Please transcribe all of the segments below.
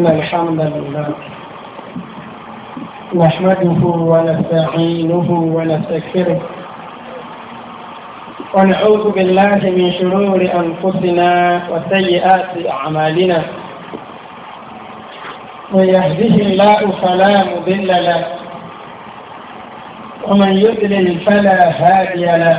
إن الحمد لله نحمده ونستعينه ونستكثره ونعوذ بالله من شرور أنفسنا وسيئات أعمالنا من يهده الله فلا مضل له ومن يضلل فلا هادي له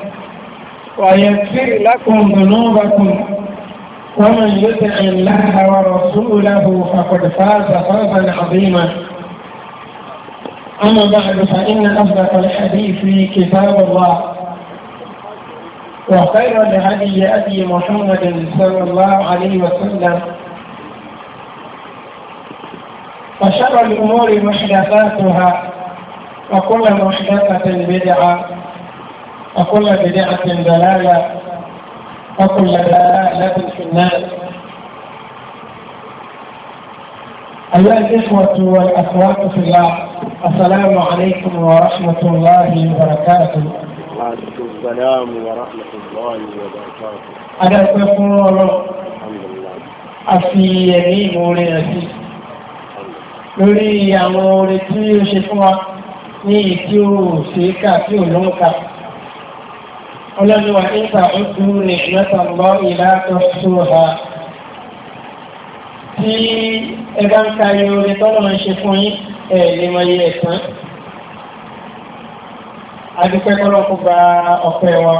ويغفر لكم ذنوبكم ومن يطع الله ورسوله فقد فاز فوزا عظيما أما بعد فإن أصدق الحديث كتاب الله وخير الهدي أبي محمد صلى الله عليه وسلم وشر الأمور محدثاتها وكل محدثة بدعة وكل بدعة ضلالة وكل ضلالة في النار أيها الإخوة والأخوات في الله السلام عليكم ورحمة الله وبركاته وعليكم السلام ورحمة الله وبركاته أنا أقول الحمد لله أفي يمين ولي lórí àwọn orin tí ọlọ́run wa nípa ojú ní ìmẹ́tàlọ́ ìlàtọ̀ ṣúra tí ẹ bá ń ka ìròyìn tọ́lọ̀ ń ṣe fún yín ẹ̀ lè mọ iye ẹ̀sán adúpẹ́ kọ́lọ́kù gba ọ̀pẹ́ wa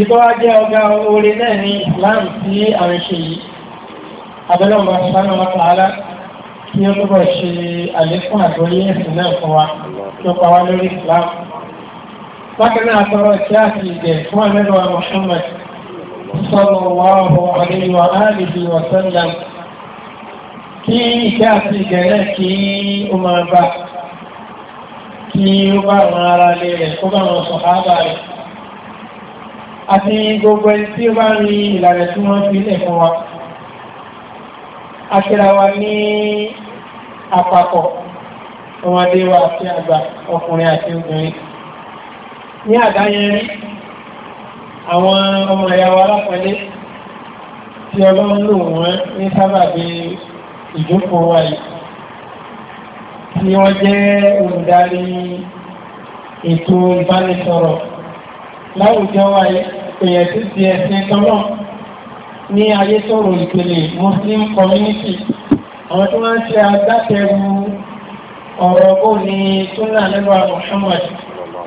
ìtọ́ ajẹ́ ọgá orí náà ní Islam tí a ń ṣe yìí abẹ́lẹ́ ọba sanu mọ́tàlá tí ó túbọ̀ ṣe àlékún àgbọ́yé ẹ̀sìn náà fún wa tó pa wá lórí Islam. فكما ترى الشافعي محمد محمد صلى الله عليه وآله وسلم kí iṣẹ́ àti ìgẹ̀rẹ́ kí ó máa bá kí ó bá wọn ara lè rẹ̀ kó bá wọn sọ̀hábà rẹ̀ àti gbogbo ẹni tí ó bá rí ìlànà tí wọ́n fi lẹ̀ fún wa àṣírà wa ní àpapọ̀ ọmọdé wa àti àgbà ọkùnrin àti obìnrin ní àdáyẹrí àwọn ọmọ ìyàwó alápọ̀lé tí ọlọ́run lò wọ́n ní sábàbí ìjókòó wa yìí tí wọ́n jẹ́ olùdarí ètò ìbánisọ̀rọ̀ láwùjọ wa èèyàn tó ti ẹ̀sìn kan ní ayé sọ̀rọ̀ ìpele muslim community àwọn tó máa ń ṣe agbátẹrù ọ̀rọ̀ Muhammad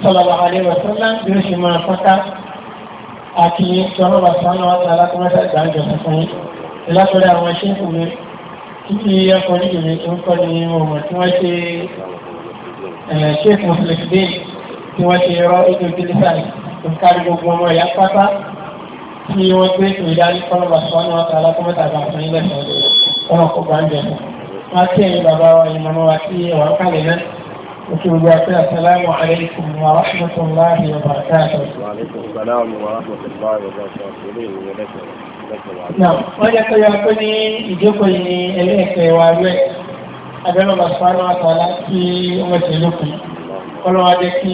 sallallahu alaihi wa sallam bí ó ṣe máa fọ́nká àti ọlọ́ba sánú ọ̀tá alákọ̀ọ́sá ìgbàjọ fún yín ìlàkọ̀ọ́dẹ àwọn ṣẹ́kù mi títí ẹ̀kọ́ nídìí mi tó ń kọ́ ní ọmọ tí wọ́n ṣe ṣẹ́kù flexibil tí wọ́n ṣe rọ́ ètò ìdílísàì tó kárí gbogbo ọmọ ìyá pátá tí wọ́n gbé ètò ìdarí ọlọ́ba sánú ọ̀tá alákọ̀ọ́sá ìgbàjọ fún yín lẹ́sọ̀ọ́ وفي رواية السلام عليكم ورحمة الله وبركاته. وعليكم السلام ورحمة الله وبركاته. Náà wọ́n jẹ́ pé yọ pé ní ìjókòó yìí ní ẹlẹ́ẹ̀kẹ́ wa rẹ̀ abẹ́rẹ́ ọ̀bàṣánú àtàlá kí wọ́n ti lókun. Kọ́lọ́wọ́ jẹ́ kí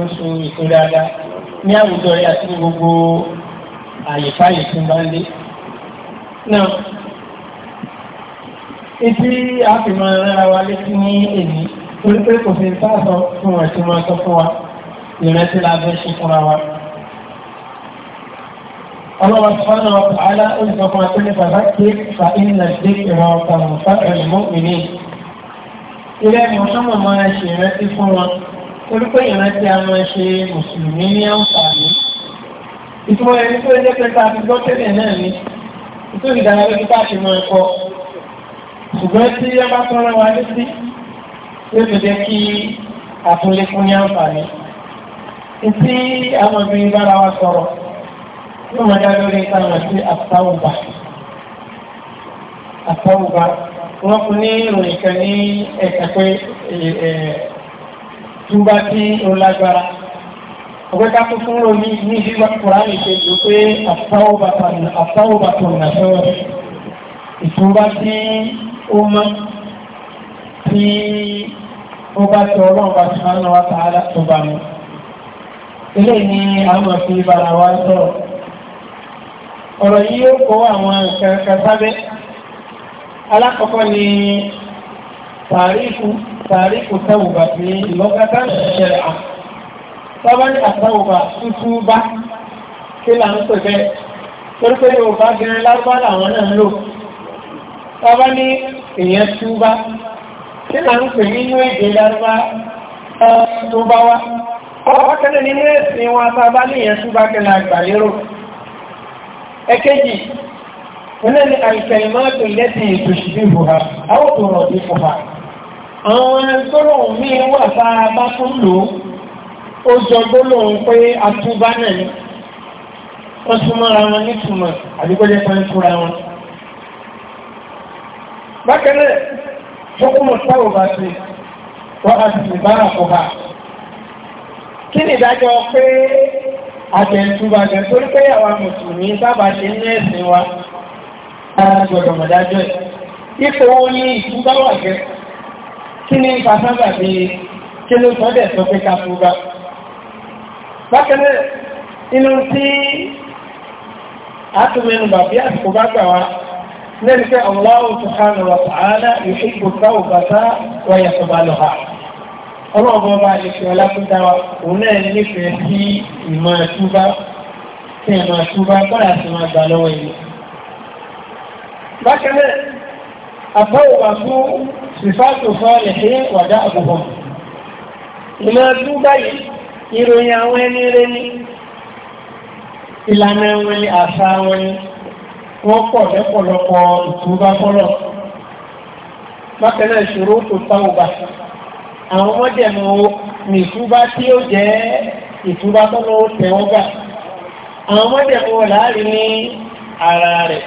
oṣù ètò dáadáa ní àwùjọ yìí àti ní gbogbo àyèkáyè tí wọ́n lé. Náà, ibi àfihàn ara wa létí ní èyí torí pé kò sí sáàsọ fún ẹ̀ tí wọ́n sọ fún wa ìrẹsì la fẹ́ ṣe fúnra wa. ọlọ́wọ́ sọ́nà ọ̀tọ̀ alá olùsọ fún akẹ́lẹ́ bàbá ké fa ìlà dé ìwà ọ̀tọ̀ ọ̀tọ̀ ẹ̀lùmọ́ ìní. ilé ẹ̀mọ́ sọ́mọ̀ máa ṣe ìrẹsì fún wọn torí pé ìrẹsì a máa ṣe mùsùlùmí ní àǹfààní. ìtumọ̀ ẹni tó ẹjẹ́ pé ká fi gbọ́ tẹ́lẹ̀ náà ni ìtòkìdánilójú yóò tó jẹ́ kí àtúnlé fún ní àǹfààní. Ìtí àwọn obìnrin bára wa sọ̀rọ̀ yóò máa dá lórí ìtàn sí àtàwùbà. Àtàwùbà wọ́n fún ní ìròyìn kan ní ẹ̀ka pé túbá tí ó lágbára. Ọgbẹ́ká tó fún omi ní ìdílé Kùránì ṣe lò pé àtàwùbà tó nà sọ̀rọ̀. Ìtúbá tí ó mọ́ tí ó bá tẹ ọlọ́run bá ti máa ń wá tààlà tó bá mi. ilé ní àwọn fi bàrà wá sọ̀rọ̀. ọ̀rọ̀ yìí ó kó àwọn nǹkan kan sábẹ́. alákọ̀ọ́kọ́ ni tàríkù tàríkù tẹ́wùbà sí ìlọ́gàtà ìṣẹ̀lẹ̀ à. sábà ní àtẹ́wùbà tútú bá kí là ń pè bẹ́ẹ̀. torí pé Yorùbá gẹ̀rẹ́ lágbára àwọn náà lò. sábà ní túbá kí là ń pè nínú èdè lárúbá tó bá wá ọwọ́ kẹ́lẹ̀ nínú ẹ̀sìn wọn àtàbá nìyẹn tó bá kẹ́lẹ̀ àgbàlérò ẹ̀kẹ́jì ilé ni àìsẹ̀lẹ̀mọ́tò lẹ́sìn ètò ìṣìbíbò ha àwọn tó rọ̀ sí fòfà àwọn ẹgbọ́nà mi wà bá a bá tún lò ó jọ gbọ́nà pé atúbá náà ni wọ́n súnmọ́ra wọn hukumu tọ́wọ́ba ti wọ́n a sì bára kọba. Kí ni ìdájọ́ pé àjẹ̀túbà jẹ́ torí pé àwọn mùsùlùmí sábà ṣe ń ní ẹ̀sìn wa lára gbọdọ̀ mọ̀dájọ́ ẹ̀. Ipò wo ni ìtúbà wà jẹ́? Kí ni ipa sábà bí kí ló sọ dẹ̀ sọ pé ká túbà? Bákan náà, inú tí a tún mẹ́nu bàbí àsìkò bá gbà wá ذلك الله سبحانه وتعالى يحب التوبة ويقبلها ọlọ́ọ̀bọ̀ bá ìṣẹ́ ọlápútàwà òun náà nífẹ̀ẹ́ sí ìmọ̀ àtúbá tí ìmọ̀ àtúbá bára sí máa gbà lọ́wọ́ ìlú bákanáà àbọ̀wà fún sífàtò sọ́ọ̀lẹ̀ sí wàdá àbúgbọ̀ ìmọ̀ àtúbá yìí ni wọ́n pọ̀ lẹ́pọ̀lọpọ̀ ìtúbá fọ́lọ̀. Bákanáà ìṣòro tó táwọ̀bà. Àwọn mọ́jẹ̀mú ní ìtúbá tí ó jẹ́ ìtúbá tọ́lọ́ tẹ̀wọ́n gbà. Àwọn mọ́jẹ̀mú láàrin ní ara rẹ̀.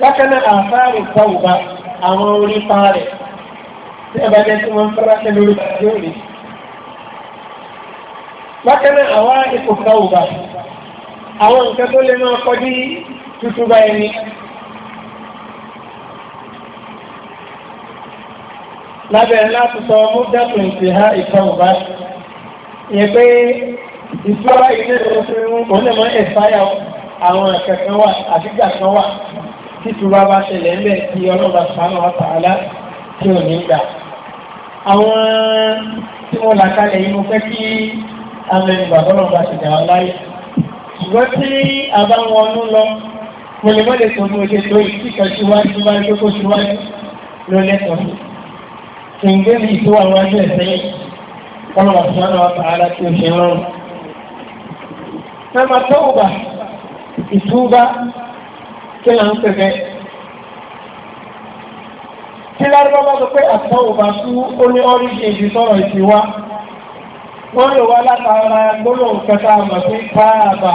Bákanáà àfáàrù táwọ̀bà àwọn orí pa rẹ̀. Tí ẹ bá jẹ́ tí wọ́n fẹ́ràn tẹ́lẹ̀ orí pa yóò rí. Bákanáà àwa ipò táwọ̀bà. Àwọn nǹkan tó lè máa kọjú tútú bá ẹni. lábẹ́ láti sọ múdàtò ìtìhá ìkan ọ̀bá yẹ pé ìtura ilé ìrọ̀fẹ́ onímọ̀ ẹ̀fáyà àwọn akẹ́kẹ́ wà àdígbà kan wà títura bá ṣẹlẹ̀ ńlẹ̀ tí ọlọ́ba sàánù àtàlá tí ò ní gbà. àwọn tí wọ́n là kalẹ̀ yìí mo fẹ́ kí amẹ́nu bàbá ọlọ́ba ṣẹ̀dá ọláyé ṣùgbọ́n tí a bá wọnú lọ mo lè mọ́ lè sọ bí mo ṣe tó ìtì kan síwájú bá ń kókó síwájú ló lẹ́tọ̀ọ́ kì í gbé mi ìtò àwọn ẹgbẹ́ ìfẹ́yìn kọ́nà àtúnṣe wa tààrà tí ó ṣe rọrùn. Nàmà tọ́wọ́bà ìtúbà kí là ń pẹ̀fẹ́. Tí lárúbọ́ bá sọ pé àtọ́wọ́bà tú ó ní ọ́ríṣi ìdí sọ̀rọ̀ ìsìnwá. Wọ́n lò wá látara gbólóhùn kẹta àmọ̀ sí táàbà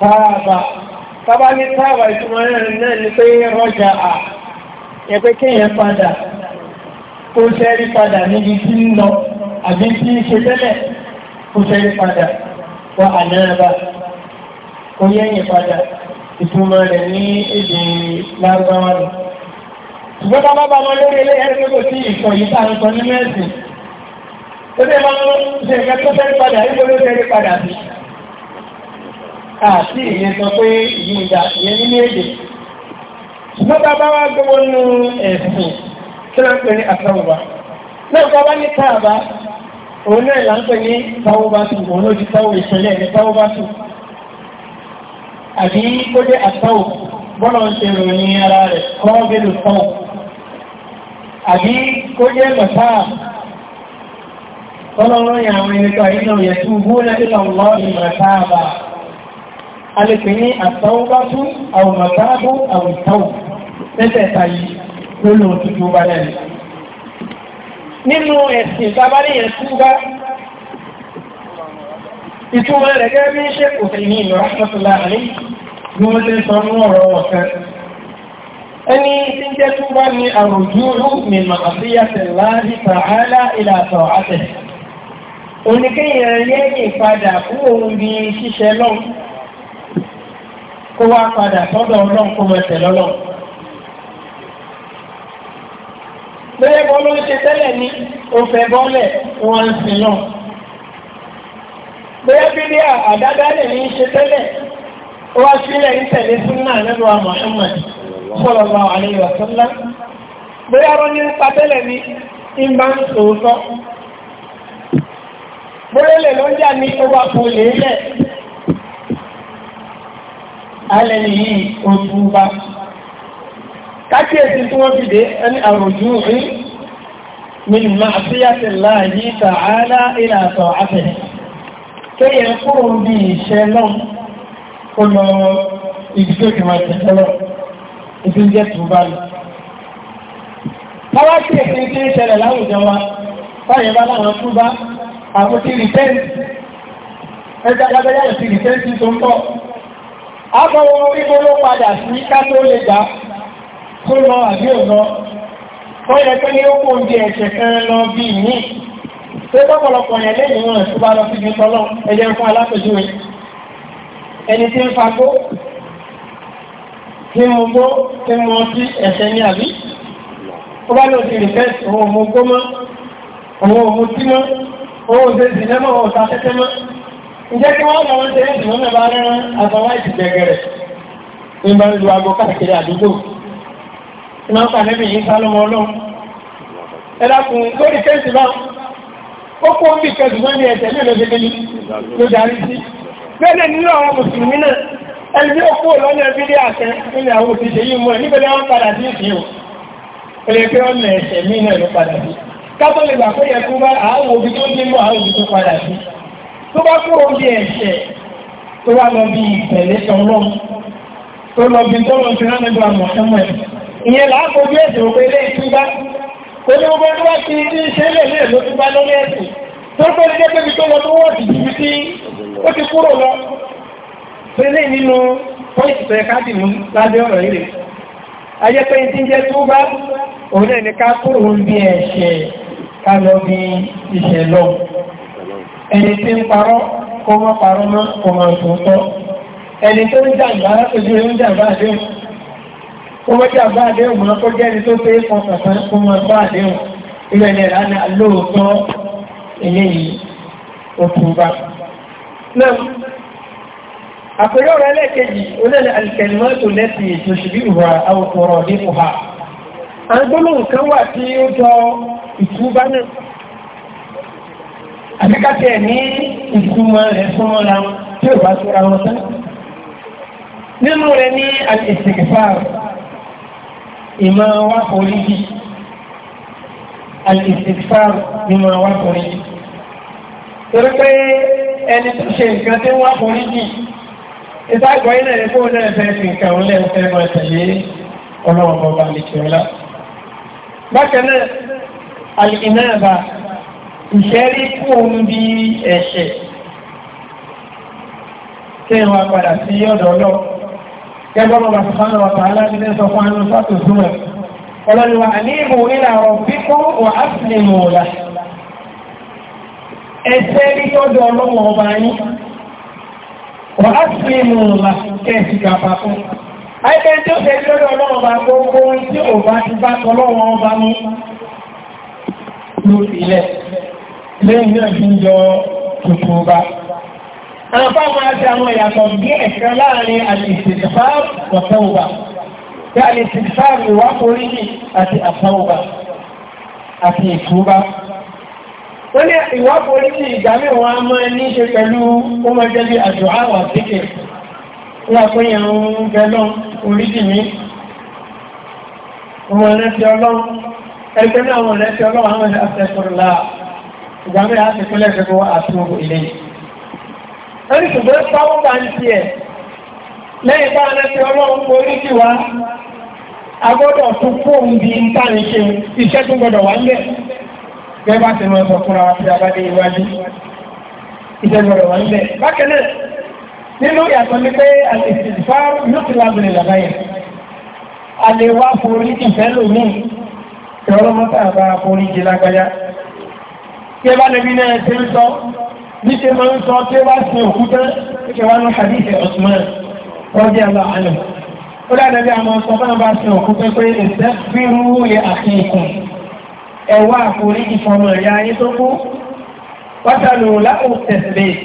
táàbà tábà ní táàbà ìtumọ̀ náà ní pé rọ́jà à yẹ pé kéèyàn padà kó sẹ́rí padà níbi tí ń lọ àbí tí ń ṣe tẹ́lẹ̀ kó sẹ́rí padà wà ànáàbà kó yẹ́yìn padà ìtumọ̀ rẹ̀ ní èdè lárúbáwá lọ. ṣùgbọ́n tábà bá wọn lórí ilé ẹgbẹ́ kò sí ìkọ̀ yìí tá à ń sọ nínú ẹ̀sìn. ó dé máa ń àti ìyẹn sọ pé ìyí ìdá ìyẹn nílé èdè ṣùgbọ́n tá a bá wá gbọ́wọ́ nú ẹ̀sìn tí wọ́n ń pè ní àtàwùbá náà tá a bá ní káàbá òun náà là ń pè ní táwùbátù òun ló di táwù ìpínlẹ̀ ní táwùbátù àbí ó jẹ́ àtàwù bọ́lá ń ṣe ròyìn ara rẹ̀ kọ́ọ̀bẹ̀lù táwù àbí kó jẹ́ mọ̀táà bọ́lá ń àwọn ẹni tó àyíká òyẹ̀ tó gbóná ìlànà ìmọ̀táà bá alẹ́pẹ̀ ní àtàwọ́bátú àwòmàtàbù àwòtàwò tẹ́tẹ̀ẹ̀ta yìí ló lò tuntun bá náà nínú ẹ̀sìn ìtabaníyàn túbá ìtumọ̀ rẹ̀ gẹ́gẹ́ bí ṣe kò fẹ́ ní ìlú rákọ́tùlá àní bí wọ́n tẹ́ sọ ní ọ̀rọ̀ ọ̀fẹ́ ẹni tí ń jẹ́ túbá ní àròjúrú ní màásíyàtẹ̀ láàrín tààlà ìlà àtọ̀ kó wá padà sọ́dọ̀ ọlọ́run kó mọ ẹsẹ̀ lọ́lọ́. pé bọ́ ló ń ṣe tẹ́lẹ̀ ní òfẹ́ bọ́lẹ̀ wọn ń sìn náà. pé bíbí àdádálẹ̀ ní í ṣe tẹ́lẹ̀ ó wá sílẹ̀ ní tẹ̀lé súnmọ́ àlẹ́lú wa Muhammad sallallahu alaihi wa sallam. pé arọ́ ní pa tẹ́lẹ̀ ní ìmọ̀ ń sòótọ́. bóyá lè lọ́jà ní owó àpò lè lẹ̀ alẹ́ yìí ojú bá kákíyèsí tí wọ́n fi dé ẹni àròjú rí min ma'siyati Allahi ta'ala ila ta'atihi kéyẹ kúrò bí ìṣẹ́ náà kó lọ ibi tó kìí máa tẹ̀lé lọ ibi jẹ́ tó bá lọ. Táwa kí èsì tí ń ṣẹlẹ̀ láwùjọ wa báyẹ̀ bá láwọn tó bá àwọn tí rìtẹ́ǹtì ẹgbẹ́ agbẹ́yà sí rìtẹ́ǹtì tó ń bọ̀ Agbọ́wọ́ wípé ló padà sí ká tó lè gbà tó lọ àbí ọ̀nà. Wọ́n yẹ pé ní ó kó oúnjẹ ẹ̀ṣẹ̀ kan lọ bí ìní. Tó tọ́pọ̀lọpọ̀ yẹn lẹ́yìn wọn tó bá lọ sí ìgbésọ́ lọ ẹjẹ́ fún alápèjúwe. Ẹni tí ń fagbó, tí mo gbó, tí mo sí ẹ̀ṣẹ̀ ní àbí. Ó bá lọ sí ìrìfẹ́ òun mo gbó mọ́, òun òun tí mọ́, òun òun ṣe sì lẹ́mọ̀ ọ̀sà Ǹjẹ́ kí wọ́n lọ́wọ́ ṣe ẹ̀sìn wọn bá rán àtàwọn ìtìjẹgẹrẹ ní bá ń lu aago káàkiri àdúgbò. Iná pa níbi yìí sá lọ́mọ ọlọ́run. Ẹ dákun lórí kẹ́sì náà, ó kó ń bì kẹ́sì wọ́n ní ẹ̀sẹ̀ ní ìlọ́gbẹ́gbẹ́ni ló darí sí. Bẹ́ẹ̀ nínú àwọn Mùsùlùmí náà, ẹni tí ó kú lọ́nà ẹbí àṣẹ nílẹ̀ àwọn òṣìṣẹ́ yìí mọ́ níbẹ̀ wọ́n padà o. Ó lè pé ọ̀nà ẹ̀sẹ̀ mí náà ló padà sí. Kátó lè gbà pé yẹ kú bá àwọn òbí tó dé mọ́ àwọn òbí tó padà sí tó bá kúrò bí ẹ̀ṣẹ̀ tó wá lọ bí ìtẹ̀lé tọ́lọ́ tó lọ bí tọ́lọ́ ti rán nígbà mọ̀tẹ́mọ̀ ìyẹn làákòókò ẹ̀sẹ̀ òpé lé ìtúbá tó ní ọgbẹ́ tó bá ti ní ṣe lè ló ti bá lórí ẹ̀sìn tó pé ní jẹ́pẹ́ bí tó lọ tó wọ́n ti jù sí ó ti kúrò lọ pé lè nínú pọ́ìsì tó yẹ ká dì mú lábẹ́ ọ̀rọ̀ yìí ayẹ́pẹ́ ti ń jẹ́ túbá òun náà ní ká kúrò ń bí ẹ̀ṣẹ̀ ká lọ bí ìṣẹ̀lọ́ọ̀ ẹni tí ń parọ́ kó má parọ́ mọ́ kó má tòótọ́ ẹni tó ń jàǹbá látòjú rẹ̀ ń jàǹbá àdéhùn kó má jàǹbá àdéhùn mọ́ kó jẹ́ ẹni tó pé fún kàkán kó má bá àdéhùn ilé ẹni ẹ̀rá ni alóòótọ́ eléyìí òtúnba. náà àpèrè ọ̀rọ̀ ẹlẹ́ẹ̀kejì onílẹ̀ alìkẹ̀lẹ́mọ́ tó lẹ́sìn ètò ṣùgbí ìwà àwòkọ̀rọ̀ nípò ha. àgbólóhùn kan wà tí ó jọ ìtúbá náà àbíkáṣẹ́ ẹ̀ ní ìtumọ̀ rẹ̀ súnmọ́ra tí ò bá súnra wọn tán. nínú rẹ̀ ní àìsèkèfà ìmọ̀ wá orí yìí àìsèkèfà ìmọ̀ wá orí yìí. torí pé ẹni tó ṣe nǹkan tí wọ́n orí yìí ìtàgbọ́ ilẹ̀ rẹ̀ fún ilẹ̀ ẹ̀fẹ́ fi nǹkan orílẹ̀ ẹ̀fẹ́ máa tẹ̀lé ọlọ́run ọba nìkìọ́lá. bákan náà àlìkìnnà ìṣẹ́rí fún bí ẹ̀ṣẹ̀ tí wọ́n padà sí ọ̀dọ̀ ọlọ́ kẹgbọ́n bàbá sọ́nà ọ̀tọ̀ aláàbílẹ̀ sọ fún àwọn sọ́tò súnmọ̀ ọlọ́niwà àníbò nílà ọ̀rọ̀ pípọ́ wà á sì lè mọ̀ ọ̀la ẹ̀ṣẹ́ rí ọ̀dọ̀ ọlọ́wọ̀ ọba yín wà á sì lè mọ̀ ọ̀la kẹ́ẹ̀sì kàfà fún àìkẹ́ tí ó ṣe lọ́dọ̀ ọlọ́wọ̀ ọba gbogbo tí ò bá ti bá tọ́lọ́wọ̀ ọba mú lórí ilẹ̀ lẹ́yìn náà fi ń yọ tuntun bá. àwọn fáwọn àti àwọn ìyàtọ̀ bí ẹ̀ka láàrin àlèsìtìfà wọ̀tẹ́wùbà bí àlèsìtìfà ìwà orílẹ̀ àti àtẹ́wùbà àti ìtúbà. wọ́n ní ìwà orílẹ̀ ìgbàmí wọn a máa ní ṣe pẹ̀lú ó máa jẹ́ bí àjọ àwọn àtíkè wọ́n pín orílẹ̀ mi ọmọ ẹ̀rẹ́ ọlọ́run ẹgbẹ́ náà ọmọ ẹ̀rẹ́ ti ọlọ́run àwọn ẹ̀rẹ́ ìgbà mẹ́rin á ti pínlẹ̀ ṣẹ́gbọ́ àtúnwò ilé lórí ṣùgbọ́n sáwọ́ bá ń tiẹ̀ lẹ́yìn bá rẹ̀ tí ọlọ́run borí sí wa a gbọ́dọ̀ tún fóun bí n tá ní ṣe iṣẹ́ tó gbọ́dọ̀ wá ń bẹ̀ gẹ́gẹ́ bá ti máa sọ fúnra wa sí abáde iwájú iṣẹ́ gbọ́dọ̀ wá ń bẹ̀ bákan náà nínú ìyàtọ̀ ni pé àtẹ̀sí fá yóò ti lábìrì làbáyà a lè wá forí ìfẹ́ lòmíì ìrọlọ́mọ́ta àbá forí jẹ lágbáyà tí ẹ bá nẹbí náà ṣe ń sọ ní ṣe máa ń sọ tí ẹ bá sin òkúta ṣe wá ní hadith Usman wọ́n jẹ́ ọba àná ó dá nẹbí àmọ́ sọ fún ọba sin òkúta pé ẹ̀sẹ̀ fi rú yẹ àfihàn ẹ̀wọ́ àforí ìfọmọ ìyá ayé tó kú wátàlù láwùn tẹ̀sílẹ̀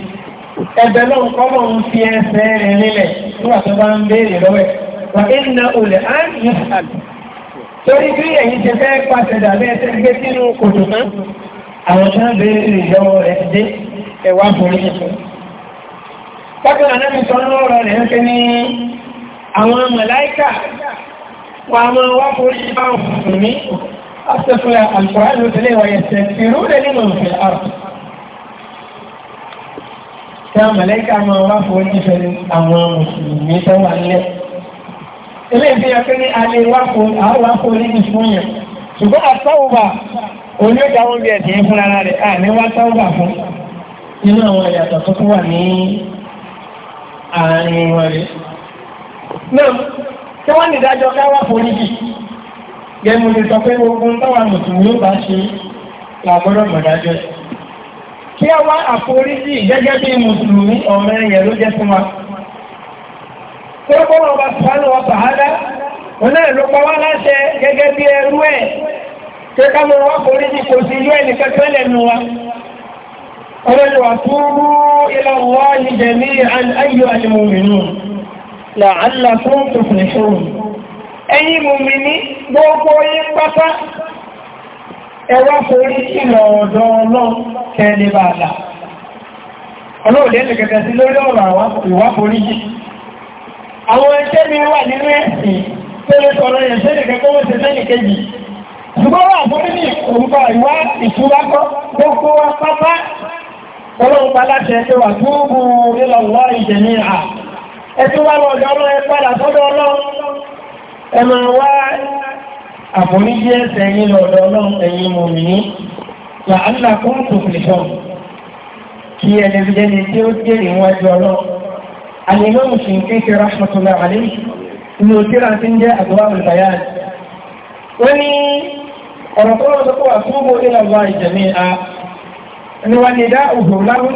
ẹ̀bẹ̀ náà ń kọ́mọ̀ ń fi ẹsẹ̀ rẹ̀ nílẹ̀ nígbà tó bá ń béèrè lọ́wọ́ ẹ̀ wà ìnà olè á yẹ àlù torí bí ẹ̀yin ti fẹ́ pàṣẹ dàbí ẹsẹ̀ gbé sínú kòtò náà àwọn tí wọ́n bèèrè ìjọwọ́ rẹ̀ dé ẹ̀wà fòrí ṣẹ̀ṣọ́. Bákan ànábì sọ lọ́rọ̀ rẹ̀ ń pẹ́ ní àwọn màláíkà wà máa wá fòrí ìbáwọn fòrí أستفلا القرآن مثلي ويستغفرون لمن في الأرض كان ملائكة ما وافوا الجفل أمام مسلمين سواء ilé ìfẹ́ yọ pé ní alẹ́ wákò àwákò ní ìfúnyàn ṣùgbọ́n àtọ́wà oní ọjà oúnjẹ ẹ̀sìn fún ara rẹ̀ à ní wá tọ́wà fún nínú àwọn ìyàtọ̀ tó wà ní àárín wọn rẹ̀ náà tí wọ́n ní ìdájọ́ káwà foríjì gẹ́mù lè sọ pé ogun tọ́wà mùsùlùmí bá ṣe làgbọ́dọ̀ mọ̀dájọ́ kí a wá àforíjì gẹ́gẹ́ bí mùsùlùmí ọmọ ẹ̀yẹ ló jẹ́ fún wa. Tó kọ́ ọba sùpánù ọba àádá wọn náà ló pa wá láṣẹ gẹ́gẹ́ bí ẹrú ẹ̀ pé ká lọ wá forí ní kò sí ilé ẹnì kẹfẹ́ lẹ́nu wa ọlọ́dún wa túbú ila Allahi jami'an ayyuhal mu'minun la'allakum tuflihun ẹ̀yin mùmìnì gbogbo yín pátá ẹwà forí ìlọ̀ ọ̀dọ̀ ọlọ́run kẹ́lẹ̀ bá àlà ọlọ́ọ̀dẹ́ àwọn ẹgbẹ́ mi wà nínú ẹ̀sìn tẹ́lẹ̀ tọrọ yẹn sẹ́nì kẹ́kọ́ wọ́n ṣe sẹ́nì kejì ṣùgbọ́n wà fún ní òǹkà ìwá ìṣúrákọ́ gbogbo wa pápá ọlọ́run pa láti ẹgbẹ́ wà túbù ìlọ̀wọ́ ìjẹ̀mí à ẹtú wà lọ ọ̀dọ́ ọlọ́run padà sọ́dọ̀ ọlọ́run ẹ máa wá àforíjì ẹ̀ṣẹ̀ yín lọ́dọ̀ ọlọ́run ẹ̀yin mòmìnì làálà kún tòkìlìṣọ́n kí ẹni jẹ́ni tí ó jẹ́rìí wájú ọlọ́run àlè náà mùsùlùmí kékeré rahmatullahi alayhi ni òkèrà tí ń jẹ́ àgbà olùbáyàn ó ní ọ̀rọ̀ tó lọ́dọ́ tó wà túbò ilẹ̀ ọgbà ìjẹ̀mí a ni wọ́n ni dá òhù láwú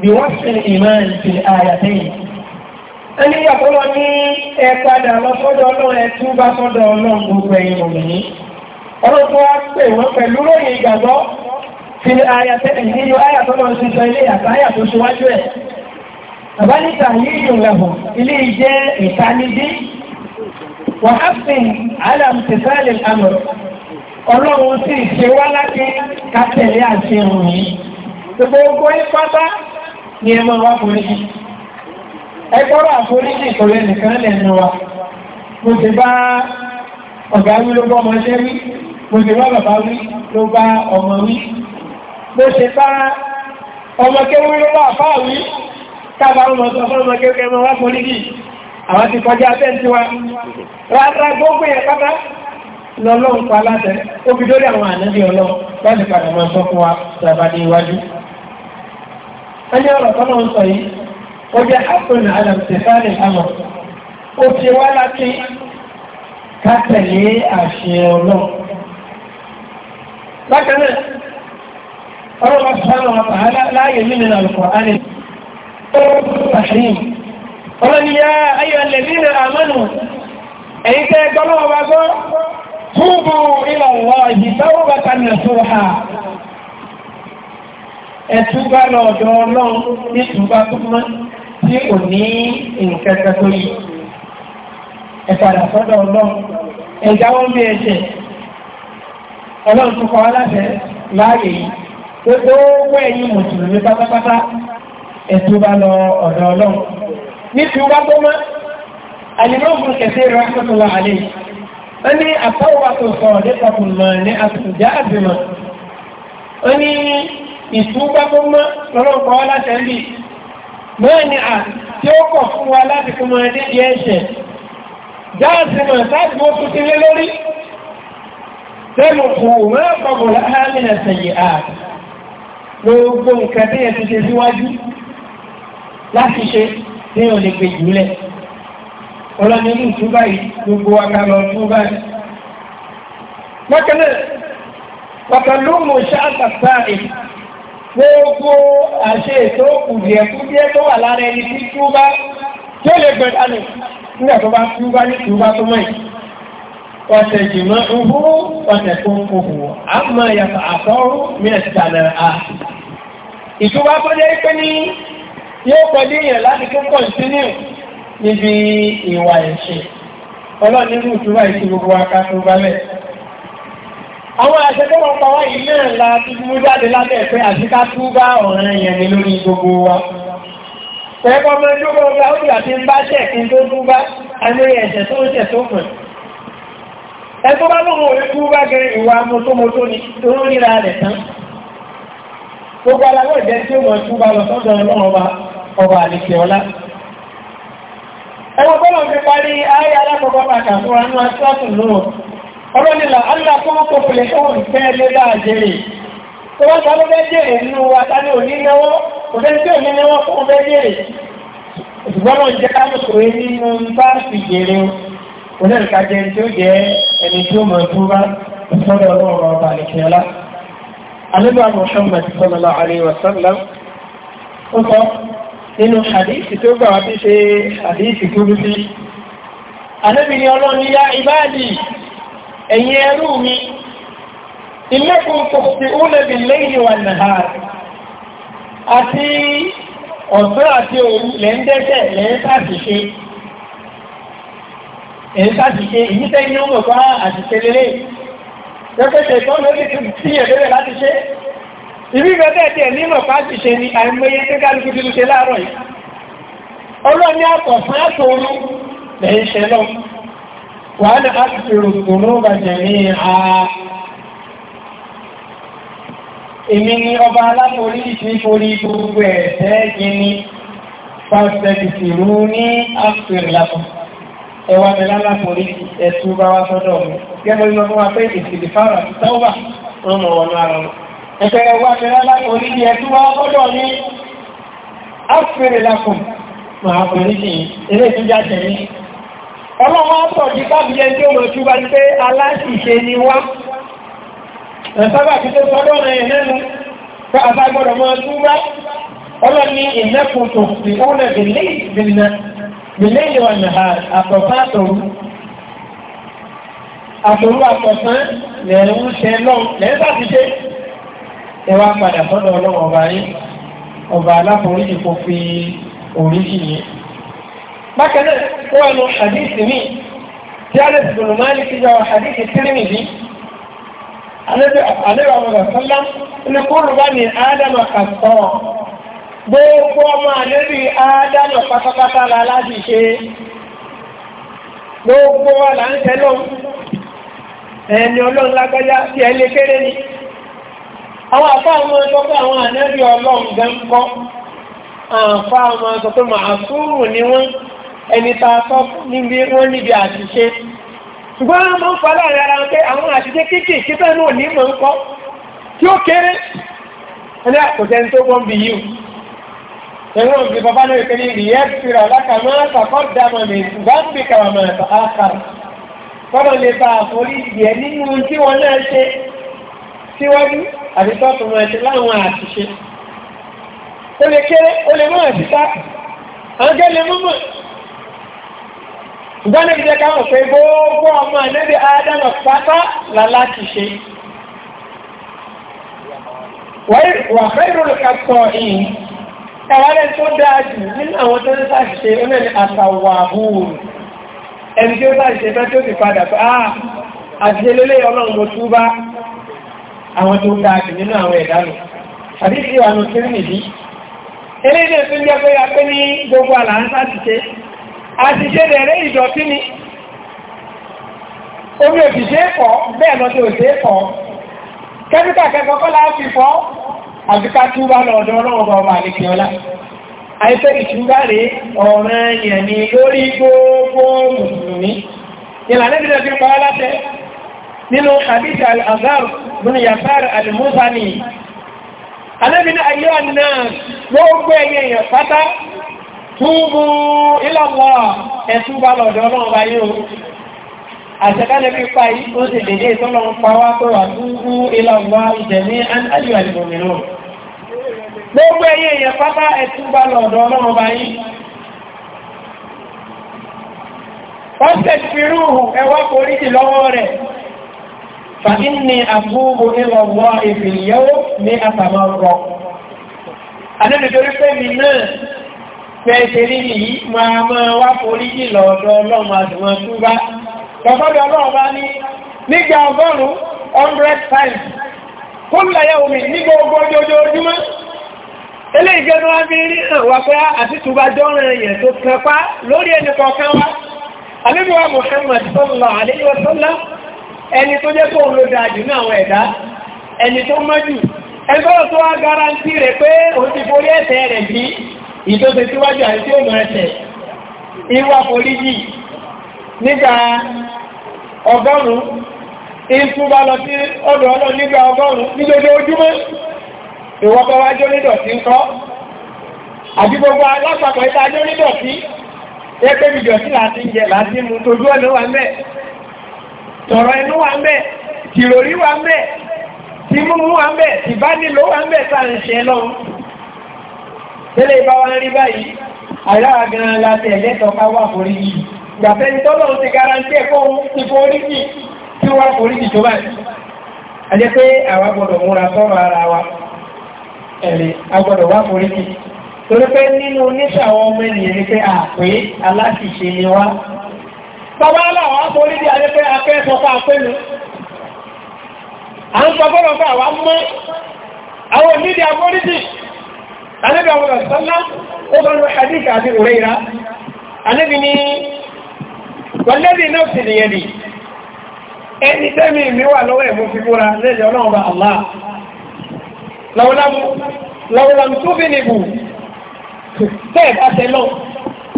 bí wọ́n fi ìmán fi àyàtẹ́yìn ẹni yàtọ́lọ ní ẹ padà lọ sọ́dọ̀ ọlọ́run ẹ tún bá sọ́dọ̀ ọlọ́run gbogbo ẹ̀yìn àbáníta yìí yòó lẹ́hùn ilé ìjẹ́ ìtanijí wọ́n á fi àdàmùtẹ̀sálẹ̀ àmọ̀ ọlọ́run sì ṣe wá láti kátẹ̀lé àṣẹ òun yìí gbogbo ogun ipátá ni ẹ máa wá foríjì ẹgbọ́rọ̀ àforíjì ìkọ̀rẹ́ nìkan lẹ́nu wa mo ti bá ọ̀gá wí ló bá ọmọ ẹṣẹ́ wí mo ti bá bàbá wí ló bá ọmọ wí mo ti bá ọmọ kéwú ló bá àfáà wí tábà ọmọ sọ fún ọmọ kéwú kẹ́ máa wá foríjì àwọn ti kọjá wa rárá gbogbo yẹn pátá lọ́lọ́run pa látẹ̀ o lórí àwọn ànábì ọlọ láti padà máa sọ fún wa tàbá ní iwájú. ẹni ọ̀rọ̀ tọ́lọ́ ń sọ yìí ó jẹ́ apple adam stefani hammer ó fi wá láti ká tẹ̀lé àṣẹ ọlọ́run. bákan náà ọlọ́run ánì ọmọ ni yá ayọ̀ lẹ́dínà ẹ̀túgbà lọ́dọ̀ ọlọ́run ní túbà tó mọ́ tí ò ní ìrìnkẹ́kẹ́ tó yìí sọ́dọ̀ ọlọ́run bí ọlọ́run tó kọ́ aláṣẹ yìí gbogbo ẹ̀yìn mùsùlùmí pátápátá ẹ̀túbà lọ ní fi wá tó mọ́ alimọ́gùn kẹsẹ̀ rẹ̀ akọ́tọ̀lá àlẹ́ wọ́n ní àtọ́wàtò sọ̀rọ̀ nípapò mọ̀ ní àtúnjá àbìmọ̀ wọ́n ní ìtúgbà tó mọ́ lọ́lọ́pọ̀ wá láti ẹ̀rí bẹ́ẹ̀ ni à tí ó kọ̀ fún wa láti fi máa dé di ẹ̀ṣẹ̀ láti ṣe tí yóò lè gbé jùlẹ̀. ọlọ́ni ní ìtúbà yìí gbogbo wákà lọ túbà yìí. bákanáà pàtàlùmù ṣáàtà sáàrì gbogbo àṣẹ ètò kùdìẹ̀kùdìẹ̀ tó wà lára ẹni tí túbà tí ó lè gbẹ̀dá nù nígbà tó bá túbà ní túbà tó mọ̀ yìí ọ̀tẹ̀ jìmọ̀ ìhú ọ̀tẹ̀ tó ń kòhù a máa yàtọ̀ àtọ́rù mìíràn ti tààdà à. ìtúbà tó jẹ́ pé ní yóò kọjú èèyàn láti tún kọ̀ǹtínú níbi ìwà ẹ̀ṣẹ̀ ọlọ́ọ̀ni ní ìtura ìṣe gbogbo aka tó balẹ̀. àwọn àṣẹ tó wọ́n pa wá yìí náà la ti mú jáde lábẹ́ ẹ̀fẹ́ àti ká tú bá ọ̀ràn yẹn ní lórí gbogbo wa. pẹ̀lú ọmọ ẹjọ́ gbogbo ọgbà ó ti àti ń bá ṣẹ̀ kí n tó tú bá àmì ẹ̀ṣẹ̀ tó ń ṣẹ̀ tó pẹ̀. ẹ tó bá lóun òwe tú bá gẹ ìwà mọ́tómọ́tó ni tó ń ríra rẹ̀ tán. gbogbo aláwọ̀ ìjẹ́ tí ó mọ̀ tú bá lọ sọ́dọ̀ ọlọ́run ọba àdìkẹ́ ọlá ẹwọ bọ́lọ̀ fi parí ayé alákọ̀ọ́kọ́ pàtà fún anú asọ́tún náà ọlọ́nìlà alákọ̀ọ́kọ́ pẹ̀lẹ̀ fún ìfẹ́ẹ̀lẹ́ láàjẹ́rẹ̀ tó wá sọ lọ́gbẹ́ jẹ́rẹ̀ nínú wa tání onínáwọ́ òfẹ́ tí onínáwọ́ fún ọgbẹ́ jẹ́rẹ̀ ìgbọ́nà jẹ́ káàkiri nínú bá sì jẹ́rẹ̀ onírìnkájẹ́ tí ó jẹ́ ẹni tí ó mọ̀ tó bá sọ́dọ̀ ọlọ́run ọba àdìkẹ́ ọlá nínú hadithi tó gbà wá tí ṣe hadithi kúrú sí anábì ni ọlọ́ni yá ìbáàdì ẹ̀yin ẹrú mi ilẹ́kùn tòkùtì únẹ̀bì lẹ́yìn wà náà àti ọ̀sán àti òru lẹ́ndẹ́sẹ̀ lẹ́ńsàṣìṣe ẹ̀ńsàṣìṣe ìyíṣẹ́ inú mọ̀ká àṣìṣe lélẹ̀ ìbí ìgbẹ́tẹ̀ tẹ̀ nímọ̀ pàtì ṣe ni àìmọye tí kálukú ti ṣe láàárọ̀ yìí ọlọ́ni àpọ̀ fún àtòrú lẹ́yìn ṣe lọ wà ní àtìrò kòrò bàjẹ̀ ní a èmi ni ọba aláforí ti forí gbogbo ẹ̀ẹ́sẹ́ gini fásitì rú ní àfìrìlàpọ̀ ẹwà mi láláforí ẹ̀tú bá wá sọ́dọ̀ mi gẹ́gẹ́ bí wọ́n fún wa pé ìsìlì fáwọn àti táwọn ọmọ wọn lára wọn ẹ̀bẹ̀rẹ̀ wà bẹ̀rẹ̀ láti orílẹ̀ ẹ̀tú wá ọdọ̀ ní áfẹ́rẹ̀ lákùn máa orílẹ̀ ilé ìtújá tẹ̀mí ọlọ́wọ́ ọ̀pọ̀ jí káàkiri tí ó lọ tí ó bá pé aláṣìṣe ni wá Àtòrú àpọ̀sán lẹ̀rún ṣe lọ́n lẹ́sàtí ṣe ẹ wá padà sọ́dọ̀ ọlọ́wọ́ ọba yín ọba aláforíjì kò fi oríjì yìí. bákan náà ó wà ní hadithi mi tí alẹ́ ti dùnú máa ní kí yọ hadithi tírìmì yìí. alẹ́ wa ọ̀rọ̀ sọ́lá ní kúrò bá ní ádámà kàtọ́rọ̀. gbogbo ọmọ àlẹ́bí ádámà pátápátá la láti ṣe. gbogbo wa là ń tẹ́lọ̀ ẹni ọlọ́run lágbájá tí ẹ lè kéré ni àwọn àfá àwọn ẹjọ́ pé àwọn ànẹ́bí ọlọ́run gan kọ́ àǹfà àwọn ẹjọ́ pé màásùrù ni wọ́n ẹni tá a sọ níbi wọ́n níbi àṣìṣe ṣùgbọ́n wọ́n máa ń fọ́ láàrin ara pé àwọn àṣìṣe kéékèèké bẹ́ẹ̀ náà ní mọ̀ ń kọ́ tí ó kéré ẹni àkọsẹ́ni tó gbọ́n bí yìí ẹ̀wọ̀n bí bàbá náà kẹ́ ní ìyẹ́ fìrà lákàmọ́ àtàkọ́ dámọ̀ mi gbàǹbì kàwàmọ̀ àtàkàrà kọ́mọ̀ lè bá àforí ìyẹ́ nínú tí wọ́n náà ṣe síwájú àti tọ́pù mọ́ ẹ̀tí láwọn àṣìṣe ó lè kéré ó lè mọ́ ẹ̀tí sáàpù àwọn jẹ́ lè múmọ̀ ìgbọ́nà ìjẹ́ káwọn pé gbogbo ọmọ ẹ̀lẹ́bí Ádámù pátá láláti ṣe wà fẹ́rù kàtọ̀ ìyìn ẹ̀wálẹ̀ tó dáa jù nínú àwọn tó ń ṣàṣìṣe ó mẹ́rin àtàwà hùrù ẹni tí ó ṣàṣìṣe fẹ́ tó ti padà pé ah àṣìṣe lélẹ́yìn ọlọ́run mo túbá àwọn tó ga jù nínú àwọn ẹ̀dánù àdíjì ìwànà tí rìn nìdí eléjì tó ń jẹ́ pé ya pé ní gbogbo àlàáńsá ti ṣe àṣìṣe rẹ̀ ìdọ̀tí ni omi òṣìṣẹ́ pọ̀ bẹ́ẹ̀ lọ sí òṣìṣẹ́ pọ̀ kẹ́míkà kẹ́kọ̀ọ́ kọ́ láti fọ́ àfikà tí ó bá lọ ọ̀dọ̀ ọlọ́wọ́ ọba àlekè ọlá àìsẹ́ ìṣúgbàrí ọ̀rẹ́ yẹn ni lórí gbogbo mùsùlùmí ìlànà ìdíjẹ́ fi pa ọ́ látẹ́ nínú hadith al-azhar bin yasar al-musani anábi ní ayé ọ̀nà gbogbo ẹ̀yẹ èèyàn pátá túbú ila Allah ẹ̀tú bá lọ́dọ̀ ọlọ́run bá yóò àṣẹ́kálẹ́bí pa yí ó sì dédé ìtọ́lọ́run pa wá pé wà túbú ila Allah ìjẹ̀mí kò rí ti lọ́wọ́ rẹ̀ فإني أتوب إلى الله في اليوم مئة مرة أنا نجرب من fẹ́ẹ̀ṣẹ̀rí yìí máa máa wá foríjì lọ́dọ̀ ọlọ́run àdùnmọ̀ tó bá lọ́fọ́dọ̀ ọlọ́run bá ní nígbà ọgọ́rùn-ún 100 times kó lẹ́yẹ omi ní gbogbo ojoojúmọ́ ilé ìjẹnu abírí wà pé àti túbá jọ́rin èèyàn tó kẹpa lórí ẹnìkọ̀ọ̀kan wá alẹ́bíwá Muhammad sallallahu alaihi wasallam ẹni tó jẹ́ kóhun ló ní àwọn ẹ̀dá ẹni tó mọ́ jù ẹgbọ́n wá garanti rẹ̀ pé o ti borí ẹ̀ṣẹ̀ rẹ̀ bí ìdóse síwájú àti òmù ẹ̀ṣẹ̀ ìwà foríjì nígbà ọgọ́rùn-ún ìfúnbà lọ sí ọdọ̀ nígbà ọgọ́rùn-ún ojúmọ́ ìwọ́pọ̀ tọ̀rọ̀ ẹnu wà ń bẹ̀ tìròrí wà ń bẹ̀ tí múmú wà ń bẹ̀ tí bá nílò wà ń bẹ̀ tá à ń ṣe lọ tẹ́lẹ̀ ìbá wa ń rí báyìí àìlára gan-an láti ẹ̀lẹ́tọ̀ọ́ ká wà forí yìí gbàtẹ́ni tọ́lọ̀ ti garanti ẹ̀kọ́ ti forí yìí tí wà forí yìí tó báyìí a jẹ́ pé àwa gbọ́dọ̀ múra sọ́rọ̀ ara wa ẹ̀rẹ̀ agbọ́dọ̀ wà forí yìí torí pé nínú oníṣàwọn ọmọ ènìyàn ni pé àpé aláṣìṣe ni wá Bàbá aláwọ̀ á forí di ayé pé akẹ́ sọ fún apẹ́nu. À ń sọ gbọ́dọ̀ fún àwa mọ́ àwọn onídìí agbóríjì. Ànábì àwọn ọ̀sánlá ó bá lọ hadith àti òré ìra. Ànábì ní wàlẹ́bì náà sì nìyẹn bì. Ẹni tẹ́mi mi wà lọ́wọ́ ẹ̀mú fi búra lẹ́yìn ọlọ́run bá Allah. Lọ́wọ́lámú, lọ́wọ́lámú tó bí nìbù. Bẹ́ẹ̀ bá tẹ lọ́wọ́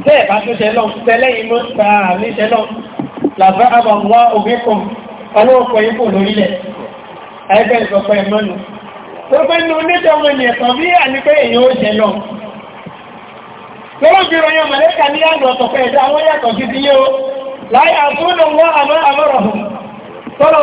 tẹ́ ẹ̀ bá tó ṣe lọ tẹ́lẹ̀ yìí mọ́ ta àmì ṣe lọ làbá àbàwọ́ òbí kan ọlọ́ọ̀pọ̀ yìí kò lórílẹ̀ ẹgbẹ́ ìsọ̀pọ̀ ẹ̀ mọ́nu tó pẹ́ nu oníṣẹ́ ọmọ ènìyàn kan bí àníkẹ́ èèyàn ó ṣe lọ lọ́wọ́ fi ròyìn mọ̀lẹ́kà ní àná ọ̀tọ̀pọ̀ ẹ̀dá àwọn yàtọ̀ sí ti yé o láyé wọn àmọ́ àmọ́rọ̀ tọ́lọ́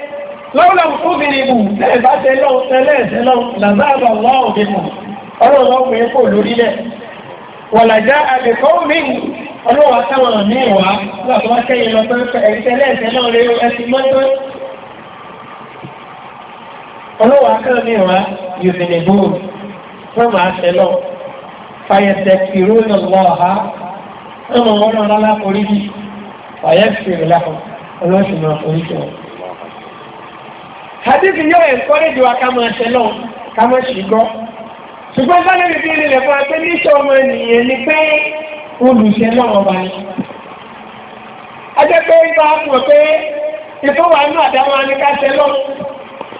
lọ́wọ́lọ́ fúnbìnrin mù lẹ́ẹ̀bá tẹ́lọ́ tẹ́lẹ́ẹ̀tẹ́lọ́ làzáàbà wọ́n òbí mù ọlọ́wọ́ pé kò lórílẹ̀ wọ̀làjá àbẹ̀kọ́ mìí ọlọ́wọ́ táwọn ní ìwà látọwọ́ kẹ́yìn lọ pẹ́ ẹ̀tẹ́lẹ́ẹ̀tẹ́lọ́ rẹ̀ ẹ̀sìn mọ́tọ́ ọlọ́wọ́ kan ní ìwà yòmìnìbó wọ́n máa tẹ́lọ́ fàyẹ̀tẹ̀ kìró lọ́ha ọmọ wọn lọ́la forí bí fàyẹ̀ fèrè lápò ọlọ́sìn máa hadithi yóò ẹ̀kọ́rẹ́jì wa ká máa ṣe lọ ká máa ṣì gbọ́ ṣùgbọ́n sáré bíbí ilẹ̀ fún apẹ́ níṣẹ́ ọmọ ènìyàn ni pé olùṣe náà wà ní. ajẹ́ pé ibà mọ̀ pé ìfowópamọ́ àdáwọn anìkàṣẹ lọ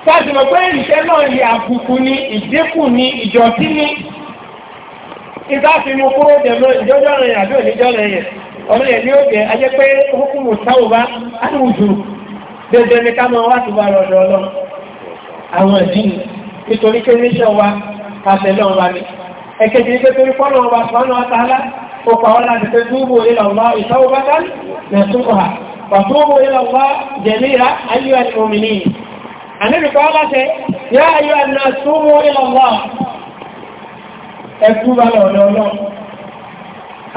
láti mọ̀ pé ìṣẹ́ náà yẹ àbùkù ni ìdínkù ni ìjọ̀tí ni ìgbà tí mo kúrò dẹ̀mọ́ ìjọ́jọ́ rẹ̀ àbí òníjọ́ rẹ̀ yẹn ọ̀rẹ́ yẹn ni ó jẹ́ ajẹ́ pé ó kú mọ̀ sáwọ́ bá á ní wùdùrù Gbẹ̀gbẹ̀ ni ká máa wá ti wá rọ̀dọ̀ ọlọ́run. Àwọn ìdí nítorí pé níṣẹ́ wa kàṣẹ lọ́run wa ni. Ẹ̀kẹ́jì ní pé torí fọ́nà wa sọ́nà àtàlá, ó pa wọ́n láti pé túbò ilẹ̀ ọ̀gbá ìṣọ́wọ́ bá dá lẹ́sùn ọ̀hà. Wàtúbò ilẹ̀ ọ̀gbá jẹ̀míra ayé àti òmìnir. Àníbi kọ́ láṣẹ, yá ayé àti náà túbò ilẹ̀ ọ̀gbá. Ẹkú bá lọ̀dọ̀ ọlọ́run.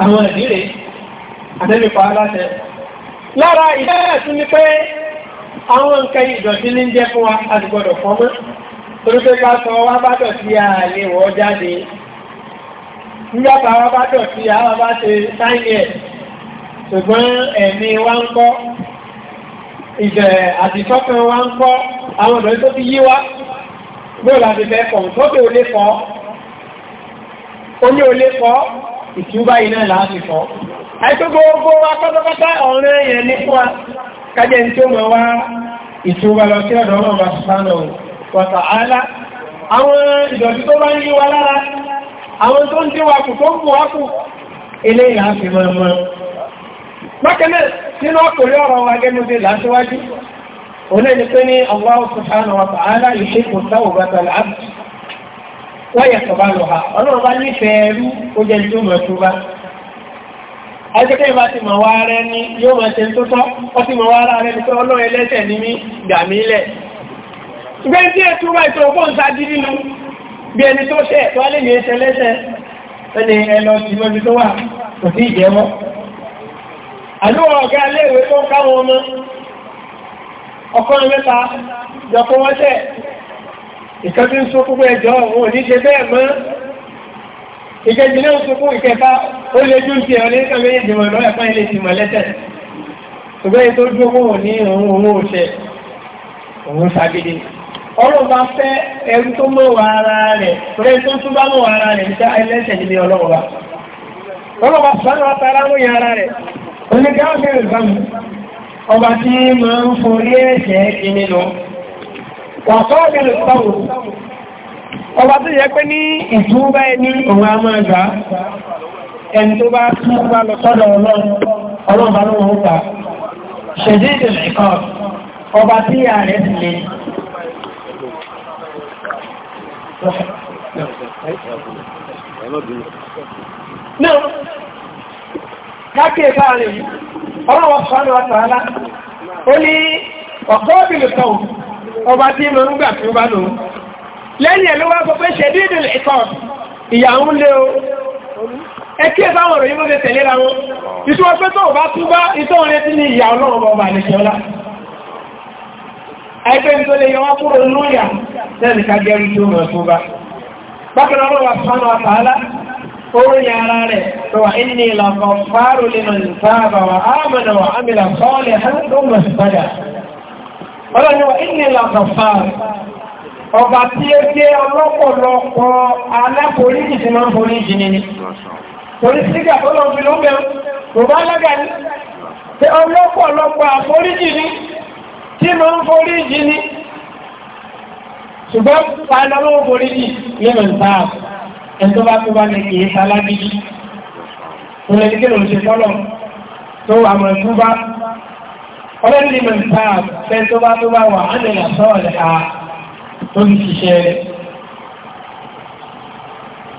Àwọn ìdílé, àníbi kọ́ láṣẹ. Lára ìdáyà tún ni pé àwọn nǹkan ìdọ̀tí ní jẹ́ fún wa àti gbọ́dọ̀ fọ́mọ́ torípé bá sọ wá bá dọ̀tí ààlè wọ́ jáde nígbàtà wá bá dọ̀tí àwa bá ṣe sáyẹn ẹ̀ ṣùgbọ́n ẹ̀mí wa ń kọ́ ìjẹ̀ àdìsọ́kan wa ń kọ́ àwọn ọ̀dọ́ tó ti yí wa gbọ́dọ̀ láti fẹ́ kọ̀ tóbi ò lè fọ́ oní ò lè fọ́ ìtúbá iná láti fọ́ kájẹ́ ní tí ó mọ̀ wá ìtura lọ sí ọ̀dọ̀ ọmọ ọba sùpánà wọ̀tà àálá àwọn ìdọ̀tí tó bá ń yí wa lára àwọn tó ń dín wa kù tó ń bù wá kù eléyìí mọ́ bákanáà nínú ọkùnrin ọ̀rọ̀ wa gẹ́gẹ́ bá nífẹ̀ẹ́ ó jẹ́ tó mọ̀ tó bá Ajẹ́kẹ́ bá ti mọ̀ wá rẹ ní yóò máa ṣe tó tọ́, ó ti mọ̀ wá rà rẹ ní pé ọlọ́ ẹlẹ́sẹ̀ ní mí gbà mí lẹ̀. Gbé tí ẹ túbọ̀ ètò ọgbọ́n sáájú nínú bí ẹni tó ṣẹ̀ tó wá lè yẹ ṣe lẹ́sẹ̀ ẹni ẹlọ sí mọ́bí tó wà kò sí ìjẹ́mọ́. Àlúwọ̀ ọ̀gá léèwé tó ń káwọn ọmọ ọkọ̀ mẹ́ta jọ kó wọ́n ṣẹ̀ ìkẹ́ tí ń sọ púpọ̀ ẹjọ́ òun ò ní ṣe bẹ́ẹ̀ mọ́ ìkẹjìlẹ̀ oṣù fún ìkẹfà ó lè jú ti ẹ̀rọ ní ìkàwé ìdìmọ̀ lọ́wọ́ ẹ̀fọ́ ilé ìdìmọ̀ lẹ́tẹ̀ ṣùgbọ́n èyí tó dúró wọn ní òun òun òṣẹ òun ṣàgídí ọlọ́run bá fẹ́ ẹrú tó mọ̀ wà ara rẹ̀ rẹ̀ tó tún bá mọ̀ wà ara rẹ̀ níta ẹlẹ́sẹ̀ nílé ọlọ́run wa ọlọ́run bá sọ́nà látara ń yàn ara rẹ̀ oníkàwé ìbámu ọba tí máa ń forí ẹ̀ṣẹ̀ kí nínú wà ọba tó yẹ pé ní ìtúbá ẹni òun a máa gbà ẹni tó bá túbá lọ sọ́dọ̀ ọlọ́run bá lọ́wọ́ ó gbà ṣẹ̀dí ìdìlẹ̀ kan ọba tí yà rẹ̀ sì lè náà káàkiri báàrin ọlọ́wọ́ sọ́nà ọ̀tàrà ó ní ọ̀kọ́ ọ̀bìnrin ọba tí mọ̀ ń gbà tí ó bá lòun lẹ́yìn ẹ̀lú wá sọ pé ṣẹ̀dí ìdìlẹ̀ ìkọ̀ ìyàwó lé o ẹkí ẹ̀sá àwọn òròyìn mọ́ fẹ́ tẹ̀lé ra wọn ìṣúwọ́ pé tó bá tún bá ìtọ́ orin tí ní ìyà ọlọ́run ọba àlẹ́ṣẹ́ ọlá ẹgbẹ́ tó ọba tí ó jẹ́ ọlọ́pọ̀lọpọ̀ alákòrí ìdí máa ń borí ìjìnì ni torí sígà tó lọ fi ló bẹ̀rù kò bá lága ní pé ọlọ́pọ̀lọpọ̀ àforíjì ni tí máa ń forí ìjìnì ṣùgbọ́n pàdánù borí jì lẹ́mọ̀ nǹkan ẹni tó bá tó bá ní kì í sálágídí tó lè kí lòun ṣe tọ́lọ̀ tó àmọ̀ ìtúbá bá tó bá wà á nìyà tó ń ṣiṣẹ́ rẹ̀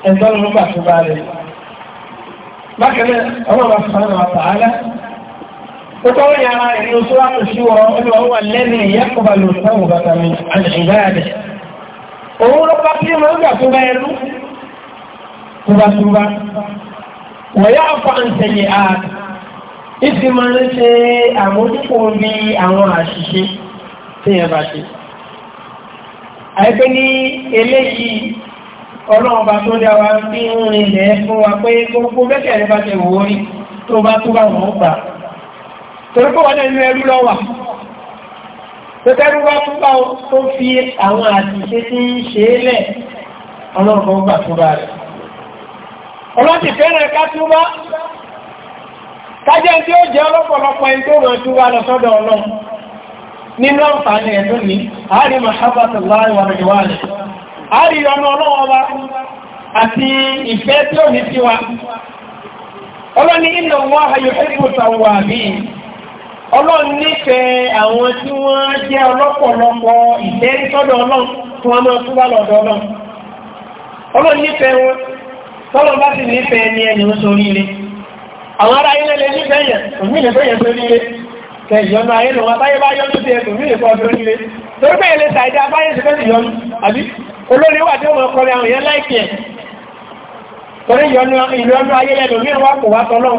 ẹ̀ntọ́nù ló bà tó bá rẹ̀ bákanáà ọlọ́run subhanahu wa ta'ala ó tọ́ wọ́n yára rẹ̀ ní oṣù láti ṣíwọ́ ọlọ́run wà lẹ́nu ìyẹ́kọ̀ọ́bà lò sáwọn bàtà mi àìbáyàdẹ̀ òun ló bá tí mo ń gbà tó bá ẹrú tó bá tó wọ́n yá ọkọ̀ àǹtẹ̀yẹ ààrẹ ìfìmọ̀ ń ṣe àmójúkò bí àwọn àṣìṣe tí yẹn bá ṣe àìpé ní eléyìí ọlọ́run bá tó dá wa fi ń rin ilẹ̀ fún wa pé gbogbo bẹ́tẹ̀ rẹ bá ti wò ó rí tó bá tó bá wọn gbà torí pé wọn nínú ẹrú lọ wà tẹ́tẹ́rú wá tún bá tó fi àwọn àṣìṣe tí ń ṣe é lẹ̀ ọlọ́run kan gbà tó bá rẹ̀ ọlọ́tì fẹ́rẹ̀ ká tún bá kájẹ́ tí ó jẹ́ ọlọ́pọ̀lọpọ̀ ẹni tó rọ̀ tún wá lọ sọ́dọ̀ ọlọ́run nínú àǹfààní ẹ̀dùn ní àárí mahabata láàrin wọn ìwà rẹ̀ àárí ọmọ ọlọ́wọ́ wa àti ìfẹ́ tí ní sí wa ọlọ́ni inna Allaha yuhibbu tawwabin ọlọ́run nífẹ̀ẹ́ àwọn tí wọ́n jẹ́ ọlọ́pọ̀lọpọ̀ ìfẹ́ ọlọ́run tí wọ́n wọn kẹ ìyọnu ayé lọ wọn báyé bá yọnu sí ẹkùn ní ìkọ́ ọdún nílé torí pé ilé ṣàìdá báyé sí fẹ́sì yọnu àbí olórí wà tí ó mọ̀ kọrin àwọn èèyàn láìpẹ́ torí ìyọnu ayé lẹ́nu mí wá kò wá tọ́lọ́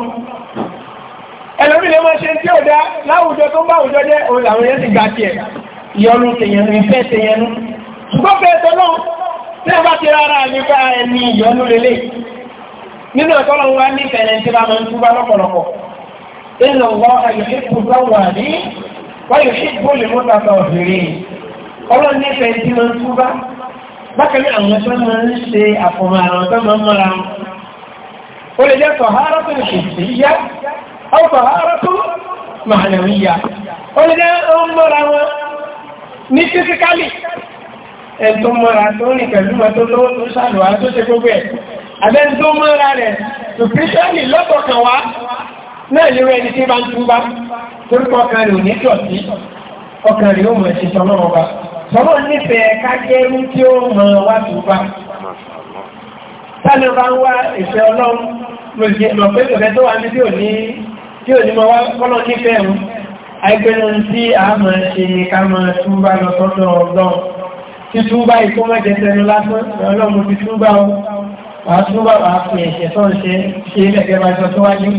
ẹlòmí lè mọ́ ṣe tí ó dá láwùjọ tó bá àwùjọ jẹ́ òun làwọn èèyàn ti gbà tiẹ̀ ìyọnu tèyẹnu ìfẹ́ tèyẹnu ṣùgbọ́n fẹ́ tọ́lọ́ tí wọ́n bá ti rárá nípa ẹni ìyọnu lélẹ̀ nínú ọ̀tọ́lọ́ wa nífẹ̀ẹ́ إن الله يحب التوابين ويحب المتطهرين Ọlọ́run nífẹ̀ẹ́ tí wọ́n tún bá, bákan ní àwọn tó máa ń ṣe àfọ̀mọ̀ àwọn tó máa ń mọ́ra wọn. Ó lè jẹ́ tọ̀hárá tó ṣèṣì yá, ó tọ̀hárá tó mààlẹ̀wì yá. Ó lè jẹ́ ó ń mọ́ra wọn ṣe gbogbo ẹ̀ náà lérò ẹni tí bá ń túbá torí ọkàn rẹ̀ ò ní dọ̀tí ọkàn rẹ̀ ó mọ̀ ẹ̀sìn tọ́nà ọba tọ́nà nífẹ̀ẹ́ ká jẹ́rú tí ó mọ̀ wá túbá tánà bá ń wá ìfẹ́ ọlọ́run lòdì mọ̀ pé ìfẹ́ tó wà ní tí ò ní tí ò ní mọ̀ wá kọ́nà nífẹ̀ẹ́ rún àìgbẹ́nu tí a mọ̀ ṣe ká mọ̀ túbá lọ sọ́dọ̀ ọlọ́run títúbá ìkó mẹ́jẹ tẹnu lásán ọlọ́run títúbá wàá túbá wàá fi ẹ̀ṣẹ̀ tó ń ṣe ṣe ilẹ̀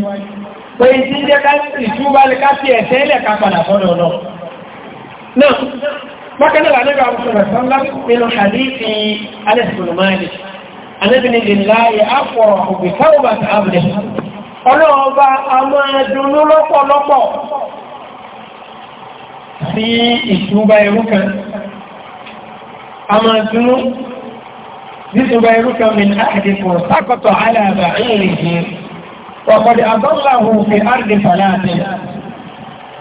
pé ìdí jẹ́ ká ìtúbà lè ká sí ẹ̀sẹ̀ ilẹ̀ ká padà sọ́dọ̀ lọ. náà bákanáà lẹ́gbà àbúṣọ̀rọ̀ sọ́lá nínú hadithi alẹ́sìnkùnmáàlì alẹ́bìnrin lè láàyè àpọ̀ òbí káwọ́bà sí abúlé ọlọ́ọ̀bá a aláàbà ìrìnjìn ọ̀pọ̀dé àbọ́láhù fi áàrùn ìfàláàtì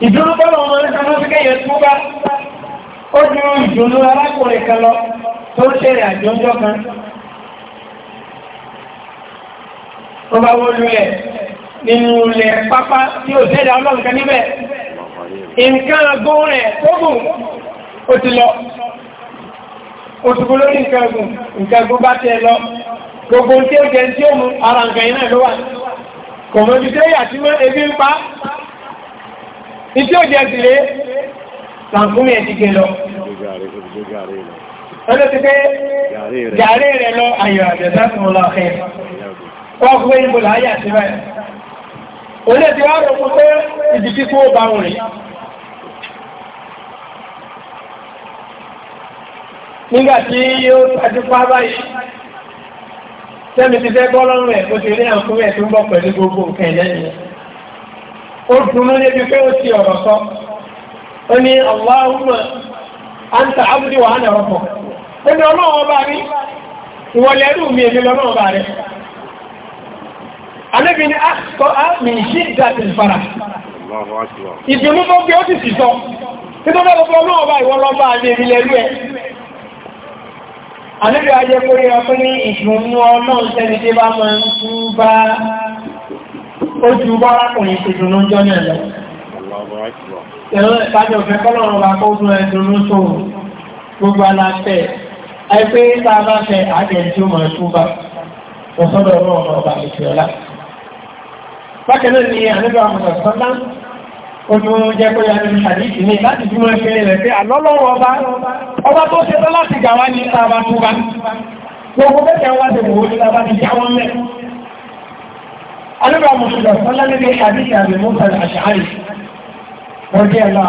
ìdúró bọ́lọ̀ wọn ní sanúfíkẹ́ yẹn tó bá ó dúró ìdúró arákùnrin kan lọ tó ń ṣe àjọjọ́ kan ó bá wọ́n lú ẹ̀ nínú ilẹ̀ pápá tí ó tẹ́lẹ̀ ọlọ́nkan níbẹ̀ nǹkan agún rẹ̀ tó gùn ó ti lọ òṣùgbó lórí nǹkan agún nǹkan agún bá tẹ́ lọ gbogbo tí ó jẹ tí ó mú ara nǹkan yìí náà ló wà kọ̀mọ́ ibi tí ó yà sí mọ́ ebi ń pa ìtí òjẹ́ sì lé làǹkúmí ẹ̀ ti gé lọ. Ọjọ́ ti pé gàrí rẹ̀ lọ ayọ̀ àjẹ̀dá tó ń lọ ọ̀hẹ́. Wọ́n fún ẹni bọ̀lá ayà sí báyìí. Olé ti wá rò fún pé ìdí kíkú ó bá wọn rí. Nígbà tí yóò tajú pa báyìí, sẹ́mi ti fẹ́ bọ́ lọ́rùn ẹ̀ bó ti rí àǹkúrú ẹ̀ tó ń bọ̀ pẹ̀lú gbogbo nǹkan ẹ̀lẹ́yìn ó dùnú níbi pé ó ti ọ̀rọ̀ sọ ó ní Allahumma anta abdi wa ana rabbuk ó ní ọlọ́run ọba rí ìwọlẹ̀ ẹrú mi èmi lọ́rùn ọba rẹ̀ alẹ́bi ni a sọ á mi ṣí ìjà ti fara ìdùnnú tó gbé ó sì sì sọ nítorí àníbi ajẹ́ kó yẹ pé ní ìdùnnú ọlọ́run tẹ́ni tí bá máa ń tú bá ó ju bá rákùnrin ti dùnnú jọ náà lọ. Ẹ̀rọ ìpájọ̀ fẹ́ kọ́lọ̀rọ̀ wa kó dún ẹdùnnú tó gbogbo aláfẹ́ ẹgbẹ́ tá a bá fẹ́ àjẹ́ tí ó máa tú bá ọ̀sọ́dọ̀ ọlọ́run ọba ìfẹ́ ọlá. Bákan náà ni àníbi àwọn ọ̀sán náà ojú oòrùn jẹ́ kó yàtọ̀ ní àdíjì ní láti dúró ṣe rẹ̀ pé àlọ́lọ́wọ́ ọba ọba tó ṣe tọ́ láti gà wá ní tàbá tó bá gbogbo bẹ́ẹ̀ wá ti wò ó ní tàbá ti já wọn mẹ́ alúgbà mùsùlùmí sọ́lá níbi àdíjì àbí àṣàárì wọ́n jẹ́ ẹ̀lọ́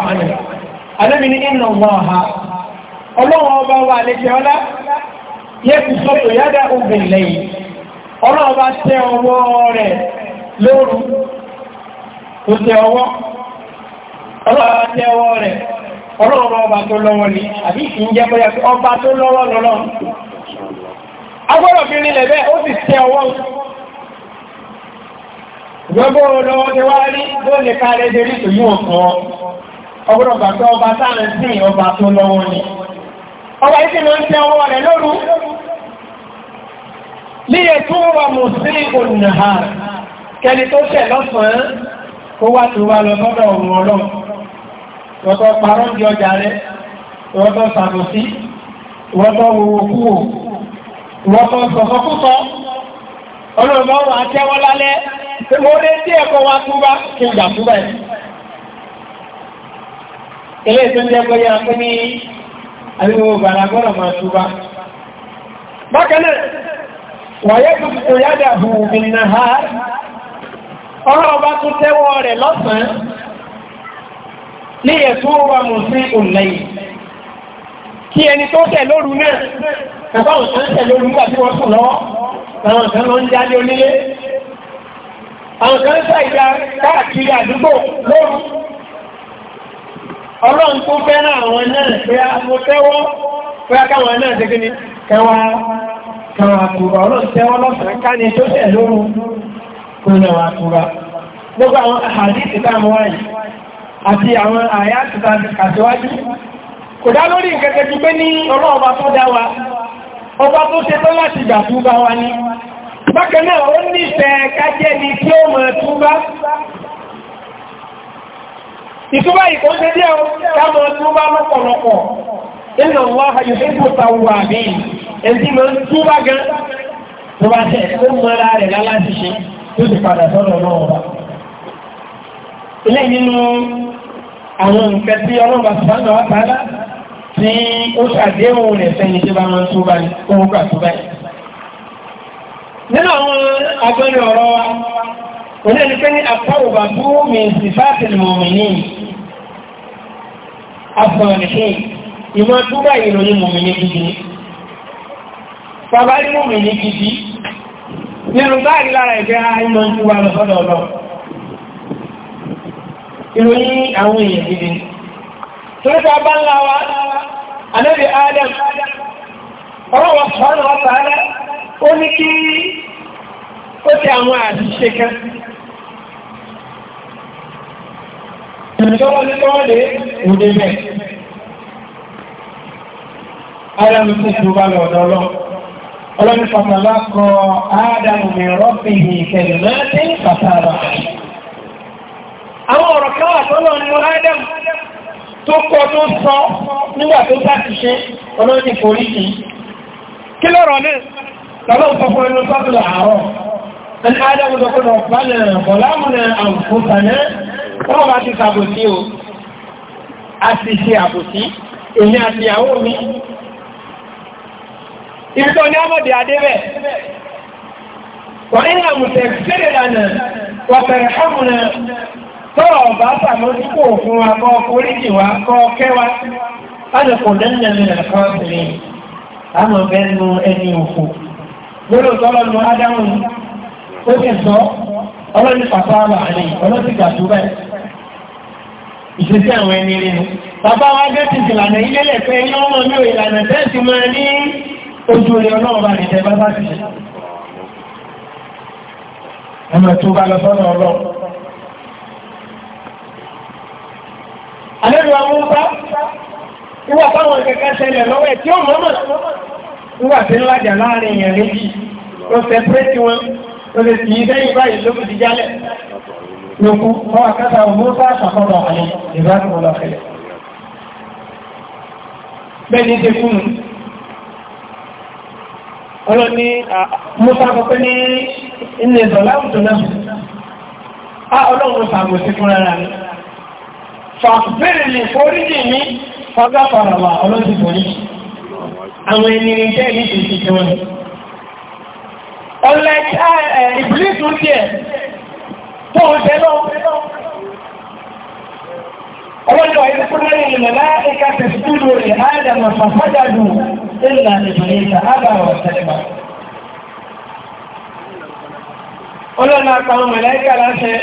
àánú ọlọ́wọ́ tẹ́wọ́ rẹ̀ ọlọ́wọ́ ọba tó lọ́wọ́ ni àbí kì ń jẹ́ bóyá ọba tó lọ́wọ́ lọ́lọ́ agbọ́dọ̀ fi rí lẹ̀bẹ́ ó sì tẹ ọwọ́ gbogbo olówó ti wá rí tó lè kárí dérí tòyí ọ̀kan ọgbọ́dọ̀ gbà pé ọba táà ń tó ni ọba yìí sì máa ń tẹ ọwọ́ rẹ̀ lóru líyẹ tó wà mọ̀ sí ònà kẹni tó tẹ̀ lọ́sàn-án wọ́tọ́ parọ́ di ọjà rẹ̀ wọ́tọ́ sàbòsí wọ́tọ́ wòwò kúwò wọ́tọ́ sọ̀sọ́kúsọ ọlọ́run wà tẹ́wọ́ lálẹ́ mo lé sí ẹ̀kọ́ wa túbá kí n gbà túbá ẹ̀ ilé tó ń jẹ́ pé yára pé ní àríwò gbàràgbọ́rọ̀ máa túbá bákanáà wàyé tuntun yádà hù mí náà ọlọ́run bá tún tẹ́wọ́ rẹ̀ lọ́sàn-án ní ẹ̀tún wa mọ̀ sí òǹlẹ́yìn kí ẹni tó tẹ̀ lóru náà ẹ̀bá òṣèré tẹ̀ lóru nígbà tí wọ́n sùn lọ́wọ́ àwọn kan lọ ń jálé onílé àwọn kan ṣàìdá káàkiri àdúgbò lóru ọlọ́run tó fẹ́ràn àwọn náà pé a mo tẹ́wọ́ pé a káwọn náà ṣe gíní kẹwa kẹwa àkùrọ̀ ọlọ́run tẹ́wọ́ lọ́sàn-án tó tẹ̀ lóru kó náà àkùrọ̀ gbogbo àwọn àhàdí ìtàmọ́ àti àwọn àyà tuta àtiwájú kò dá lórí ìkẹ́kẹ́ ti pé ní ọlọ́ ọba tó dá wa ọba tó ṣe tó láti gbà túbá wa ní bákan náà ó nífẹ̀ẹ́ kájẹ́ ni tí ó mọ̀ túbá ìtúbá ìkó ṣe díẹ̀ kámọ̀ túbá lọ́pọ̀lọpọ̀ inna Allaha yuhibbu tawwabin ẹ̀sìn mọ̀ túbá gan tó bá tẹ̀ ó mọ́ra rẹ̀ láláṣiṣẹ́ tó ti padà sọ́dọ̀ náà ilé nínú àwọn nǹkan tí ọlọ́gbà sọ́nà ọ̀tàlá tí ó ṣàdéhùn rẹ̀ sẹ́yìn tí bá máa tó bá kókà tó báyìí nínú àwọn agbẹ́rẹ̀ ọ̀rọ̀ wa oní ẹni pé ní àpáwòbà tó mi sífáàtì mọ̀mìnì afọ̀nìkì ìmọ̀ tó bá ìròyìn mọ̀mìnì gidi bàbá rí mọ̀mìnì gidi nínú báyìí lára ìgbẹ́ àìmọ̀ tó wà lọ́sọ́dọ̀ ọlọ́run ìròyìn àwọn èèyàn gidi torípa bá ńlá wa anábì adam ọ̀rọ̀ wa sọ̀rọ̀ wa sàádá ó ní kí ó ti àwọn àṣìṣe kan adam ti tó bá lọ ọ̀dọ́ ọlọ́ni kọ adam mi rọ́pìnì kẹlẹ̀ mẹ́tẹ́ pàtàkì àwọn ọ̀rọ̀ kan wà tọ́lọ ní Adam tó kọ tó sọ nígbà tó bá ti ṣe ọlọ́dí forí sí kí lọ́rọ̀ náà lọ́lọ́ sọ fún ẹnu sọ́tùlọ̀ àárọ̀ ẹni Adam lọ́kọ́lọ̀ balẹ̀ bọ̀lámùnà àǹfòsànẹ́ ní ọmọdé wọ́n ní àmùtẹ̀ fẹ́rẹ̀ lánàá wọ́n fẹ̀rẹ̀ hàmùnà tọ́rọ̀ ọ̀bá sàmójúkò fún wa kọ́ oríjì wa kọ́ kẹwa láti kò lẹ́nìyàn nìkan sí àmọ́ bẹ́ẹ̀ nu ẹni òkú lórí ìtọ́lọ́ nu ádámù ó sì sọ ọlọ́ni pàtó àbà àlè ọlọ́sì gbàdúrà ìṣesí àwọn ẹni rí nu bàbá wa gẹ́ ti ìlànà ilé lẹ̀fẹ́ iná ọmọ mi ò ìlànà bẹ́ẹ̀ ti máa ní ojú rẹ̀ ọlọ́run bá nìjẹ́ bá bá ti ṣe. ẹ̀mọ̀ tó bá lọ sọ́nà ọlọ́run àlejò àwọn ọba nígbà táwọn kẹ̀kẹ́ ṣẹlẹ̀ lọ́wọ́ ẹ̀ tí ó mọ́mọ́ nígbà tí ń lájà láàrin èèyàn méjì ló fẹ́ pẹ́ẹ́tì wọn ló lè sì í lẹ́yìn báyìí ló fi jálẹ̀ lókun wọn àkàtà òmùsà àṣàkọ́dọ̀ àlẹ́ ìbáṣe wọn lọ́fẹ̀lẹ̀ bẹ́ẹ̀ ni ṣe fún mi ọlọ́ni Musa kọ́kọ́ ní ilé ìdọ̀lá òtún náà a ọlọ́run sàmùsí fúnra rẹ̀ fàbẹ̀rẹ̀ lè foríjì ní ọgá faraba ọlọ́dún forí àwọn ènìyàn jẹ́ ní ìṣẹ́ ìṣẹ́ wọn ọlẹ́ ìbílẹ̀ tó jẹ́ tó ń tẹ́ lọ ọlọ́dún ayé kúrò ní ìlànà ẹ̀ka tẹ̀síkúrò rẹ̀ ádámà fàfádàdù ìlà ìbílẹ̀ ìta ábàwọ̀ tẹ̀síkà ọlọ́dún àpàwọn mẹ̀lẹ́kà láṣẹ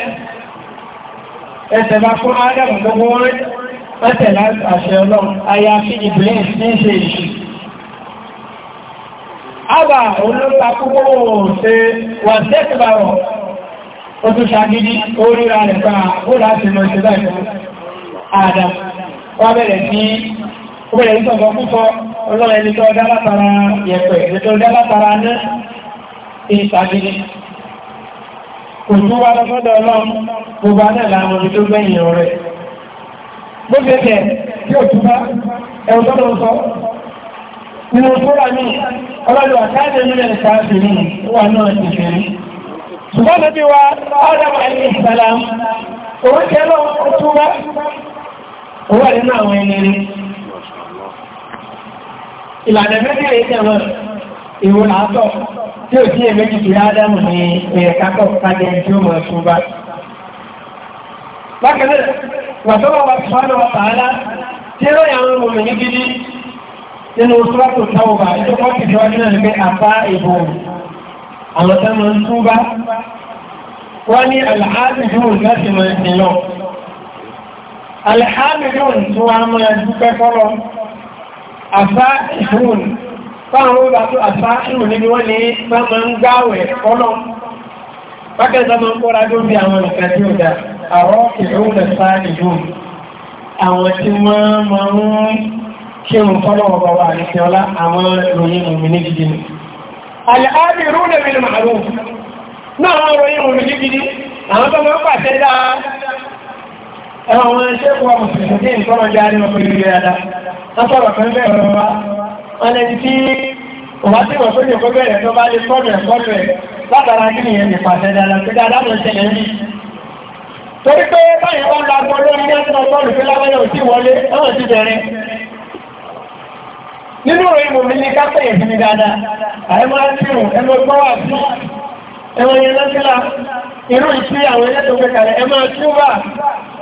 ẹsẹ̀ bá fún ádámù gbogbo wọn ẹsẹ̀ láti àṣẹ ọlọ́run àyàfi ìbílẹ̀ ní ṣe ìṣù àbà olóòtàkúgbò ṣe wà sẹ́kìbàrọ̀ ó tún ṣagidi oríra rẹ̀ pa ó láti lọ ṣe báyìí àdá wà bẹ̀rẹ̀ sí ó bẹ̀rẹ̀ ìtọ̀gbọ̀ púpọ̀ ọlọ́rẹ̀ ní tó dá látara yẹ̀pẹ̀ ní tó dá látara ní ìṣàgidi kò tó wá lọ́sọ́dọ̀ ọlọ́run kò bá náà láwọn ibi tó gbẹ̀yìn rẹ̀ bó ṣe tẹ̀ tí ò tún bá ẹ̀rù sọ nínú tó wà ní àkáàdé nílẹ̀ ní wà náà ti fi rí ṣùgbọ́n wa ẹni òun lọ tún bá òun wà nínú tí ò sí èméjì fi ádámù ní ẹ̀ẹ́kákọ̀ kájẹ tí ó mọ̀ fún bá. Bákan náà, wàtọ́wọ́ wa fún àwọn ọ̀tàálá tí ó yà wọn mọ̀mí gidi nínú sọ́tò táwọ̀bà tó kọ́ ti fi wájú náà ní pé àbá ìbò àwọn tó mọ̀ ń tún bá. Wọ́n ní àlàáfíìdùn láti mọ̀ ẹ̀sìn lọ. Àlàáfíìdùn tó wá mọ̀ ẹ̀dúpẹ́ fọ́lọ́. Àbá ìbò fáwọn wíwá tó àṣà ìlú níbi wọ́n ní sọ́mọ ń gbáwẹ̀ kọ́lọ̀ bákẹ́ sọ́mọ ń kóra tó bí àwọn nǹkan tí ó dá àwọ́ ìlú lè sá ìlú àwọn tí wọ́n máa ń kí n kọ́lọ̀ ọ̀bọ̀ wà ní fi ọlá àwọn ìròyìn òmìn ní gidi ni. àlẹ́ ìrú lè mi ní màálù náà àwọn ìròyìn òmìn gidi àwọn tó máa ń dáa ẹ̀wọ̀n ṣẹ́kùn ọmọ ìṣẹ̀kùn ìkọ́nà jẹ́ àríwọ̀ pẹ̀lú ilé ẹ̀dá látọ̀rọ̀ kan bẹ̀rẹ̀ ọ̀rọ̀ wa wọ́n lẹ́ni tí òwá tí wọ́n tó lè kó bẹ̀rẹ̀ tó bá lè kọ́rọ̀ ẹ̀ kọ́rọ̀ ẹ̀ látara kí nìyẹn lè pàṣẹ dáadáa pé dáadáa lọ ṣẹlẹ̀ ní torí pé báyìí wọ́n la gbọ́ lórí national bọ́ọ̀lù pé lábẹ́lẹ̀ ò sí wọlé ẹ̀wọ̀n ti bẹ̀rẹ̀ nínú ìròyìn mòmí ní káfẹ́ ìsinmi dáadáa àyẹ̀mọ́ ẹwọ́n yẹn lọ́sílá irú ìṣí àwọn ẹlẹ́tọ̀ pẹ́kàrẹ̀ ẹ máa tí ó wà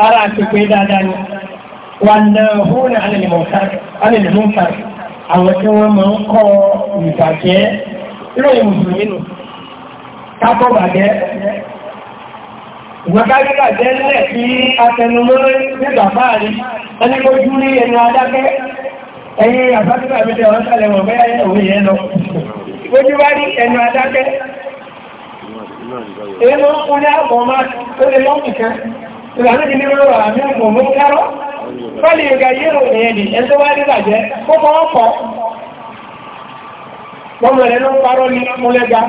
ara àtìpé dáadáa ni wà náà hún alẹ́lẹ́mọ́kà àwọn tí wọ́n máa ń kọ́ ìbàjẹ́ irú ìmùsùlùmí nù kápọ̀ bàjẹ́ ìgbàkáríkà jẹ́ lẹ̀ sí atẹnumọ́ nígbà fáàrí ẹni kó jú ní ẹnu adákẹ́ ẹ̀yìn ọ̀rọ̀ sálẹ̀ wọ̀n bẹ́ẹ̀ òun yẹn lọ. Ojú ẹnu adákẹ́ èyí ló ń fún ní àpọ̀ máa ó lè lọ́pù kan ìlànà ìdí nínú ọ̀rọ̀ àmì ọ̀pọ̀ mú kárọ́ fọ́lì ìgbà yìí rò ní ẹni ẹni tó wá ní bàjẹ́ ó kọ́ ọ̀pọ̀ wọ́n mọ̀ lẹ́nu parọ́ ní múlẹ́gà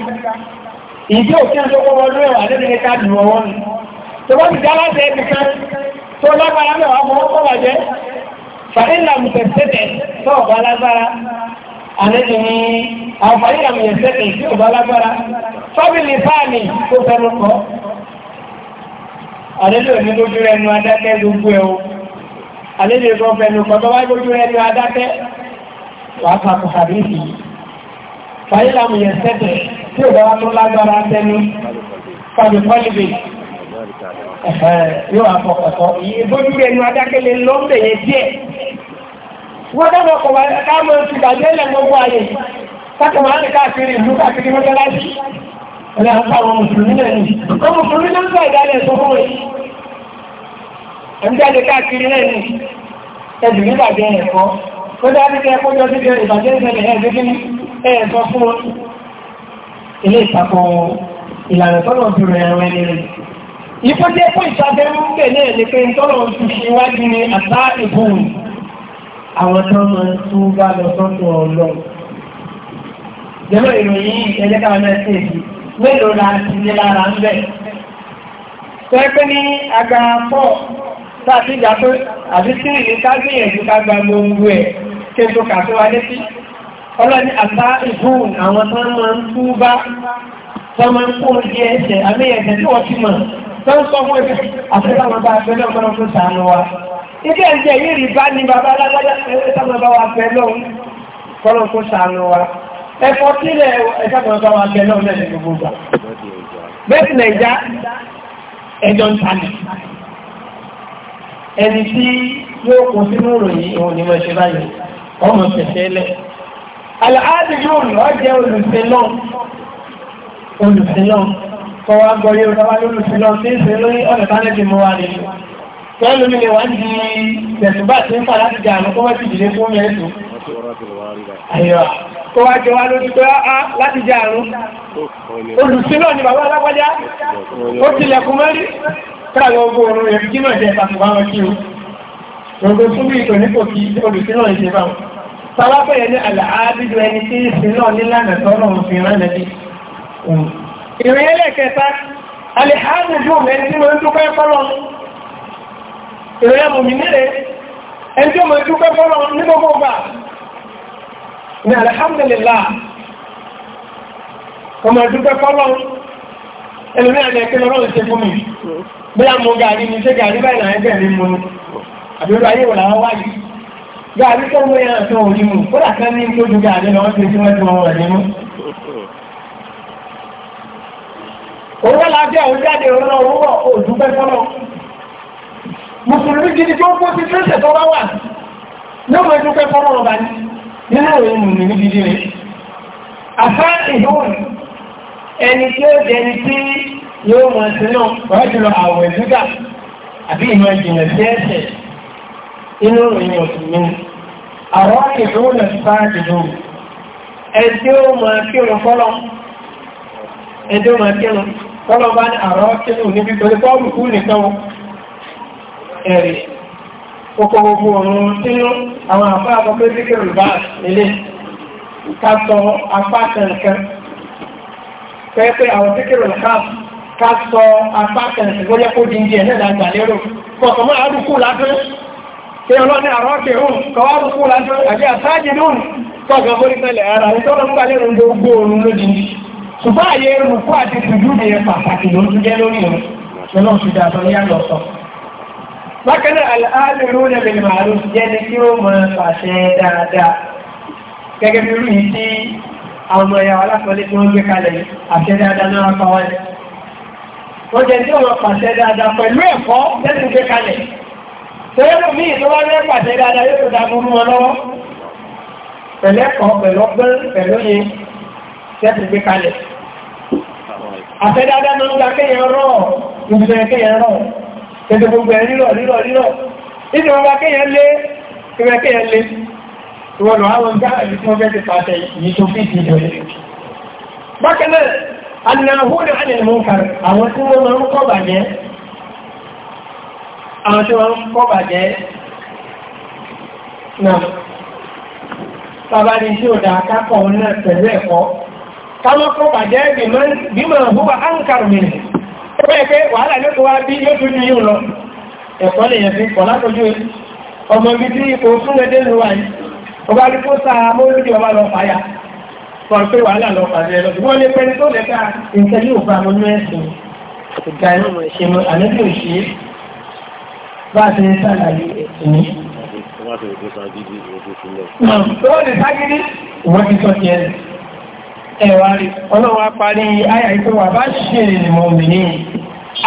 ìdí òfin àti ọkọ̀ wọn lóyè wà lẹ́nu ní káàdì wọn tó bá ti dá láti ẹbí kan tó lágbára mẹ́wàá fọwọ́ kọ́ bàjẹ́ fàílà mùtẹ̀sẹ̀tẹ̀ àlejò ní àǹfààní àmì ẹ̀sẹ̀ kì í ọba lágbára fábìlì fáàmì kó fẹ́nu kọ́ àlejò ní lójú ẹnu adákẹ́ gbogbo ẹ̀ o àlejò kọ́ fẹ́nu kọ́ tó wá lójú ẹnu adákẹ́ wàá kàkọ́ àbíyèsí fàyílà àmì ẹ̀sẹ̀ kì tí ọba wa tó lágbára tẹnu fábì pọ́lìbì yóò àfọkọ̀tọ̀ ìbójú ẹnu adákẹ́ lè lọ́ọ́ bẹ̀yẹ díẹ̀ wọ́n dábọ̀ kọ̀ wáyé ká mọ̀ ti bàjẹ́ lẹ̀ gbogbo ààyè sákòmọ̀ láti káàkiri ìlú káàkiri mọ́tẹ́láṣí ẹ̀rẹ́ àpáwọn mùsùlùmí náà ni wọ́n mùsùlùmí náà ń gbà ìdálẹ̀ tó fún wọn ẹ̀mí káàkiri náà ni ẹ̀jù ní bàjẹ́ ẹ̀kọ́ ó dá bí kẹ́ kójọ sí bẹ̀rẹ̀ ìbàjẹ́ ìṣẹ̀lẹ̀ ẹ̀jẹ́ kí ẹ̀ẹ̀sọ fún wọn ilé àwọn tó máa ń tú bá lọ sọ́tọ̀ ọlọ́ jẹ́rọ ìròyìn ẹlẹ́ka mẹ́sẹ̀ẹ̀jì mélòó la ti ní lára ń bẹ̀ pẹ́pẹ́ ní aga pọ̀ láti ìjà pé àbí sí ìlú ká gbìyànjú ká gba gbogbo ẹ̀ kéjọ kàtó wa létí ọlọ́ni àbá ìhùn àwọn tó máa ń tú bá tó máa ń kó ojú ẹsẹ̀ àmì ẹ̀jẹ̀ tí wọ́n ti mọ̀ tó ń sọ fún ẹgbẹ́ àti Ilé ẹ̀jẹ̀ yìí rí bá ní bàbá alágbájá ẹgbẹ́ sábà bá wa bẹ̀ lọ́hùn kọ́lọ̀ kó ṣàánú wa. Ẹ̀fọ́ sílẹ̀ ẹ̀jẹ̀ sábà bá wa bẹ̀ lọ́hùn lẹ́nu gbogbo gbà. Bẹ́ẹ̀sì Nàìjá ẹjọ́ ń tanì. Ẹni tí yóò kó sínú ìròyìn òun ni mo ṣe báyìí, ọmọ ṣẹ̀ṣẹ̀ lẹ̀. Àlàáàdì yóò lọ jẹ́ olùsìn náà. Olùsìn náà. Kọ́ wa gbọ́ yóò pẹ̀lú ní wọ́n di tẹ̀sùbá tí ń fà láti jà àmú kó wọ́n ti jìlé fún mẹ́rin àyíwá kó wá jẹ wá lójú pé á ah, ah, láti jà àrùn olùsílọ̀ ni bàbá alágbájá ó tilẹ̀kùn mẹ́rí káàlọ́ ogun oòrùn rẹ̀ kí náà jẹ ìfàkùnbá wọn kí o gbogbo fún bí ìtò nípò kí olùsílọ̀ ìṣe bá wọn sábà bẹ̀rẹ̀ ní àlàábíjú ẹni tí ìsìnlọ̀ nílànà tọ́rọ̀ òfin rẹ̀ bí ìrìn ẹlẹ́kẹta alìhánu jù mẹ́rin tí ìrẹ́lẹ̀ mọ̀mí nílẹ̀ ẹni tí ó mọ̀ ìdúpẹ́ fọ́lọ̀ ní gbogbo ọgbà ní alhamdulillah ọmọ ìdúpẹ́ fọ́lọ̀ ẹlùmí àti ẹ̀kẹ́ lọ́rọ̀ ṣe fún mi bí a mọ gàrí ní ṣe gàrí báyìí náà ẹgbẹ́ mi mú àbúrò ayé wò láwọn wáyé gàrí tó mú yàrá tó orí mu ó dàkẹ́ ní tó ju gàrí lọ́wọ́ tó ti wọ́n ti wọ́n rẹ̀ nínú. owó lábẹ́ òun jáde òun náà owó òdúpẹ́ fọ́lọ̀ mùsùlùmí gidi tó ń kó sí tírísẹ̀ tó bá wà ní ọmọ ìdúpẹ́ fọ́nà ọba ní nínú òun mùsùlùmí gidi rẹ̀ afá ìhùn ẹni tí ó jẹni tí yóò mọ̀ sí náà wọ́n jùlọ àwọ̀ ìdúgà àbí ìmọ̀ ìjìnlẹ̀ sí ẹ̀sẹ̀ inú ìròyìn mùsùlùmí àwọn ìhùn lọ sí fáà ìhùn ẹni tí ó mọ̀ kírun fọ́lọ́ ẹni tí ó mọ̀ kírun fọ́lọ́ bá ní àrọ́ kírun níbi torí fọ́ọ̀mù kú ẹ̀rì kókó gbogbo ọ̀run sínú àwọn àpá àpapẹ́ díkìrì bá ilé kásọ apá kẹ̀kẹ́ pẹ́pẹ́ àwọn díkìrì kásọ apá kẹ̀kẹ́ gbọ́jẹ́ kó díndín ẹ̀ náà lágbà lérò kọ̀ọ̀kan mọ́ àádùkú ládùn tí ọlọ́ni àrọ́kẹ̀ òun kọwàrùkú lásán àti àtàjì lóòrùn tọ́gbà borí pẹ̀lẹ̀ ara ní tọ́lọ́ nípa lẹ́rùn gbogbo oòrùn lójì ní ṣùgbọ́n àyè rùkú àti tùjú ní ẹ pàtàkì ló ń jẹ́ lórí òun lọ́nà ṣùgbọ́n àtọ́ ní àlọ́sọ̀ bákan náà aláàlúrú lẹ́bẹ̀ ní màálù jẹ́ ní kí ó mọ pàṣẹ dáadáa gẹ́gẹ́ bí rú yìí tí àwọn ọmọ ẹ̀yà alákọ̀ọ́lé tí wọ́n gbé kalẹ̀ àṣẹ dáadáa náà pa wọ́n wọ́n jẹ́ tí wọ́n pàṣẹ dáadáa pẹ̀lú ẹ̀kọ́ lẹ́sìn gbé kalẹ̀ tẹ́lẹ̀ mí tó wá rẹ́ pàṣẹ dáadáa yóò Tẹ́tẹ́ gbogbo ẹ̀ rírọ̀ rírọ̀ rírọ̀. Ìdí wọn bá kéèyàn lé, ìwẹ̀ kéèyàn lé. Ìwọ̀n lọ àwọn gbá àbí tí wọ́n fẹ́ ti pàtẹ yìí tó fi ti jọ yìí. Bákan náà, àdìnàhó ni àdìnà mú kà àwọn tí wọ́n máa ń kọ́ bàjẹ́. Àwọn tí wọ́n ń kọ́ bàjẹ́ náà. Bàbá ni tí ò dáa ká kọ̀ ọ́ pé wàhálà ló tó wá bí yóò tún ní yóò lọ ẹ̀kọ́ lè yẹn fi pọ̀ látọjú ẹ̀ ọmọ ibi tí ipò fún ẹdẹ́ ló wà ní ọba rí kó sáà mọ́lódì ọba lọ fàyà sọ pé wàhálà lọ pàdé lọ wọ́n lé pẹ́ni tó lẹ́ka nǹkan yóò bá wọn ní ẹ̀sìn ìgbà inú ìṣe mọ́ àlejò ìṣe bá a ti ń sàlàyé ẹ̀sìn ní. Wọ́n ẹ̀wàrí ọlọ́wà parí ayà ìpé wà bá ṣe mọ̀mìnì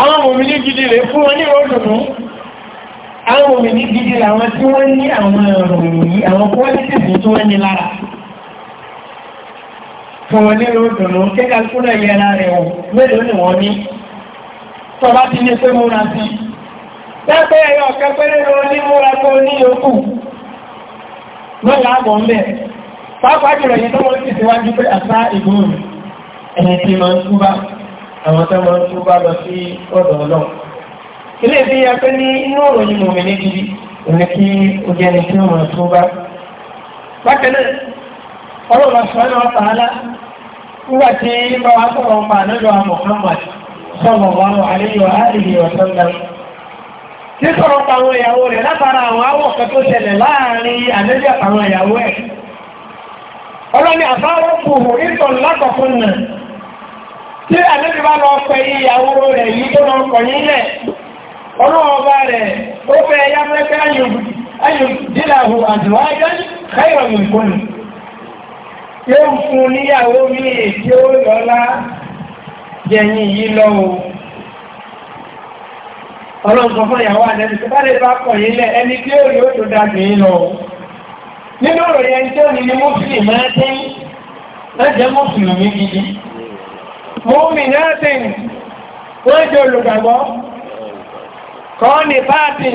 àwọn mọ̀mìnì gidi rẹ̀ fún wọn ní ọdúnú àwọn mọ̀mìnì gidi làwọn tí wọ́n ní àwọn ìròyìn àwọn kọ́lítìsì tí wọ́n ní lára fún wọn ní ọdúnú kéka kúrò ìyẹra ti pàápàá jùlọ yìí tó wọ́n ti síwájú pé àṣà ìgbóhùn ẹni tí máa ń túbá àwọn tó máa ń túbá lọ sí ọ̀dọ̀ ọlọ́ ilé ìfi ya pé ní inú òròyìn mòmí ní gidi òní kí ó jẹ́ ẹni tí ó máa túbá bákan náà ọlọ́run ọ̀sán náà tààlà nígbà tí bá wa sọ̀rọ̀ pa lọ́dọ̀ Muhammad sọ̀rọ̀ wa àlejò àdìgì ọ̀sán náà tí sọ̀rọ̀ pa àwọn ìyàwó rẹ̀ látara àwọn awọ̀ kan tó ṣẹlẹ̀ láàrin ọlọ́ni àbáwọ̀ fòhùn ìtọ̀ lákọ̀ọ́kún nà tí àdébí bá lọ pẹ̀ ìyàwó rẹ̀ yìí tó lọ kọ̀ nílẹ̀ ọlọ́ọba rẹ̀ ó fẹ́ ẹyá mẹ́kẹ́ ayòdílàwò àdìwájá káyọ̀mù ìkọlù yóò fún níyàwó mi èdè ó lọ́lá jẹ̀yìn yìí lọ́wọ́ ọlọ́ọ̀sọ̀ fún ìyàwó àdẹ́bí tó bá lè bá kọ̀ nílẹ̀ ẹni tí ó rí ó tó dàgbé lọ́wọ́ nínú ọ̀rọ̀ yẹn tí ó ní ní mùsùlùmí máa tẹ́ wọ́n jẹ́ mùsùlùmí gidi mọ́mí náà tẹ́ wọ́n jẹ́ olùgbàgbọ́ kọ́ọ̀nì páàtì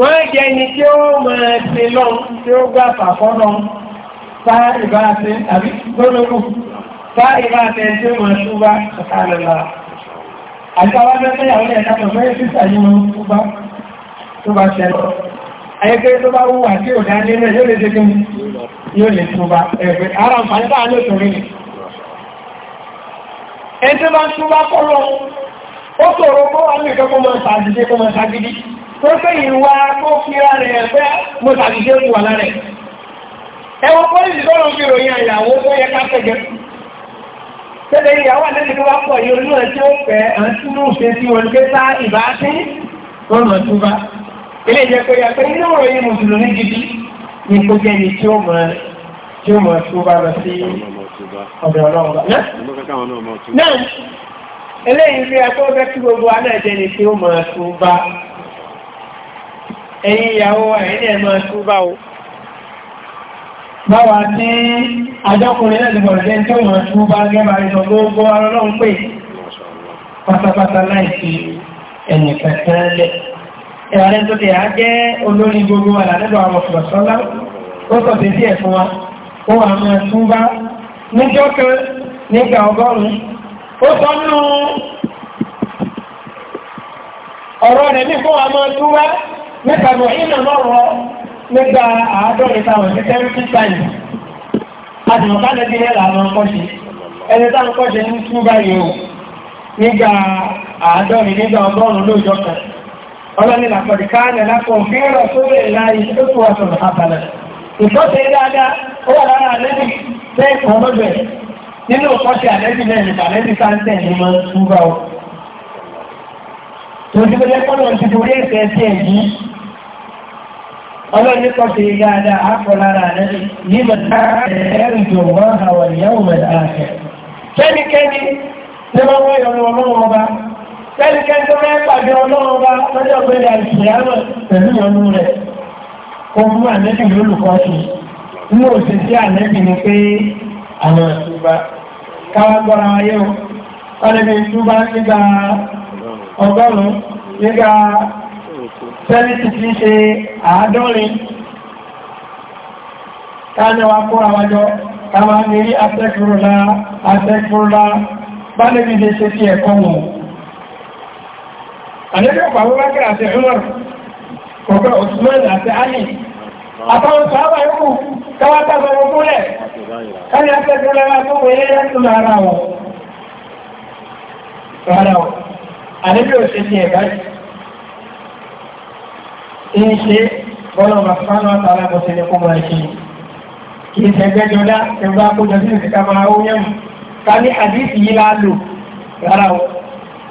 wọ́n jẹ́ ẹni tí ó máa ṣe lọ tí ó gbà fàfọ́nà fa ìbáṣe àbí gbọ́lọ́gbù fa ìbáṣe tí ó máa ṣúgbà ṣàkàlẹ̀lá àti àwọn akẹ́kẹ́ ìyàwó ẹ̀ká tó fẹ́ sísà nínú ṣúgbà tó bá ṣẹlẹ̀ ẹgbẹ́ tó bá wúwà tí ò dá nílẹ̀ yóò lè jẹ́gbẹ́ yóò lè túbá ẹgbẹ́ ara ǹfàní bá lè torí nì ẹgbẹ́ bá túbá kọ́lọ ó tòrò kó wà ní ìkẹ́kọ́ mọ́ sàdìdé kó mọ́ sàdìdí tó pé ìwà tó fi ra rẹ̀ ẹgbẹ́ mọ́ sàdìdé kù wà lárẹ̀ ẹwọ pọ́lìsì tọ́lọ fi ròyìn àyàwó tó yẹ ká tẹ́gẹ́ tẹ́lẹ̀ ìyàwó àtẹ́lẹ̀ tó bá pọ̀ yìí olú ẹ̀ tí ó fẹ́ àti inú òṣèṣì ilé ìjẹ́ pé yàtọ̀ inú ọ̀rọ̀ yìí mùsùlùmí gidi ní kó jẹ́ ni tí ó mọ̀ tí ó mọ̀ tó bá lọ sí ọ̀dọ̀ ọlọ́ọ̀bà náà eléyìí fi ẹ̀kọ́ fẹ́ kí gbogbo anájẹ́ ni tí ó mọ̀ tó bá ẹ̀yin ìyàwó ẹ̀yin ẹ̀ mọ̀ tó bá o báwa tí àjọkùnrin náà ti bọ̀ jẹ́ tí ó mọ̀ tó bá gẹ́gbà ìsọ̀ gbogbo arọ́lọ́run pè pátápátá láìsí ẹnì lẹ́ẹ̀ ẹ̀rẹ́ tó tẹ̀ á olórin gbogbo wà lálẹ́dọ̀ àwọn ọ̀sọ̀sọ́lá ó sọ sí díẹ̀ fún wa ó wà máa tún bá níjọ́ kan nígbà ọgọ́rùn-ún ó sọ nínú ọ̀rọ̀ rẹ̀ ní fún wa máa bá nípa mọ̀ ìnà lọ́rọ̀ nígbà àádọ́rin táwọn sí tẹ́rìtì sáyẹn àdìmọ̀ká lẹ́bí rẹ̀ làwọn kọ́ṣe ẹni táwọn kọ́ṣe ń tún báyìí o nígbà àádọ́rin nígbà ọgọ́rùn-ún lóòjọ́ kan ọlọ́ni làpọ̀dìkáàlẹ̀ lápọ̀ fíìrọ̀ tó lè láàrin tó tó wà sọ̀rọ̀ àbàlẹ̀. ìfọ́sẹ̀ dáadáa ó wà lára àlẹ́bì bẹ́ẹ̀ kan lọ́gbẹ̀ nínú ìfọ́sẹ̀ àlẹ́bì náà nípa àlẹ́bì sáńtẹ̀ ní mọ́ ń bá ọ. tòjúbẹ́lẹ́ kọ́nà ti torí ẹ̀sẹ̀ ẹ̀sẹ̀ yìí ọlọ́ni kọ́sẹ̀ dáadáa ní mọ̀tá ẹ̀rù jọ̀wọ́ Kẹ́lìkẹ́ tó fẹ́ pàdé ọlọ́run bá lọ́jọ́ pé ní àìsìyàmọ̀ pẹ̀lú ọmọ rẹ̀. Ó mú ànẹ́bì lólùkọ́ sí. Mú òṣìṣẹ́ ànẹ́bì ni pé àwọn ìtúbá. Káwá gbọ́ra wáyé o. Ọlẹ́bí ìtúbá nígbà ọgọ́rùn-ún nígbà sẹ́lítì ti ṣe àádọ́rin. Káníwá kóra wájọ́ káwá ní rí afẹ́kúrúlá afẹ́kúrúlá bá lẹ́bí lè ṣe sí ẹ̀kọ́ àlẹ́lẹ́pàá Abubakar àti Umar kọ̀ọ̀kan Usman àti Ali àtàwọn sàábà yóò káwá tábà wọn kúlẹ̀ káyà sẹ́gbẹ́ lọ́wọ́ tó wọlé láti máa ra wọn. Rárá o, àlejò ṣe ti ẹ̀ka yìí. Ń ṣe bọ́lá Màsánà àtàrà kò sí ní kó máa ṣe. Kì í sẹ́gbẹ́ jọdá ẹgbẹ́ akójọ sí ní àdìsí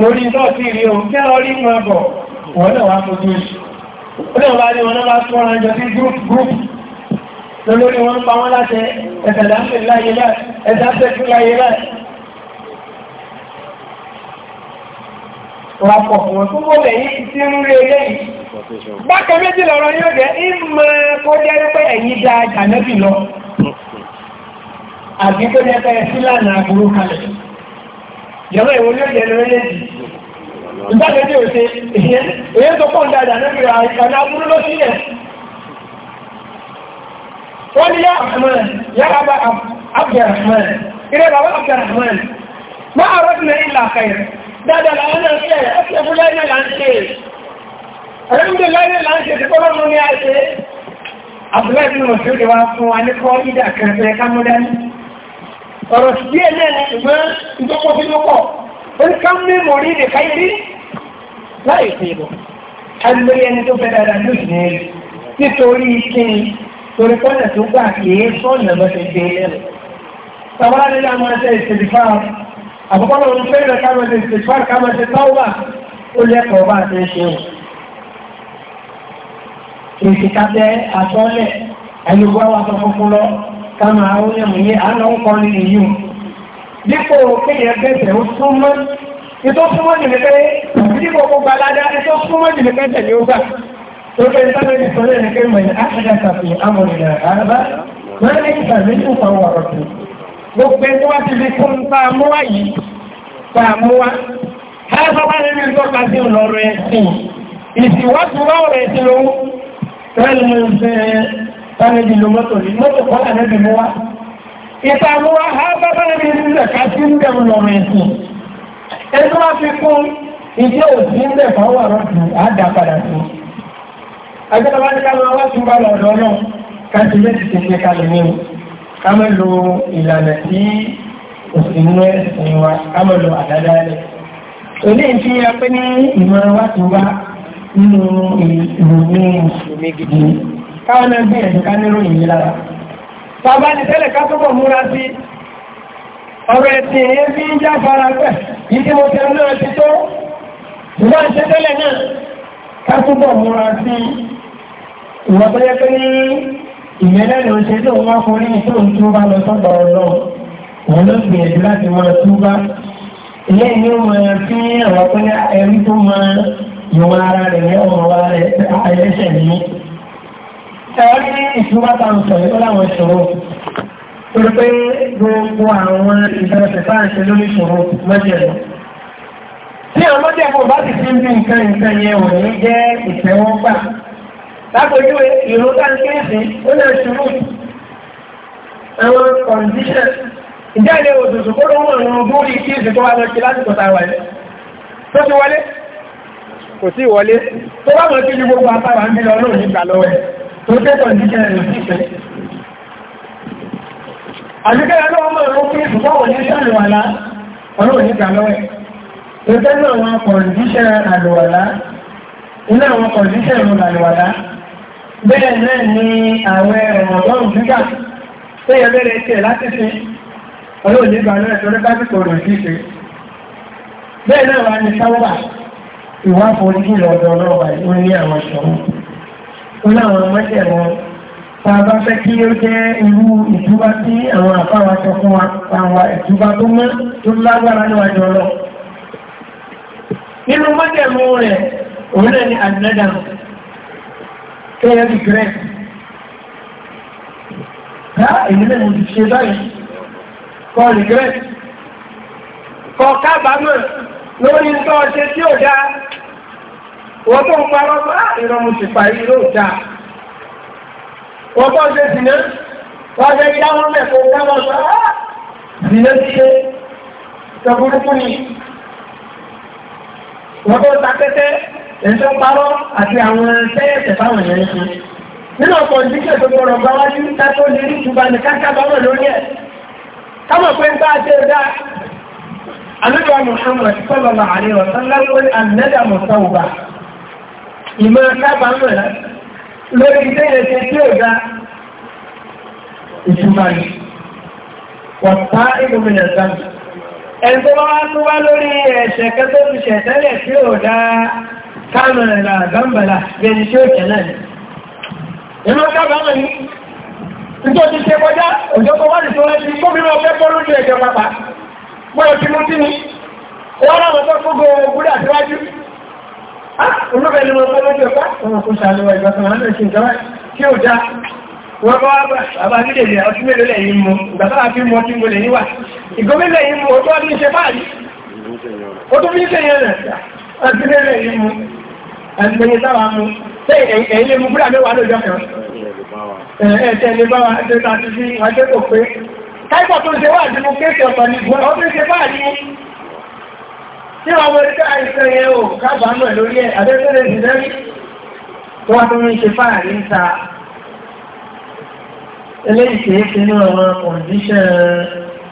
mo rí sọ́ọ̀tí rí o kí ọ rí máa bọ̀ wọ́n náà wá fojú oṣù ó lè wá ní wọn náà bá tún ọ̀rọ̀ ìjọ sí gúrùpù gúrùpù lórí wọn pa wọn láti ẹ̀sẹ̀dá pẹ̀lú láyé láì ẹ̀dá pẹ̀lú láyé láì wapọ̀ wọn tó mọ́ lẹ́yìn tí ń rí eléyìí. Bákan méjì lọ́rọ̀ yóò jẹ́ ìmọ̀ kó jẹ́ wípé ẹ̀yìn da àjànẹ́bì lọ. Àbí kó jẹ́ pẹ́ sílànà àbúrú kalẹ̀ jọba ìwọ ni ó jẹ lórí léjì ìgbàgbé tí o ṣe èyí tó pọ̀ ń dáadáa níbi àìkànnà aburú ló sílẹ̀ wọ́n ní yá àmọ́ yá bàbá abdulrahman ìrẹ́ bàbá abdulrahman má àrọ́dún ní ìlà àkàyè dáadáa làwọn náà ṣe ẹ̀ṣẹ̀ fún láyé náà là ń ṣe ẹ̀rẹ́mdé láyé là ń ṣe ti kọ́lọ́ mú ní àṣẹ abdullahi bin masudu wa fún wa ní kọ́ ìdà kẹfẹ́ kámúdání ọ̀rọ̀ sí díẹ̀ náà ni ṣùgbọ́n ìjọpọ̀ fi lópọ̀ orí ká mú mọ̀rí rẹ̀ káyé rí láì fi lọ. alórí ẹni tó fẹ́ dáadáa ló sì ní nítorí kíni torí pọ́nà tó gbà kìí sọ́ọ̀nà bá ti gbé lẹ́nu. tàbá nílá máa ṣe ìṣèlúfà àkọ́kọ́ náà ń fẹ́ràn ká ṣe ìṣèlúfà ká ṣe táwọ́bà ó lẹ́kọ̀ọ́ èsì ká àtọ́lẹ̀ ẹni gbọ́ wa sọ fúnfún lọ ká máa ó lẹ́mù yé àánà ó kọ́ ní ìyún dípò kéèyàn bẹ̀rẹ̀ ó súnmọ́ ètò súnmọ́ jù nípẹ́ dípò kó gba ládá ètò súnmọ́ jù nípẹ́ tẹ̀lé ó gbà tó fẹ́ sábẹ́ ti sọ lẹ́nu pé mọ̀ ní àṣàjà kàfin amòrìnà àbá máa ní ìsàlẹ̀ tó fa wà ọ̀tún gbogbo ẹni wá ti fi fún un fa mú wá yìí fa mú wá ẹ̀rọ bá nínú ìtọ́ka sí ọ̀rọ̀ ẹ̀sìn ìsìnwá ti wá ọ̀rọ̀ tánẹ́bì ló mọ́tò ní mọ́tò kọ́ tánẹ́bì mú wá ìtàmú wá ha bá tánẹ́bì ní ìzẹ̀ká sí ń bẹ̀rù lọ́rọ̀ ẹ̀sìn ẹni wá fi kún ìdí òsì ń bẹ̀fà wà lọ́dún àdá padà sí agbẹ́ta bá ní ká máa wá tún bá lọ́dọ̀ náà ká ti lé ti tẹ̀lé kalẹ̀ ní o ká máa lo ìlànà tí òsì ń lọ ẹ̀sìn wa ká máa lo àdáda rẹ̀ òní ìfi apẹ́ ní ìmọ̀ràn wá tún wá nínú ìròyìn ìṣòmí káwọn náà gbìyànjú ká nírò yìí lára bàbá ní tẹ́lẹ̀ ká tó bọ̀ múra sí ọ̀rọ̀ ẹ̀sìn èyí fi ń já fara pẹ̀ yìí tí mo tẹ náà ti tó ìwọ́n ṣe tẹ́lẹ̀ náà ká tó bọ̀ múra sí ìwọ́n tó yẹ pé ní ìyẹlẹ́ ló ṣe tó wọ́n fún ní tó ń túbá lọ sọ́dọ̀ ọlọ́run òun ló gbìyànjú láti máa túbá ilé ìní ẹ̀rí ìṣúwá ta ń sọ ìlú láwọn ìṣòro torí pé gbogbo àwọn ìbẹ̀rẹ̀ sáàṣẹ lórí ìṣòro mọ́jẹ̀lú tí àwọn mọ́jẹ̀lú bá ti fi ń bí nǹkan nǹkan yẹn wò ní jẹ́ ìtẹ́wọ́gbà lápòjú ìlú táńkéèsì ó lè ṣubú àwọn kọ̀ǹdíṣẹ̀ ìjà ilé òdòdó kó ló wọ̀ ní ogún rí kí ìsìnkú wa lọ sí lásìkò tá a wà yẹn tó ti wọlé kò sí wọlé tó bá mọ̀ sí ju gbogbo àtàwà ń bí lọ lónìí gbà lọ́wọ́ ẹ̀ tó tẹ́tọ̀ níṣẹ́ rẹ̀ nífẹ́ àdúgbẹ́ ọlọ́mọ ló fi ìfúkọ́wọ̀ ní sàlùwàlá ọlọ́wọ̀ ní kàlọ́wẹ̀ tó tẹ́tọ̀ àwọn kọ̀ǹdíṣẹ́ àlùwàlá iná àwọn kọ̀ǹdíṣẹ́ ìrùn àlùwàlá bẹ́ẹ̀ náà ni àwẹ̀ ọ̀mọ̀gbọ́n gbígbà tó yẹ bẹ́rẹ̀ tiẹ̀ láti fi ọlọ́wọ̀ ní kàlọ́wẹ̀ tó rẹ́kábìkò rẹ̀ ṣíṣe bẹ́ẹ̀ náà wà ní sáwọ́ ìwà forí lọ́dọ̀ ọlọ́wà ìwé ní àwọn ìṣòro láwọn mẹ́tẹ̀ẹ̀wọ̀n tá a bá fẹ́ kí ó jẹ́ irú ìtúbá tí àwọn àfáwà sọ fún wa àwọn ìtúbá tó mọ́ tó lágbára níwájú ọlọ́ nínú mẹ́tẹ̀ẹ̀mú rẹ̀ òun náà ni àdínẹ́dà kẹ́yẹ́ bí gírẹ́sì ká èyí náà mo ti ṣe báyìí kọ́ rìgírẹ́sì kọ́ kábàámọ̀ lórí nǹkan ọ̀ṣẹ́ tí ò dáa wọ́n tó ń parọ́ bá ah, ìrọ̀mù sì parí ló dá wọ́n tó ṣe dìná wọ́n ṣe dáwọn mẹ́kọ̀ dáwọn sọ á ah, dìná ṣe tọ́burúkú ni wọ́n tó ta tẹ́tẹ́ ẹ̀ṣọ́ parọ́ àti àwọn tẹ́yẹ̀tẹ̀ báwọn yẹn ṣe nínú ọ̀pọ̀ ìdíkẹ̀ tó gbọ́dọ̀ bá wájú níta tó lè rí ìtura ní káká báwọn lórí ẹ̀ káwọn pé ń bá ṣe dá Àlejò Muhammad sallallahu alaihi wa sallam lórí àmì nẹ́dà mọ̀ ìmọ̀ kábàámọ̀ lórí ìdẹ́yẹ ṣe tí ò ga ìtumọ̀ ni wọ́n pa ìgbòmìnà sáàmù ẹ̀sọ́ wá tó wá lórí ẹ̀ṣẹ̀ kẹ́tọ́ fi ṣẹ̀tẹ́lẹ̀ tí ò dá kámẹ̀rẹ̀ àgbàmbàlà gẹ̀ẹ́ni tí ó kẹ̀lẹ̀ ni ìmọ̀ kábàámọ̀ ni tó ti ṣe kọjá òjòkó wá ní tó rẹ̀ ti gómìnà ọ̀fẹ́ bọ́ lójú ẹ̀jọ̀ pápá gbọ́dọ̀ ti wọ́n rà wọ́n tó gbogbo ògúdà síwájú olúbẹ̀ ni mo tó lójú ọ̀pá ọmọ kó ṣàlọ́wọ́ ìgbà kan láti ṣe ìjọba kí ó já wọ́n bá wá bàbá nílé ìlẹ̀ ọtí mélòó lẹ́yìn mu ìgbà tó àfi mu ọtí mo lè níwà ìgbómi lẹ́yìn mu ọjọ́ ní ṣe báyìí ó tó fi ń ṣèyàn rẹ̀ ọtí mélòó lẹ́yìn mu ẹgbẹ̀yìn táwa mu ṣé ẹ̀yìn lè mu búra mẹ́wàá lójọ́ kan ẹ̀ẹ́dẹ̀ lè bá wa ṣe ta ti fi wájú kò pé káìpọ̀ tó ń ṣe wá àdìmú kéèkì ọ̀pọ̀ tí ọmọ ẹ̀ríkà àìsàn yẹn ò kábàámọ̀ lórí ẹ̀ àdẹ́sẹ̀rẹ̀ ìdẹ́rí tó wá tó ń ṣe fáàrí ń ta eléyìí kìí ṣe ní ọmọ kọ̀ǹdíṣàn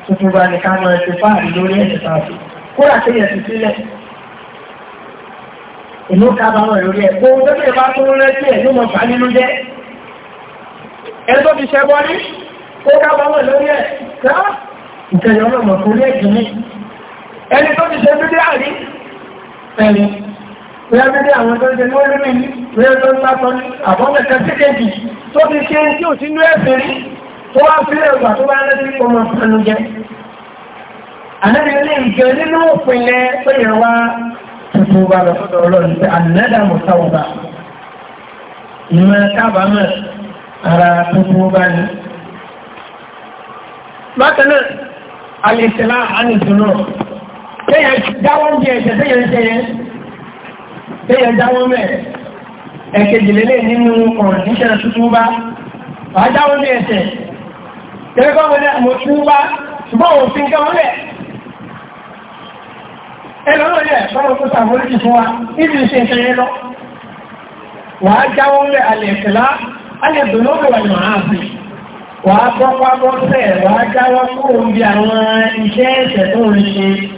tuntun bá ní ká máa ṣe fáàrí lórí ẹ̀ nípa fi kúrò àtẹ̀yẹ̀ sí sílẹ̀ ìlú kábàámọ̀ lórí ẹ̀ gbogbo tó bá tó ń rẹ́sí ẹ̀ ló mọ̀ fà nínú jẹ́ ẹ tó fi ṣẹ́ bọ́lí ó kábàámọ̀ lórí ẹ̀ ká ìkẹyọ̀ ọlọ́mọ̀ kò ẹni tó ti ṣe bídí àrí ẹni bóyá bídí àwọn tó ṣe lórí mi ní bóyá tó ń látọ́ ní àbọ́mẹ̀kẹ́ sí kejì tó ti ṣe tí ò sínú ẹ̀fẹ́ rí tó wá sílẹ̀ ìgbà tó bá rántí ọmọ ìpanujẹ ànábìrin lè jẹ nínú òpinlẹ̀ tó yẹ wá tuntun bá lọ sọ́dọ̀ ọlọ́run pé ànádà mọ̀sáwọ̀bà ìmọ̀ kábàámọ̀ ara tuntun bá ní. bákan náà alẹ́ ìṣẹ̀lá àánìtún náà kéèyàn dáwọ́ ní ẹ̀ṣẹ̀ téèyàn ṣe yẹn dáwọ́ mẹ́ nínú ọ̀rọ̀ níṣẹ́ tuntun bá àmọ́ tún bá ṣùgbọ́n ẹ tó wa níbi ìṣe ìṣe yẹn lọ wà á dáwọ́ ìṣẹ̀lá wà á sẹ́ẹ̀ wà á dáwọ́ àwọn iṣẹ́ tó ń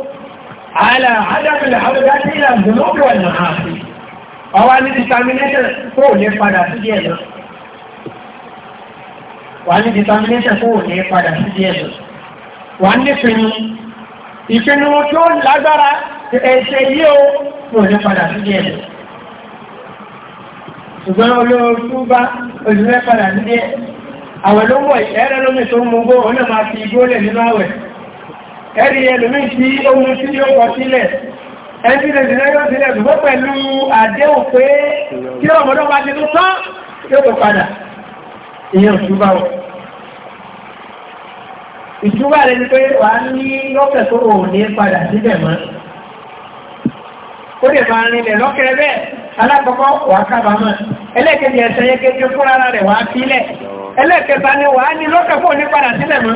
على عدم العودة إلى الذنوب والمعاصي ọwá ní determination kó ò ní padà sí díẹ̀ lọ wà ní determination kó ò ní padà sí díẹ̀ lọ wà ní pinnu ìpinnu tí ó lágbára ẹ̀ṣẹ̀ yìí ó kó ò ní padà sí díẹ̀ lọ ṣùgbọ́n olóòtú bá olùfẹ́ padà sí díẹ̀ àwẹ̀ ló wọ̀ ẹ̀rẹ́ lómi tó mú gbó òun náà máa fi igbó lẹ̀ nínú àwẹ̀ ẹ̀rí ẹlùmí tí ohun tí ó kọ sílẹ̀ ẹni lẹ́sìn lẹ́yọ́ sílẹ̀ ṣùgbọ́n pẹ̀lú àdéhùn pé kí ọmọdé bá ti tó tán tí ó tó padà ìyẹn òṣùbà wọn ìṣúbà rẹ̀ ni pé wà á ní lọ́kẹ̀ tó ò ní padà síbẹ̀ mọ́ ó lè máa rinlẹ̀ lọ́kẹ̀ bẹ́ẹ̀ alákọ̀ọ́kọ́ wà á kábàámọ̀ ẹlẹ́ẹ̀kejì ẹ̀sẹ̀ yẹn kejì fúnra rẹ̀ wà á sílẹ̀ ẹlẹ́ẹ̀kẹta ni wà á ní lọ́kẹ̀ fún òní padà sílẹ̀ mọ́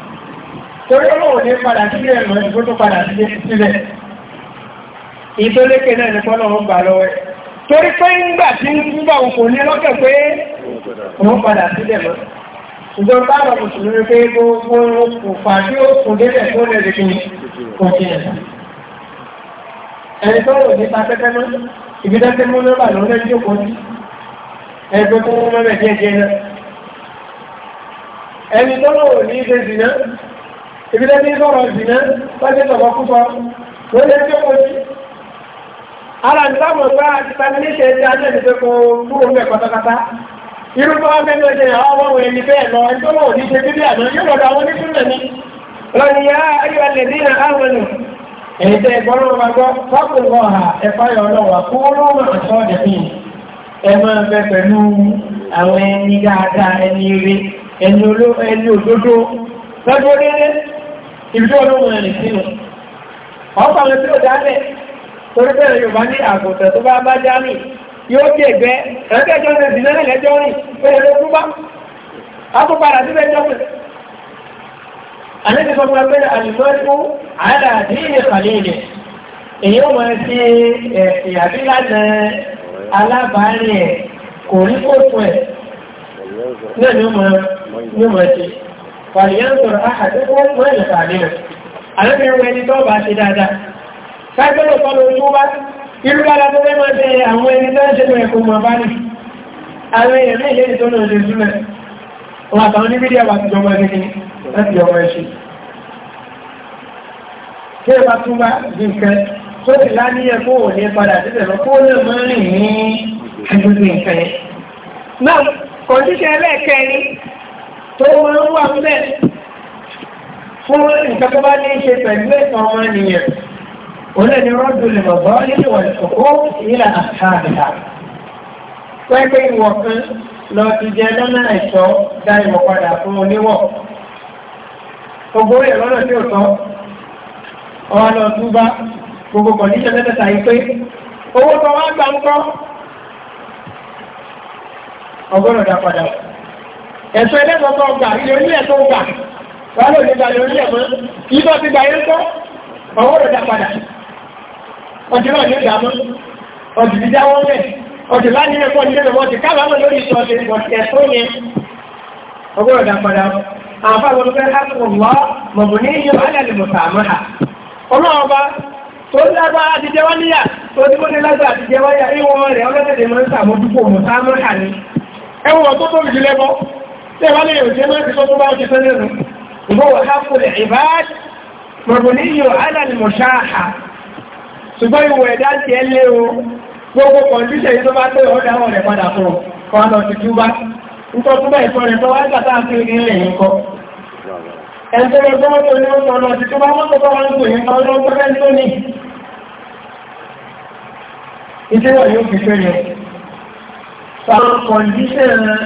torí ọlọ́wọ́ ní padà sí ilé ẹ̀rọ ìgbó tó padà sí sílẹ̀ ìtọ́lékè náà nípa ọlọ́wọ́ gbà lọ́wọ́ ẹ̀ torí pé ńgbà tí ń gbà òkò ní lọ́kẹ̀ pé wọ́n padà sílẹ̀ lọ ṣùgbọ́n bá lọ mùsùlùmí pé gbogbo òkùnfà tí ó kùn délẹ̀ tó lè rí kí òkè ẹ̀sà ẹni tó rò nípa pẹ́pẹ́ mọ́ ibi tẹ́tẹ́ mú lọ́bà lọ́rẹ́ jókòó sí ẹgbẹ́ tó mú mọ́rẹ̀ díẹ̀ díẹ̀ náà ẹni tó rò ní ìdè ìbílẹ̀ ní sọ̀rọ̀ ìdìnà lọ́jọ́ tọ̀bọ̀ púpọ̀ ló lè tó kó sí. ara ní sáwọn ọgbà àti tàbílẹ̀ṣẹ̀ ti ajẹ́ ìdíje kó kúrò ń bẹ̀ pátápátá. irú bá wọn bẹ́ẹ̀ ṣe àwọn ọmọ òun ẹni bẹ́ẹ̀ lọ ẹni tó lọ òní ṣe bíbí àná yóò lọ́dọ̀ àwọn oníṣúná ni. lọ́ni ayọ̀ lè dín náà àwọn nù. èyí wa gbọ́ fọ́kùnrin ọ̀hà ẹ̀fọ́ ayọ̀ ọlọ́wà kúrò máa sọ ẹ máa bẹ pẹ̀lú àwọn ẹni dáadáa ẹni ire ìbílẹ̀ olóhùn ẹ̀rìn sínú ọ̀pọ̀ àwọn tí ó dálẹ̀ torí bẹ́ẹ̀ Yorùbá ní àgùntàn tó bá bá já mi yóò dé ẹgbẹ́ ẹgbẹ́jọ́ ní ìdílé lẹ́jọ́ rìn pẹ̀lú ẹgbẹ́ bá akópadà síbẹ̀ jọ́ pẹ̀lú. àlejò sọ́kùnrin pé àlùfẹ́ fún àyàdà àdéhìí ìpàdé ilẹ̀ èyí ó mọ̀ sí ìyàbílànà alábàárìn ẹ̀ kò rí kóòtù ẹ̀ náà ni ó mọ̀ sí fàlìyàntọ̀rọ̀ àhàdẹ́kọ́ mọ́rẹ̀ tààdínà alábẹ̀rẹ̀ ẹni tó bá ṣe dáadáa kájọ́lọ̀ tọ́lọ tó bá irú dára tó lẹ́mọ́ jẹ́ àwọn ẹni tó ń ṣe mọ̀ ẹ̀kọ́ mọ̀ bá ní àwọn èèyàn ní ilé ìtọ́nà ṣe súnmọ̀ wọn àtàwọn ní mídíà bá ti jọmọ ẹni láti ọmọ ẹṣin tí ó bá tún bá nǹkan tó sì láníyàn kó ò ní padà síbẹ̀ lọ kó lè mọ́ rìn ní ẹgbẹ́ tó máa ń wà mẹ́ fún nǹkan tó bá ní í ṣe pẹ̀lú ẹ̀sán ọmọnìyàn òun ẹni rọ́dù lè mọ̀ bọ́ nínú ìwọ̀lẹ̀kọ̀kọ́ ìlà àtàrà pẹ́pẹ́ ìwọ̀ kan lọ ti jẹ lọ́nà ẹ̀ṣọ́ dá ìwọ̀ padà fún oníwọ̀ ògbóró ìrọ́nà tí ó sọ ọwọ́ lọ túbá gbogbo kọ̀díṣẹ́ mẹ́tẹ̀ẹ̀ta yìí pé owó kan wá gbà ń kọ́ ọgọ́rọ̀ dá padà ẹ̀sùn ẹlẹ́gbọ̀gbọ̀ ọgbà ilé orílẹ̀ tó gbà wà ló lè gbà ilé orílẹ̀ mọ́ ìbọn ti gbà yẹn kọ́ ọwọ́ rẹ̀ dápadà ọjọ́ náà ní ìdàmọ́ ọjọ́ ti jáwọ́ mẹ́ ọjọ́ láti ilé ẹ̀kọ́ nílé lọ́wọ́ ti kábàámọ̀ lórí ìṣọ́ ọjọ́ ẹ̀sùn yẹn ọwọ́ rẹ̀ dápadà àfa gbọdọ̀ lọ́ mọ̀mù ní iye alẹ́ mọ̀tàmọ́ra ọlọ́wọ́ bá tó lágbára ti jẹ́ wáníyà tó tí ó ní lágbára ti jẹ́ wáníyà ìwọ̀n rẹ̀ ọlọ́tẹ̀dẹ̀ mọ́ ń sàmójúkò mọ̀tàmọ́ra ni ẹwọ́n tó tóbi jù lẹ́bọ́ tẹ́wàá lè jẹ́ máa ti sọ́tún bá ti fẹ́ lẹ́nu ìbọ̀wọ̀ hápùlẹ̀ ìbáàd mọ̀bùníyò alàlùmọ̀ṣáàhà ṣùgbọ́n ìwọ̀ ẹ̀dá ti ẹ́ lé o gbogbo kọ̀ǹtíṣẹ̀ yìí tó bá tẹ́ ọ̀dá wọn rẹ̀ padà fún ọ̀kan lọ ti túbá nǹkan túbá ìtọ́ rẹ̀ tó wá gbàtà sí ilé yìí kọ́ ẹ̀ńtọ́ rẹ̀ tó mọ́tò ní ọ̀sán lọ ti túbá mọ́tò tó wá ń pè nípa ọdún tó fẹ́ tó ní ìṣẹ́wọ̀ yóò fi fẹ́ yẹn. Àwọn kọ̀ǹtíṣẹ̀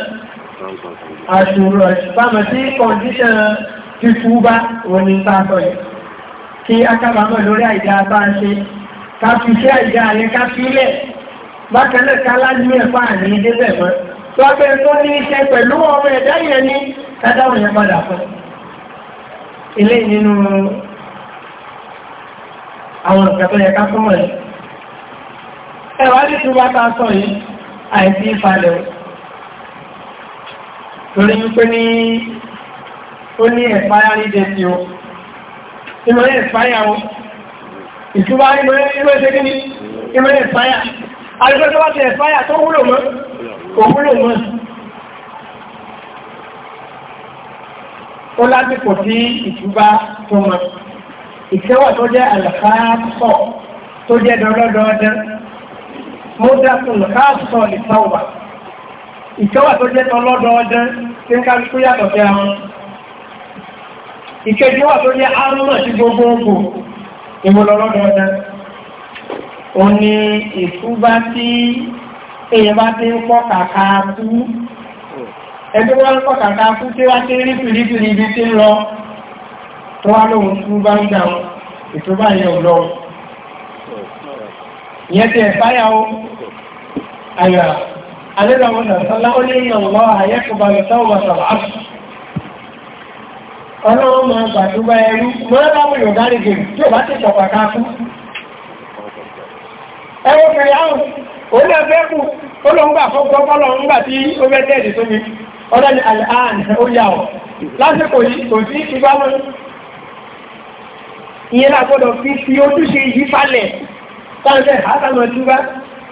àṣùrọ̀ ìbámu sí kọ̀ǹdíṣàn fífú bá òní bá sọ yìí kí akábàámọ̀ lórí àìdá bá ń ṣe ká fi ṣe àìdá yẹn ká fílẹ̀ bákan náà ká lájú ẹ̀fọ́ àní débẹ̀ mọ́ lọ́gbẹ́ tó ní í ṣe pẹ̀lú ọmọ ẹ̀dá yẹn ní kádáwọn yẹn padà ilé nínú àwọn ní tí wọ́n sọ yìí àìsí ìfalẹ̀ torí wípé ní ó ní ẹ̀fáyà ní dẹ̀sí o ìmọ̀ ẹ̀fáyà o ìtúbá ìmọ̀ ẹ̀ṣẹ́ kí ní ìmọ̀ ẹ̀fáyà alẹ́gbẹ́ tó bá ti ẹ̀fáyà tó wúlò mọ́ kò wúlò mọ́ ó lásìkò tí ìtúbá tó mọ́ ìkẹwà tó jẹ́ àlàkáàpọ̀ tó jẹ́ dọ́dọ́dọ́dọ́ mọ́dá tó lọ́káàpọ̀ ìtàwà ìkẹwà tó jẹ́ tán lọ́dọ̀ ọjọ́ tí ń kárí tó yàtọ̀ sí àwọn ìkẹjì wà tó jẹ́ arúnà sí gbogbogbò ìmúlọ́lọ́dọ̀ ọjọ́ o ní ìtúbá tí èyàn bá ti ń pọ̀ kàkà kú ẹgbẹ́ wọ́n ń pọ̀ kàkà kú tí wá ti rí pìlìpìlì ibi tí ń lọ tó wá lóhun túbá ń dà ìtúbá yẹn ò lọ ìyẹn ti ẹ̀fáyà ó ayọ̀ àlẹ́lẹ̀ wọn nà sọ́lá ó lè yàn lọ́ àyẹ́kùbà lọ́wọ́ sàlàáfù ọlọ́wọ́ máa gbàdúrà ẹrú mọ́lá láwọn yóò dárí gèrè tí ò bá ti pọ̀ pàtàkù ẹwọ́ fẹ̀rẹ̀ áhùn òun náà fẹ́ kù ó lọ ń gbà fọ́gbọ́ fọ́lọ́ ń gbà tí ó fẹ́ tẹ́ẹ̀dì tó mi ọ̀dọ́ ni àlàáhàn ó yà ọ̀ lásìkò yìí kò sí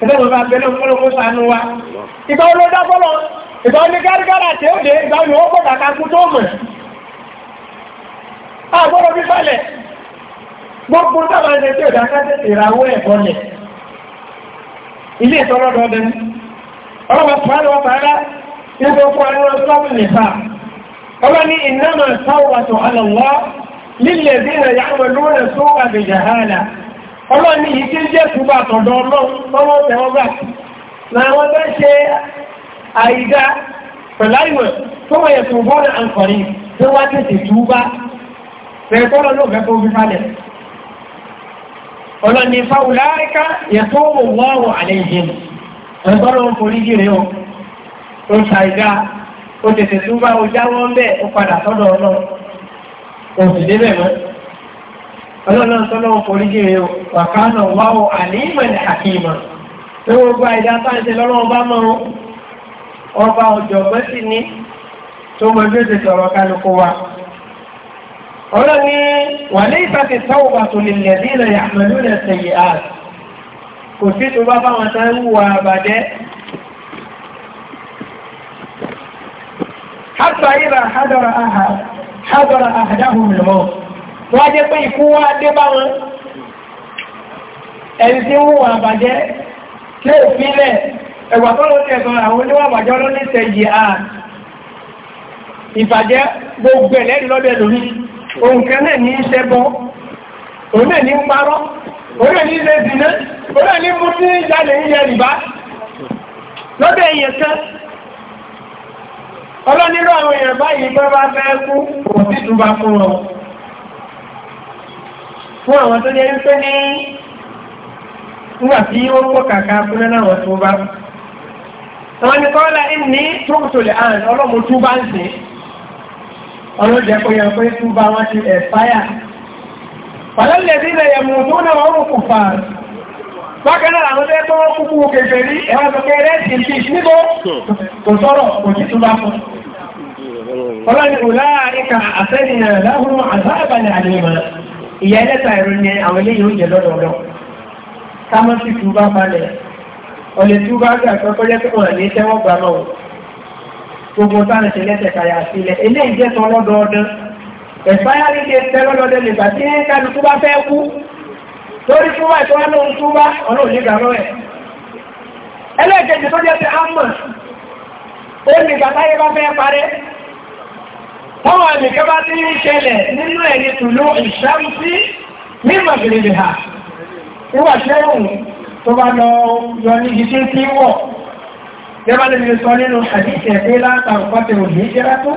ìdájọ́ bá bẹ̀rẹ̀ fúnlọ́kún sànú wa ìgbà wo ló dá bọ́lọ̀ ìgbà wo ni gárigárà tí ó dé ìgbà wo ni wọ́n pọ̀ kàkà kú tó mọ̀ àgbọ̀rọ̀ bí falẹ̀ gbogbo táwọn ẹgbẹ́ tí ó dá kájẹ́ ìràwọ̀ ẹ̀kọ́ lẹ̀ ilé ìtọ́lọ́dọọdẹ ọlọ́pàá pàálù ọ̀pàá nígbà fún àwọn ọ̀sọ́pù nìfà ọba ní ìnáma sáwọ́tò alọ́wọ́ lílẹ̀ bí na yàmà lónà sóhà bìjàhálà ọlọ́ni yìí tí ń jẹ́ túbà tọ̀dọ̀ ọlọ́run tọ́wọ́ tẹ̀wọ́ gbà láwọn bẹ́ ṣe àìdá pẹ̀láìwẹ̀ tó wọ́n yẹ tó bọ́ọ̀lù àǹkọ̀rí tó wá tètè túbà bẹ̀rẹ̀ tọ́lọ́ ló fẹ́ kó fi falẹ̀ ọlọ́ni fáwùláríkà yẹ tó wọ̀ wọ́ọ̀rọ̀ àlẹ́ ìjìn ẹgbọ́rọ̀ ń forí jìrì o ó ṣàìdá ó tètè túbà o jáwọ́ ń bẹ́ẹ̀ ó padà tọ́dọ̀ ọlọ́run ọlọ́run tọ́lọ́wọ́ foríjì rẹ̀ wàkánà wáwọ̀ àníìmọ̀lẹ̀ àkíìmà tó gbogbo àìdá táǹtẹ lọ́rọ̀ bá mọ́ ọba ọ̀jọ̀gbọ́n sì ní tó mọ bí ó ti sọ̀rọ̀ kálukú wa ọlọ́ni wà ní ìfàkì tọ́wọ́ bá tó lè lẹ̀dí ilẹ̀ àmàlú rẹ̀ sẹ̀yìn àt kò sí tó bá báwọn tá ń wà àbàdẹ́ hátà ìrà hádọ́ra àhàdáhùn mìíràn wọ́n jẹ́ pé ikú wá dé bá wọn ẹni tí ń wùwà àbàjẹ́ tí ò fílẹ̀ ẹ̀wà tó ló tẹ̀ sọ́rọ̀ àwọn oníwà àbàjẹ́ ló ní tẹ̀yì à ìbàjẹ́ gbogbo ẹ̀lẹ́rìí lọ́bẹ̀ lórí ohun kan náà ní iṣẹ́ bọ́ òun náà ní ń parọ́ òun náà ní ilé ìdìná òun náà ní mú sí ìjáde ìyẹ rìbá lọ́bẹ̀ èèyàn kan ọlọ́nírọ̀ àwọn èèyàn báyìí bá bá fẹ́ kú kò sí ìtúbà fún wọn fún àwọn tó jẹ́ pé ní nígbà tí ó pọ̀ kàkà fúnná náà tó bá àwọn ní kọ́lá ní tókùtòlẹ̀ àn ọlọ́mọ tó bá ń sìn ọlọ́jẹ́ kó yẹ pé tó bá wọn ti ẹ̀fáyà pàlọ́lẹ̀ sí ilẹ̀ yẹ̀mù tó náà wọ́n kò fà bákan náà àwọn tó yẹ tó wọ́n kúkú kẹfẹ́ rí ẹ̀wọ́n tó kẹ́ rẹ́ sí ibi níbo kò sọ̀rọ̀ kò sí tó bá fún ọlọ́ni ọlá ìka àtẹ́nìyàn ìyá ẹlẹ́ta ẹ̀rọ ni àwọn eléyìí oúnjẹ lọ́dọọdọ́ támọ́sí tú bá balẹ̀ ọ̀lẹ̀ tú bá gbà pé kọ́jẹ́ pé wọ́n ní tẹ́wọ́ gbà náà gbogbo táwọn ṣe lẹ́sẹ̀ kàyà sílẹ̀ eléyìí jẹ́ tán lọ́dọọdún ẹ̀fáyárí ṣe tẹ́ lọ́dọọdún nígbà tí kálukú bá fẹ́ kú torí túbà tí wọ́n lóun túbà ọlọ́run nígbà náà ẹ̀ ẹlẹ́ẹ̀kejì tó jẹ́ pé á mọ̀ ó nígbà táyé bá fẹ́ parẹ́ Tọ́wọ́ ẹnìkẹ́ bá ti ń ṣẹlẹ̀ nínú ẹ̀rí tùlú ìṣàmùsí ní màbìrìbì ha. Nígbà tí ẹ̀rùn tó bá lọ yọ ní ibi tí ń wọ̀. Gẹ́gbà lè sọ nínú àdíṣẹ́ ẹgbẹ́ látàrùn pàtẹ òní ìjẹ́ra tó,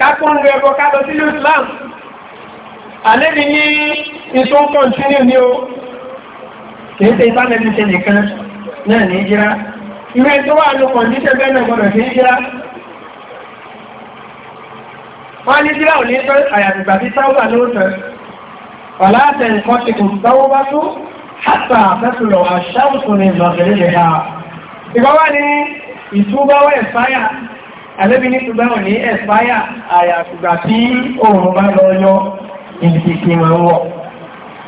kápún rẹ̀ bọ́ ká lọ sí Islam àlébì ní ìtò kọ̀ntínú ní o kìí ṣe ìbánẹ́bí ṣe nìkan náà ní ìjírá ìwé tó wà ní kọ̀ndíṣẹ́ bẹ́ẹ̀ náà gbọ́dọ̀ sí ìjírá wọ́n ní jíra ò ní tọ́ àyàtìgbà tí táwọ́bà ló tẹ̀ ọ̀lá àtẹ̀ nǹkan ti kò tọ́wọ́ bá tó hátà fẹ́sùlọ̀ àṣàwùsùn ní ìlọ̀gẹ̀rẹ̀ lè ha ní ìtúbáwẹ̀ fáyà àlébí ní ṣùgbọ́n ní ẹ̀fáyà àyàṣùgbà tí òun bá lọ yọ ìdìkì ma ń wọ̀.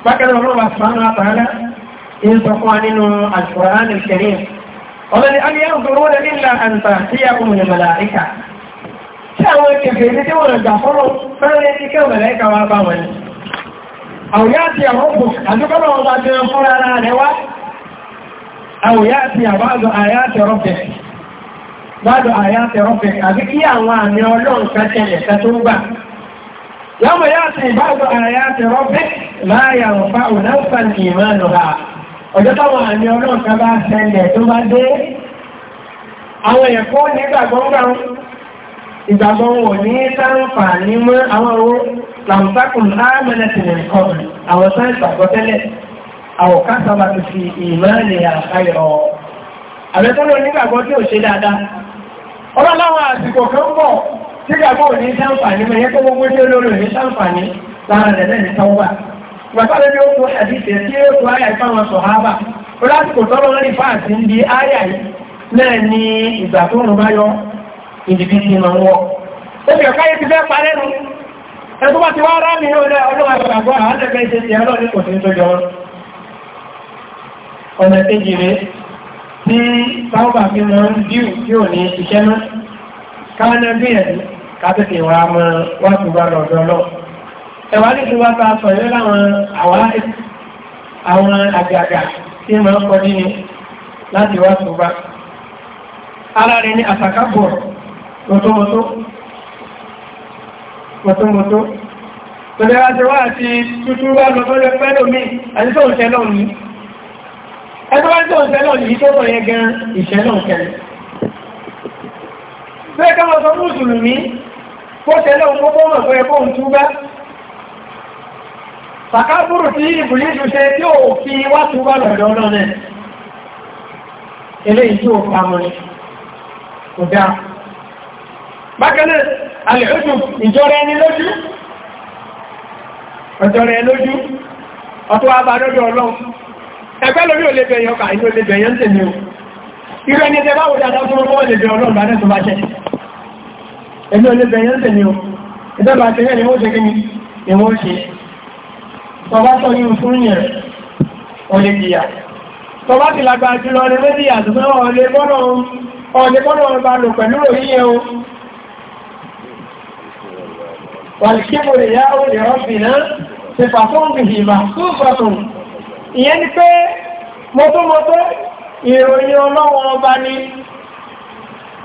bákanáà ọlọ́wà sánú àpàrádá in sọ fún wa nínú Al-Qur'an Al-Karim ọlọ́ni aliyan tó rọ́rẹ̀ nílà a kùn màláíkà gbádùn àyà tẹ̀rọ̀fẹ̀ àbí kí àwọn àmì ọlọ́run kan tẹ̀lẹ̀ kan tó ń gbà. yọ́mọ yóò sì gbádùn àyà tẹ̀rọ̀fẹ̀ láàyà òfa ònáfà ní ìmánu ha ọjọ́ táwọn àmì ọlọ́run kan bá ṣẹlẹ̀ tó bá dé àwọn ẹ̀kọ́ nígbàgbọ́ ń gbà ìgbàgbọ́ wò ní sáǹfààní mọ́ àwọn owó làǹtàkùn láàmẹ́lẹ̀tì nìkan àwọn sáǹfààní tẹ́lẹ̀ àwòkásọ́lá ti fi ìmọ̀ àbẹ́tọ́lọ́ nígbàgbọ́ tí ò ṣe dáadáa ọba láwọn àsìkò kan bọ̀ tí gbàgbọ́ ò ní sáǹfààní mẹ́ yẹ́ kó gbogbo tí olórí ò ní sáǹfààní lára rẹ̀ lẹ́ni tọ́wà gbàgbọ́ bí ó kú àdìsẹ̀ tí ó kú àyà ìfáwọn sọ̀hábà ó lásìkò tọ́lọ́ rí fáàsì ń di àyà yìí náà ní ìgbà tó rùn bá yọ ìdìbí ti máa ń wọ̀ ó fi ọ̀ká yìí tí sáwọ́bà fi mọ́ ń díù tí ò ní iṣẹ́ náà káwọn ẹgbẹ́ yẹn kátẹ́kẹ̀ wà mọ́ wá tó bá lọ́dọ́ lọ. ẹ̀wà ní ti wá ta sọ yóò láwọn àwọn àgàgà tí mọ́ ń kọjú ni láti wá tó bá. ara rẹ̀ ní àtàkàbọ̀ mọ́tòmọ́tò mọ́tòmọ́tò tòlẹ́wájú wá àti tútú wá lọ́tọ́lẹ́ pẹ́lú mi àti tó ń tẹ́lọ́ mi ẹgbẹ́ bá tó ń sẹ́lọ̀ yìí tó tọ̀yẹ gan ìṣẹ́lọ̀ kẹrẹ. Bẹ́ẹ̀ ká máa sọ mùsùlùmí kó sẹ́lọ̀ gbogbo mọ̀ pé ẹkọ́ ń túbá. Sàkábùrù tí ìbùlíṣù ṣe tí ò fi wá túbá lọ́dọ̀ náà náà. Eléyìí tí ò pa mọ́ ni. Kò dáa. Bákan náà, alẹ́ ojú ìjọra ẹni lójú. Ọjọ́ra ẹni lójú. Ọtọ́ abàdọ́dọ̀ ọlọ́run ẹgbẹ́ lórí olè o irú ẹni tẹ báwo dáadáa fún ọmọ olè bẹ̀yàn ọlọ́run lánẹ́ tó bá jẹ́ ẹni olè bẹ̀yàn tè ní o ìdọ́gba tẹ́lẹ̀ ni wọ́n ṣe kí ni ìwọ́n ṣe tọba tọ́ yíò fún yẹn olè jìyà tọba ti lágbà jùlọ ọlẹ́ méjì àtúnṣe ọlẹ́ bọ́nà ọba lò pẹ̀lú òyìn o wàlìkí mo lè yá olè rọ́bì náà ti fàfóǹbì ìmà tó fàfóǹbì ìyẹn ni pé mọ́tọ́mọ́tọ́ ìròyìn ọlọ́wọ́n ọba ni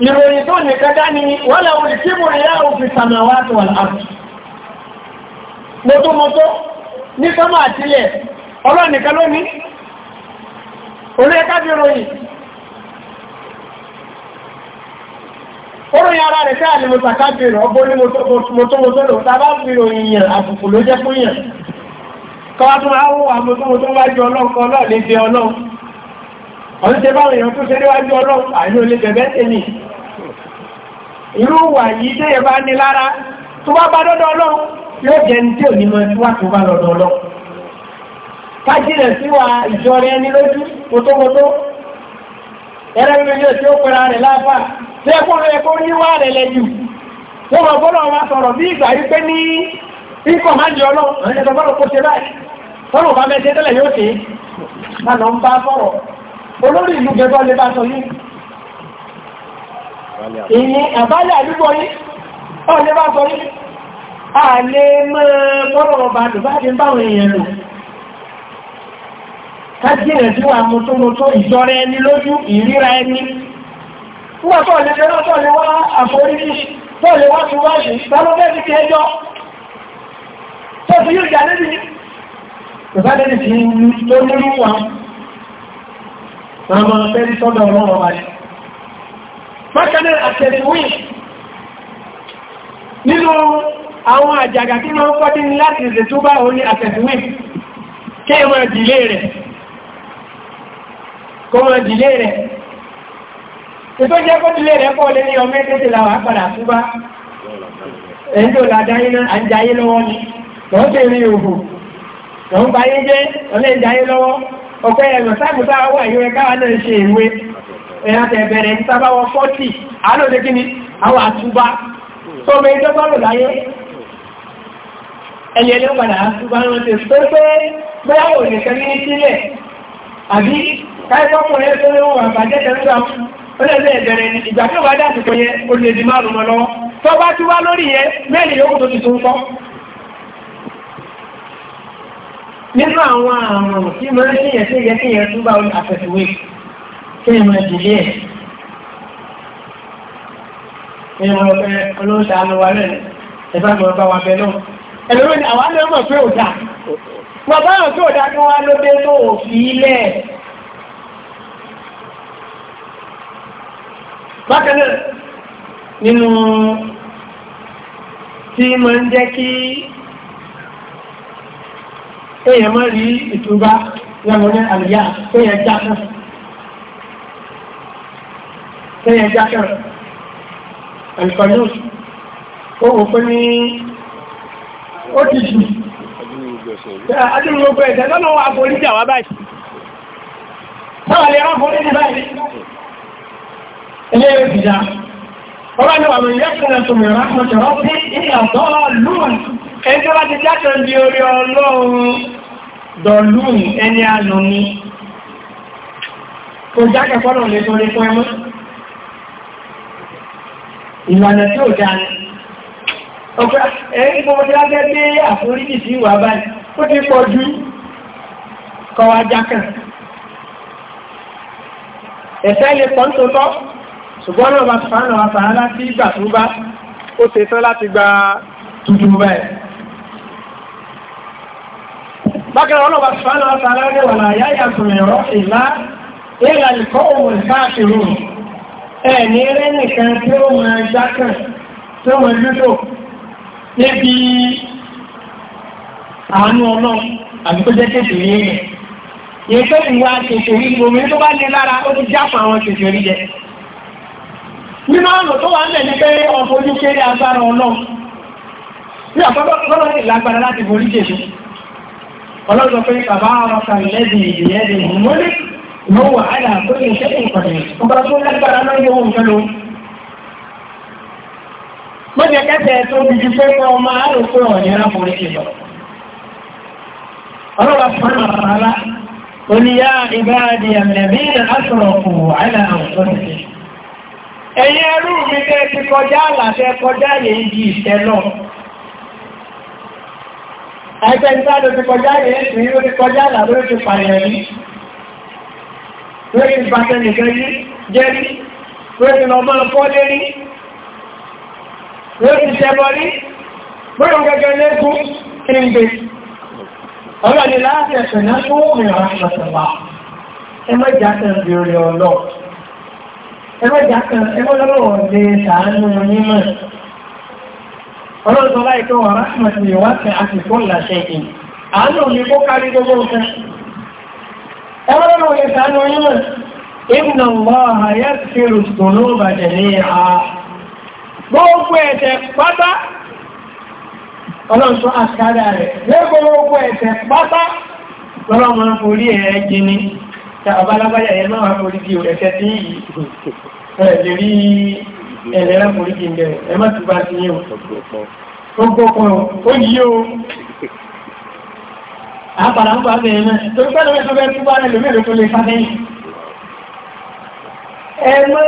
ìròyìn tó nìkan dá ní wọ́n làwọn ìkíbò ìyá òfin sàmàwá tó wà láàbù mọ́tọ́mọ́tọ́ ní sọ́mọ́ àtílẹ̀ ọlọ́nìkan ló ní olóyẹ́ká bí ròyìn oróyìn ara rẹ̀ fẹ́ àlè mọ́tàkà mọ́tọ́mọ́tọ́ lò tá fi ròyìn yàn àbùkù ló jẹ́ fún yàn kọ́wá tó máa wọ́n àwọn tó tó wájú ọlọ́kọ́ náà lè jẹ ọlọ́run ọdún tẹ báwọn èèyàn tó ṣe níwájú ọlọ́run àìní sí wa ìjọ rẹ ní lójú kótókótó ẹ̀rẹ́ mi yóò tí ó pẹ̀lá rẹ̀ láàfà tẹ́ kó rẹ̀ kó níwá rẹ̀ lẹ́jù tó mọ̀ bọ́lọ̀ wa sọ̀rọ̀ bí ìgbà yí pé ní ikọ̀ má jẹ́ tọ́rọ̀ bá mẹ́tẹ́ tẹ́lẹ̀ yóò tí lánà ń bá fọ́rọ̀ olórí ìlú gẹ́gọ́ lè bá sọ yìí ìyìn àbálẹ̀ àdúgbò yìí ọ̀ lè bá sọ yìí a lè mọ́ tọ́rọ̀ bá lù bá ti ń báwọn èèyàn lò kájínà tí wà mú tó ìjọra ẹni lójú ìríra ẹni wọ́n tọ́ lè wá àforí tọ́ lè wá ìbádẹ́ni tí ó múlú wa ọmọ fẹ́rí sọ́dọ̀ ọlọ́rọ̀ wa ní mákanáà àtẹ̀síwìn nínú àwọn àjàgà tí wọ́n kọ́ dín láti ìrẹ̀ tó bá òní àtẹ̀síwìn kí ẹmọ ìdílé rẹ̀ kó mọ ìdílé rẹ̀ ètò jẹ́ kó ìdílé rẹ̀ pọ̀ lé ní ọmọ ẹgbẹ́sẹ̀ làwà padà túbá èyí tó làdáyé náà lọ́wọ́ ni lọ́ọ́ lọ́n bá yé jẹ́ ọlẹ́jà yé lọ́wọ́ ọ̀pẹ́ ẹ̀rọ sáàbùsá wà yóò káwà náà ṣe ìwé ẹ̀yà tẹ̀bẹ̀rẹ̀ sábáwọ̀ fọ́tì alóde kí ni àwọn àtúbá tó mẹ́ ìjọ bọ́rọ̀ láyé ẹ̀yẹ ló padà àtúbá wọn ti tó pé bẹ́ẹ̀ ò lè kẹ́lí ní sílẹ̀ àbí káìkọ́kùnrin tó ló wà bàjẹ́ tẹ̀lúgbà ó lè bẹ̀rẹ̀ ìgbà tó wà dá nínú àwọn àrùn tí mo rí kíyàn sí yẹ kíyàn tún bá àfẹ̀síwé kí ìmọ̀ ìdílé ẹ̀ ìmọ̀ ọ̀fẹ́ olóòṣà ló wà lẹ́nu ẹ̀fà gbọ́n bá wa bẹ náà ẹ̀lọ́rọ̀ ni àwọn alẹ́ mọ̀ pé ò dá bá rọ̀ pé ò dá wọ́n á ló dé tó òfin ilẹ̀ bákan náà nínú tí mo ń jẹ́ kí èèyàn mọ́ rí ìtúbá lọ́wọ́ ní àlùyá kéèyàn jákàn kéèyàn jákàn alìkọ̀lọ́sù ó wò pé ní ó ti jù adúlùmọ̀ ọgbọ̀ ẹ̀dẹ̀ lọ́nà wà fún oníjà wá báyìí náà lè rán fún oníjà báyìí ilé ìjìyà ọlọ́ni wà mọ̀ ìyẹ́kùnrin àtòmìnira mọ̀ tẹ̀rọ ẹjọ́ láti jáṣọ́ bí orí ọlọ́run dọ̀lúùn ẹni ànà ní kò jáṣẹ́ fọ́nà lè tó rí fún ẹmọ́ ìlànà tí ó dáni ọgbà ẹ̀yìn gbogbo tí láti ẹgbẹ́ àforíjì sí ìwà báyìí ó ti pọ̀ jù kọwa jákàn ẹ̀fẹ́ lè pọ̀ ń tó tọ́ ṣùgbọ́n náà bá fàánà wà fàánà sí ìgbà tó bá ó ṣe tán láti gba tuntun báyìí bákan ọlọ́ba sọ́nà ọ̀tàlá ní wà láyá yàtọ̀ ẹ̀rọ ìlà ìlà ìkọ́ òun káàkiri ẹ̀ ní eré nìkan tí ó máa jákàn tí ó máa lúdò níbi àánú ọlọ́ àti tó jẹ́ kékeré yẹn yẹn tó ìwà kékeré omi tó bá ní lára ó ti jápa àwọn kékeré jẹ nínú ọ̀nà tó wà ń bẹ̀ ní pé ọkọ̀ ojú kéré agbára ọlọ́ ní ọlọ́dọ̀ pé bàbá ọkà lẹ́dì ìyẹ́dì ìmúlẹ̀ ló wà á yà tó lè ṣe ìpàdé ọba tó lágbára náà yóò ń fẹ́lú. mọ́jẹ kẹsẹ̀ tó dìdí pé kọ́ ọmọ àrò pé ọ̀nà arákùnrin ti lọ. ọlọ́wà fún àràlá oníyá ìbáàdì àmìlẹ̀bí ìlà àsọ̀rọ̀kù Àìjẹ́ ìgbádò ti kọjá yẹn tí ó ti kọjá làbúrú ti pààyàn ní. Lórí ìbáṣẹ́ nìkan yí, jẹ́ rí, lórí lọ máa fọ́ lé rí, lórí ìṣẹ́bọ rí, bóyọ̀ gẹ́gẹ́ lẹ́gùn kí ń gbé. Ọlọ́ ni láti ẹ̀sẹ̀ náà tó wùmí ọ̀rọ̀ ṣọ̀tọ̀wà. Ẹ mọ́ ìjà kan bí orí ọlọ́. Ẹ mọ́ ìjà kan, ẹ mọ́ lọ́wọ́ ọ̀dẹ́ sàánú onímọ̀ ọlọ́run tó láì tó wọ́n ráhùn ní wọ́n ti àti fún làṣẹ ìkìn àánú ní kó kárí gbogbo ọ̀fẹ́ ẹwọ́n rẹ̀ sánú yíwọ̀n ìbùnà wọ́n àyà ti rùsùn ló bàjẹ̀ ní à gbogbo ẹ̀tẹ̀ pátá ọlọ́run tó àkádà rẹ̀ lẹ́gbogbo ẹ̀tẹ̀ pátá lọ́lọ́run forí ẹ̀ jini ta ọbalábáyà ẹ̀ náà forí ẹ̀lẹ́rẹ́ foríjì ń bẹ̀rẹ̀ ẹ má ti bá ti yíò gbogbo kan ó yí o àpàdà ń bá bẹ̀rẹ̀ náà torí pẹ́lú ẹ̀tọ́ bẹ́ẹ̀ túbá rẹ̀ lórí èdè tó lè sáfẹ́ yìí ẹ mọ́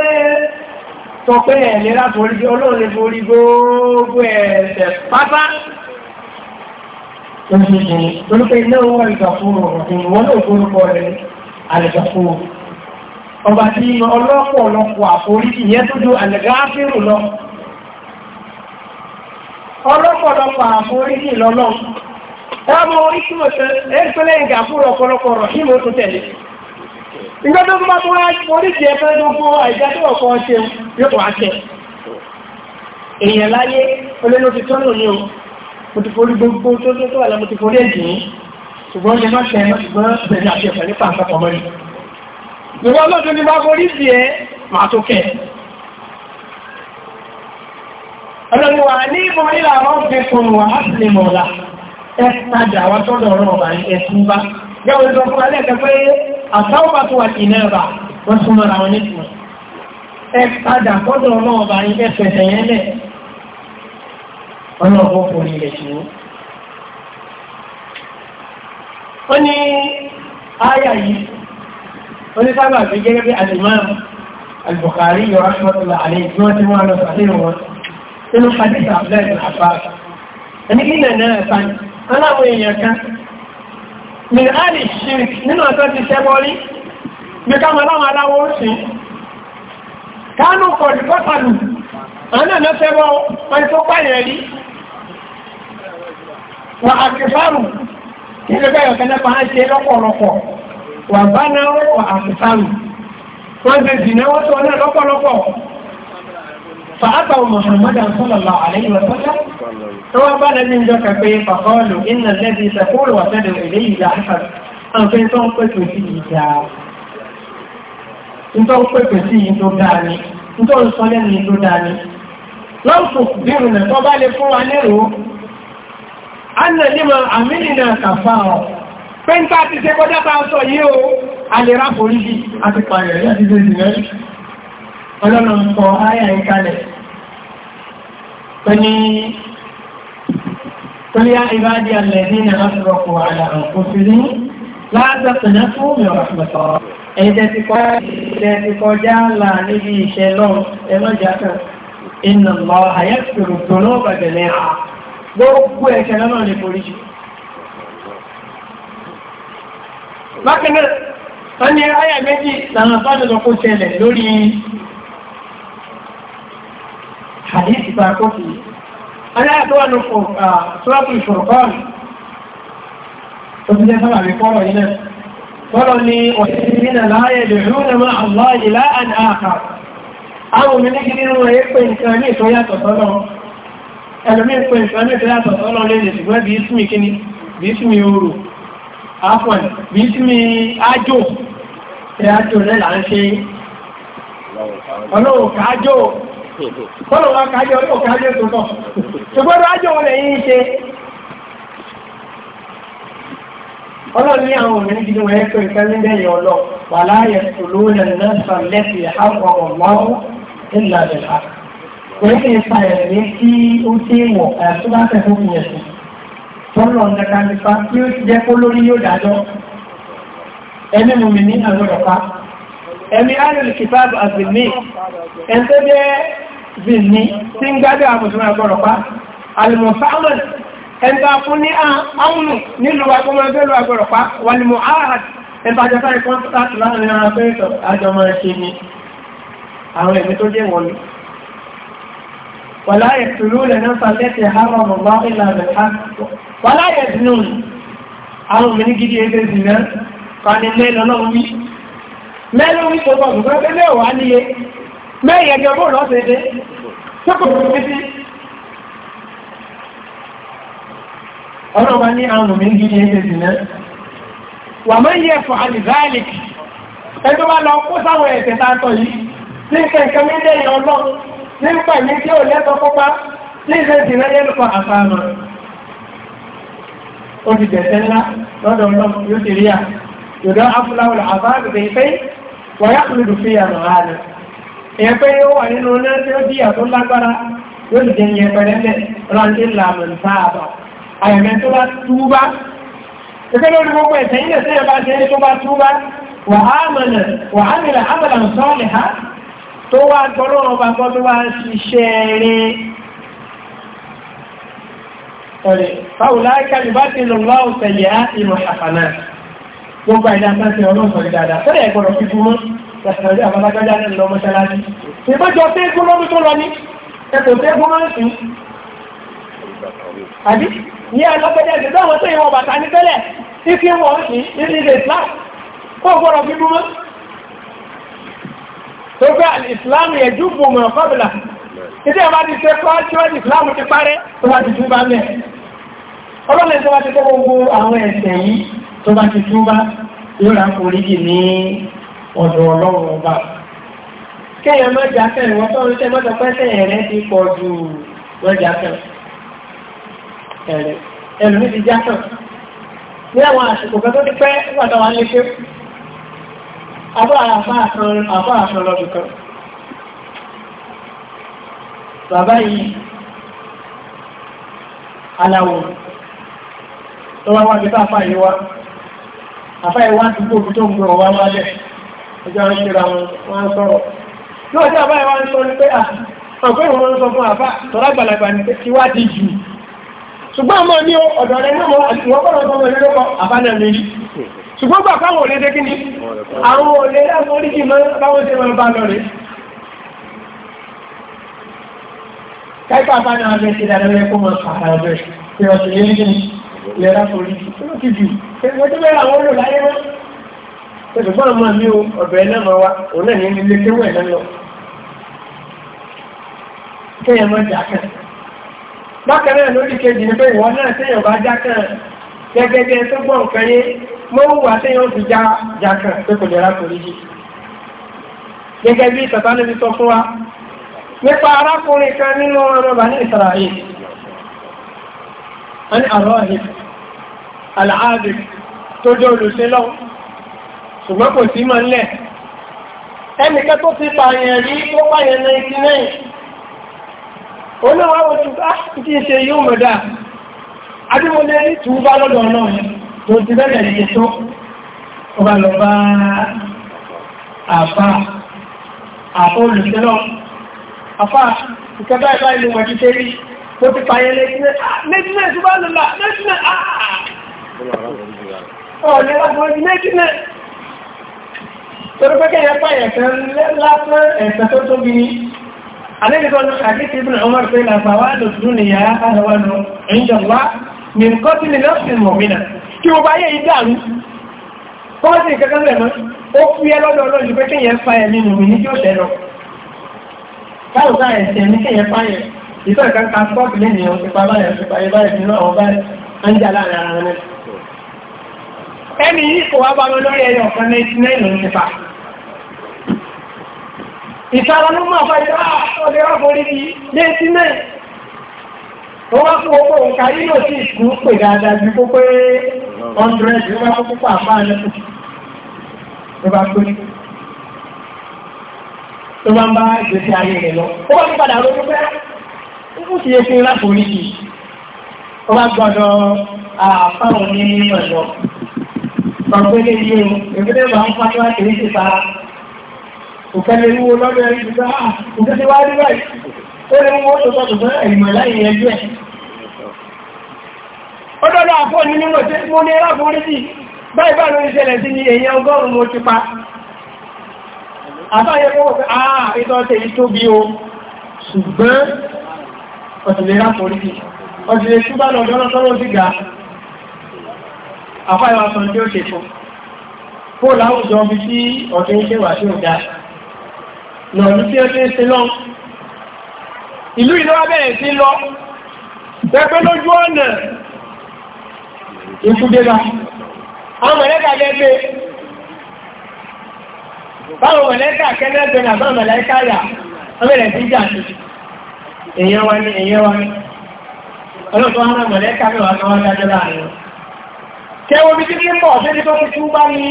sọ pé ẹ̀lẹ́rẹ́ foríjì ọlọ́run lè forí gbogbo ẹ̀ṣẹ̀ pátá Olùkọ́ iná wọ́n ìgbà fún ọ̀rọ̀ ìwọ́n náà fórúkọ rẹ̀ àlẹ́gbà fún ọ̀rọ̀ ọba tí ọlọ́pọ̀lọpọ̀ àforíjì yẹn tó ju àlẹ́gáfíìrù lọ ọlọ́pọ̀lọpọ̀ àforíjì lọ́lọ́ ọmọ oríṣìíwò ẹgbẹ́lẹ́ ìgbà fún ọ̀pọ̀lọpọ̀ ọ̀rọ̀ sí mo tó tẹ̀lé ìgbà tó bá tó wá oríṣìí ẹgbẹ́ tó fún àìjá tó ọ̀pọ̀ ṣe yóò wá tẹ̀ èèyàn láyé olóyún ti tọ́nù ní o mo ti forí gbogbo tó tó wà lọ mo ti forí ẹ̀jìn ṣùgbọ́n ṣe má ṣe ṣùgbọ́n bẹ̀rẹ̀ àti ẹ̀fẹ̀ nípa àpapọ̀ mọ́ni ìwọ lọ́dún ní bá borí sí ẹ máa tó kẹ́ ọlọ́dúnwà ní ìbọn nílà àwọn òfin fún wa á sì lè mọ̀ ọ̀la ẹ tajà wá tọ́dọ̀ ọ̀rọ̀ ọ̀bà ẹ̀sùn bá gẹ́wọ́n sọ fún alẹ́ kẹfẹ́ àtàwọn bá tó wà sí iná ẹ̀bà wọ́n súnmọ́ ara wọn nítorí ẹ tajà tọ́dọ̀ ọ̀rọ̀ ọ̀bà ẹ̀fẹ̀ ẹ̀yẹ́lẹ̀ ọlọ́ọ̀bọ̀ kò ní ilẹ̀ ṣùgbọ́n ó ní áyà yìí onísábà fi gẹ́gẹ́ bí alìmáàmù al-Bukhari yọrọ ṣọ́tùlá àlejò tí wọ́n lọ sàlẹ̀ wọn nínú hadith abdullahi bin abbas ẹni kí nà náà sáyé aláwọ̀ èèyàn kan min ali shirk nínú ọ̀tọ́ ti ṣẹ́bọ́rí bí ká mọ́láwọ̀ aláwọ̀ òṣì kánú kọ̀dù kọ́tàlù ọ̀nà náà ṣẹ́bọ́ àkẹfàrù kí ló bẹ́yọ̀ kẹ́lẹ́pàá ṣe lọ́pọ̀lọpọ̀ wà bá náà wọ́n àmùsàmù wọ́n ti dì náà wọ́n tó náà lọ́pọ̀lọpọ̀ fàábà muhammadu sallallahu alayhi wa sallam tó wọ́n bá lẹ́bí ìjọ kẹfẹ́ fàkọọ́lù iná lẹ́bí sẹ́kúrò wà sẹ́dẹ̀ ilé ìlà àṣà àǹfẹ́ tó ń pèsè sí ìjà tó ń pèsè sí ìjọ dáni náà tó bá lè fún wa pẹ́ntà ti ṣe kọjá tàà sọ yí o alèrà foríjì àti pààrẹ̀ láti ṣe ìrìnlẹ̀ ọlọ́nà ǹkan ayà ìkalẹ̀ pẹ̀lú قل يا عبادي الذين أشركوا على أنفسهم لا تقنطوا من رحمة الله ẹ̀jẹ̀ ti kọ́ ẹ̀jẹ̀ ti kọjá ńlá níbi ìṣẹ́ lọ́n ẹlọ́jà kan iná lọ àyẹ̀kùrù tó lọ́ọ́ bàjẹ́ ní à gbogbo ẹ̀ṣẹ̀ lọ́nà ní foríjì bákanáà wọ́n ní ayà méjì lànà bọ́dọ̀ lọ kó ṣẹlẹ̀ lórí hadith bá kó fi aláàtọ́wà ní ṣọ́pù ìṣọ̀kan tó ti jẹ́ sábà rí fọ́rọ̀ yìí náà fọ́rọ̀ ni ọ̀sẹ̀sìn láyé lèrú na máa Allah ìlà àn áàkà àwọn òmìnir lè lè ṣùgbọ́n bí í súnmi kíní bí í súnmi oòrùn àfọ̀n ní sí mi ájò ẹ ájò rẹ̀ là ń ṣe ọlọ́ọ̀ká ájò bọ́lọ̀wọ́ kájọ ọlọ́ọ̀ká ájò tó tọ̀ ṣùgbọ́n ájò wọlé yìí ṣe ọlọ́run ní àwọn obìnrin gidi wọ́n yẹ pé ìfẹ́ ní lẹ́yìn ọlọ́ wà láàyè tòló lẹ́nu náà sàn lẹ́sì àwọn ọ̀wọ́ ńlá rẹ̀ ha. Kò ní kí n fa ẹ̀rí tí ó dé tọ́lọ̀ nǹkan nípa tí ó ti jẹ́ kó lórí yóò dájọ́ ẹni mùmí ní àwọn ọ̀pá ẹni ayọ̀lù kìtàbù àzìmí ẹn tó jẹ́ zìmí tí ń gbádẹ́ àmùsùn àgbọ̀rọ̀pá alìmọ̀sáwọn ẹn tó fún ní àwọn nílùú agbọ́mọdélu àgbọ̀rọ̀pá wàlìmọ̀ áhàd ẹn tó àjọ wàlá yẹ̀dùnú àwọn obìnrin gidi ẹgbẹ́ ìsìnà kàní mẹ́lọ lọ́wọ́ wí mẹ́lọ wí tó bọ̀ ṣùgbọ́n pé mẹ́wàá níye mẹ́yẹ̀gẹ́ bó lọ́sẹ̀ẹ́dẹ́ tó kò fi sí gidi ẹgbẹ́ ìsìnà wà mọ́ yẹ fún àlìzáàlìk ẹgbẹ́ ó ti dẹ̀sẹ̀ ńlá lọ́dọ̀ lọ yóò ti rí à yọ̀dọ̀ afúláwọ̀ àbáàbì pé pé wọ́n yá kúrò dùn fìyà nù hàn èèyàn pé ó wà nínú náà tí ó di àtó lágbára yóò ti jẹ́ ìyẹn pẹ̀lẹ́lẹ̀ rántí làmù sáàbà àyẹ̀mẹ́ tó bá túbá ẹgbẹ́ lórí gbogbo ẹ̀sẹ̀ ilẹ̀ sí ẹ̀bá jẹ́ tó bá túbá wà á mọ̀nà wà á mìlà ámàlà sọ́ọ̀lẹ̀ ha tó wá gbọ́lọ́wọ́ bá gbọ́ wá ṣiṣẹ́ rẹ̀ ọ̀rẹ́ fáwọláìka yóò bá ti lọ láwọ̀ tẹ̀yẹ̀ á ìmọ̀ àfànà gbogbo àìdá sáńtì ọlọ́sọ̀rẹ́ dáadáa fẹ́rẹ̀ ẹ̀gbọ́dọ̀ fi gúnmọ́ ṣàṣàrí àbábájá náà lọ mọ́ṣáláṣí ìbájọ pé gún lọ́dún tó lọ ní ẹ̀kọ́ pé gún máa ń sìn àbí ní alọ́gbẹ́jẹ́ ìgbẹ́ àwọn tó ìwọ̀n bàtà ní tẹ́lẹ̀ tí kí wọ́n ń sìn nínú ilé Islam kó gbọ́dọ̀ fi gúnmọ́ tó gbá Islam yẹ jùbọ̀ mọ̀ fábìlà ìdí ọba ti ṣe kọ́ ṣíwájú ìsìláàmù ti parẹ́ tó bá ti tún bá mẹ́ ọlọ́lẹ̀ tó bá ti tẹ́wọ́ gbogbo àwọn ẹ̀ṣẹ̀ yìí tó bá ti tún bá yóò rà kórí jì ní ọ̀dọ̀ ọlọ́run ọba kẹ́yàn má jà fẹ́ wọ́n tó ń ṣe mọ́tò pẹ́sẹ̀ rẹ̀ ti pọ̀ bàbá yìí aláwọ̀ tó wá wá pẹ̀lú àfá ìwá àfá ìwá ti kó òkú tó ń gbọ́ wá wálẹ̀ ọjọ́ ń ṣe ra wọn sọ̀rọ̀ tí wọ́n tí àfá ìwá ń sọ ní pé àpẹ́ ìwọ̀n sọ fún àfá tọ́lá gbàlagbà ní pé kí wá ti jù ṣùgbọ́n àmọ́ ní ọ̀dọ̀ rẹ̀ náà wọ́n kọ́ lọ́sọ́ wọn lórúkọ àfá náà lórí ṣùgbọ́n gbà fáwọn òlédé kí ni àwọn òlédé àforíkì máa báwọn ṣe máa bá lọ rèé káíkà bá náà lè ṣe dáadáa kó mọ̀ sàárà ọ̀bẹ̀ pé ọ̀sẹ̀ yẹn ní ìlera forí tó ti jù ẹgbẹ́ tó bẹ́ẹ̀ àwọn olùláyé wọn ẹgbẹ́gbọ́n ọmọ mi o ọ̀bẹ̀ náà máa wá òun náà ní ilé kéwọ́ ẹ̀ náà lọ kéèyàn máa jà kàn bákan náà lórí kejì ni pé ìwọ náà téèyàn bá já kàn gẹ́gẹ́ bí ẹni tó gbọ́ nǹkan yé mọ́wùwà téèyàn fi já já kàn pé kò lè ra forí jì gẹ́gẹ́ bí ìtàtà níbi sọ fún wa nípa arákùnrin kan nínú ọmọ bani Israel wọ́n ni àrọ́ ọ̀hìn aláàbì tó jẹ́ olùsílọ́ ṣùgbọ́n kò sí mọ́ nílẹ̀ ẹnìkẹ́ tó ti pààyàn rí tó pààyàn 99 oníwà oṣù tí í ṣe yóò mọ̀dá adémọ́lé ní túbá lọ́dọ̀ náà tó ti bẹ́ẹ̀ ní tó ọba lọ bá àfá àfọ́ olùsílọ́ àfá ìkẹta ìbá ilé wọ̀n jíṣẹ́ rí ó ti pààyẹ lẹ́gbẹ́ méjìlẹ̀ tó bá lọ́la méjìlẹ̀ ọ̀lẹ́ ọgbọ̀n méjìlẹ̀ torí pẹ́kẹ́ yẹn pààyẹ kan lásán ẹ̀sẹ̀ tó tóbi ní alẹ́gbẹ̀kọ́nù àdíkì ibùn ọmọ ìfẹ́ làbàwà lòdùn nìyà àhàwánù ìjọba nìkan tí nìlọ́ sí mọ̀mínà kí wọ́n bá yẹ ìdàrú kọ́mọ́sí ìkẹ́kẹ́ lẹ́mọ́ ó fi ẹlọ́dọ̀ ọlọ́dún pé kí yẹn fa ẹ̀mí nìmí ní kí ó ṣẹlọ́ báwo bá ẹ̀sìn ẹni kéèyàn páyẹ̀ ìfẹ́ kan kan sọ́ọ̀tù lé nìyẹn òṣìpá báyẹ̀ òṣìpá yẹ báyẹ̀ nínú àwọn ọba ń láàrin ara rẹ̀. ẹni yìí kò wá bá mi lórí ẹyọ ọ̀kan ní ìlú ló ah, ó wá fún owó òǹkà yìí ló sì kú dáadáa tó bá ń bá ìgbésí ayé rẹ̀ lọ ó bá tún padà ronú pé ó ti yẹ kí n láforí kì í ó bá gbọ́dọ̀ àfáwọn ní ọ̀dọ́ ọ̀gbẹ́lẹ̀ yìí o ìgbésẹ̀ bá ń fájú wá kìí ṣe sára òkèlè wúwo lọ́dọ̀ ẹ̀rí gbígbá ìgbésẹ̀ wá rí báyìí ó lè wúwo tó sọ́tò fún ìmọ̀ láyé ẹjọ́ ẹ̀ ó dọ́dọ̀ àfọ́ ní mímọ̀ tí mo ní ẹlá fún orí sí báyìí bá lórí ṣẹlẹ̀ sí ni èyí ọgọ́rùn-ún mo pa àbáyẹ kọ́ wọ́n pé àà ah, ìtọ́ tẹ ìtó bí o ṣùgbọ́n ọ̀tìlẹ̀ rápọ̀lì ọ̀tìlẹ̀ ṣúgbà lọ́dọ́rọ̀ sọ́rọ̀ sí ga àbáyẹ wa sọ́n tí ó ṣe fún kó láwùjọ bí tí ọ̀tẹ́ iṣẹ́ wà sí ọ̀gá lọ́ọ̀lú tí ó ṣe ń ṣe lọ ìlú ìlú abẹ́rẹ̀ sí lọ pẹ́pẹ́ lójú ọ̀nà ìfúdébà àwọn mẹ̀lẹ́gà báwo mẹ̀lẹ́kà kẹ́lẹ́gbẹ̀rẹ̀ àbá mẹ̀lẹ́kà yà ọmọdé tí jà sí èyàn wa ní èyàn wa ní ọlọ́tọ́ ara mẹ̀lẹ́kà mẹ́wàá ní wọ́n dájọ́ láàrin kẹwọ́ bí títí ń bọ̀ tó ti túbá ní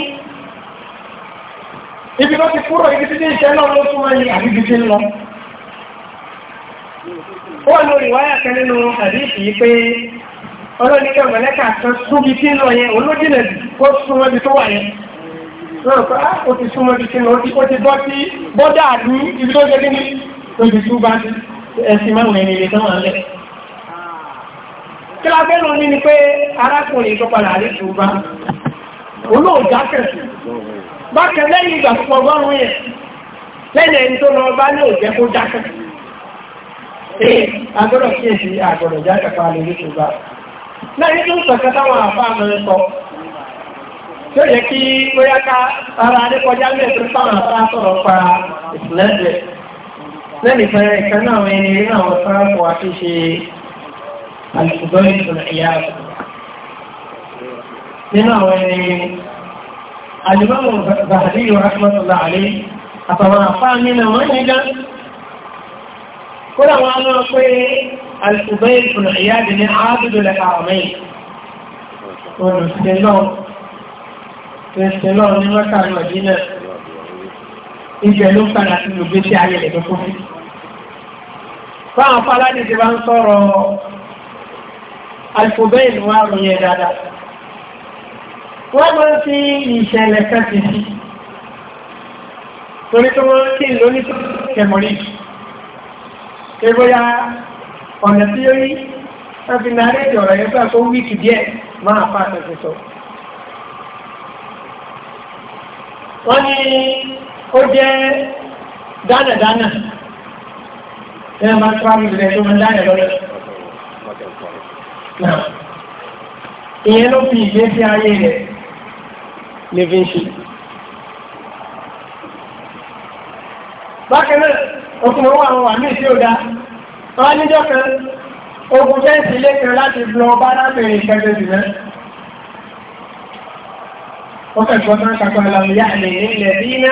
ibi tó ti kúrò ibi títí iṣẹ́ náà ló túnmọ́ ní lọ ó lo ìwáyà kan nínú àdíkì pé ọlọ́nikẹ́ mẹ̀lẹ́kà kan súbi tí ń lọ yẹn olójìnà kó súnmọ́ tó wà yẹn náà pé á ah, ó ti súnmọ́ ibi tí ó ti ó ti bọ́ sí bọ́dà ní ibi tó ṣe kíni lójú tó bá ẹsìn márùn ẹni ilé tán wà lẹ̀. kí la fẹ́ lọ ní ni pé arákùnrin tó padà rí tó bá olóòjá kẹsì bákan lẹ́yìn ìgbà púpọ̀ ọgọ́rùn-ún yẹn lẹ́yìn ẹni tó lọ bá ní òjẹ́ kó dákẹ́ ee agbọ́dọ̀ kíyèsí àgbọ̀dọ̀ jákàtà lórí tó bá lẹ́yìn tó sọ̀kẹ́ táwọn àfáà tí ó yẹ kí bóyá ká ara adékọjá lè tó sáwọn àtàrà sọ̀rọ̀ pa ìsìlẹ́jẹ̀ lẹ́nu pẹ́ ìkan náà wọn ẹni nínú àwọn sáàpù àti ṣe àlùkùgbọ́ ìṣòro ìyá nínú àwọn ẹni àjùmọ̀mù zahadi rahmatullahi alayhi àtàwọn àfáà nínú wọn ní gan kódà wọn lọ pé àlùkùgbọ́ ìṣòro ìyá dì ní àádùdù lẹ́ka ọ̀mẹ́yìn olùsílọ́ọ̀ ẹ̀ṣẹ̀ lọ́rọ̀ ní mọ́ta ní ọ̀dínà ìjẹ̀ ló padà sí gbogbo tí ayé rẹ̀ tó fi. Fáwọn Fáládé ti bá ń sọ̀rọ̀ alifobẹ́ẹ̀lì wa rò yẹn dáadáa. Wọ́n máa ń fi ìṣẹ̀lẹ̀ kan ti sí. Torí tó wọ́n kí n lóní tó kẹmọ̀rí. Ebola ọ̀nà tí ó rí, wọ́n fi nàárẹ̀ ìjọ̀rọ̀ yẹn gbà tó wíìkì díẹ̀ máa fa wọ́n ní ó jẹ́ dánàdánà ẹ̀rọ máa tó àmì ìrẹ̀ tó máa dánà lọ́rẹ̀ ìyẹn ló fi ìgbésí ayé rẹ̀ ní fi ń ṣe bákan náà okùnrin wà wọn wà ní ìṣe òdá wọ́n níjọ́ kan ogun fẹ́ǹsì ilé kan láti lọ bá lábẹ̀rẹ̀ ìkẹ́gbẹ̀ẹ́ وكما فلم يعلم للذين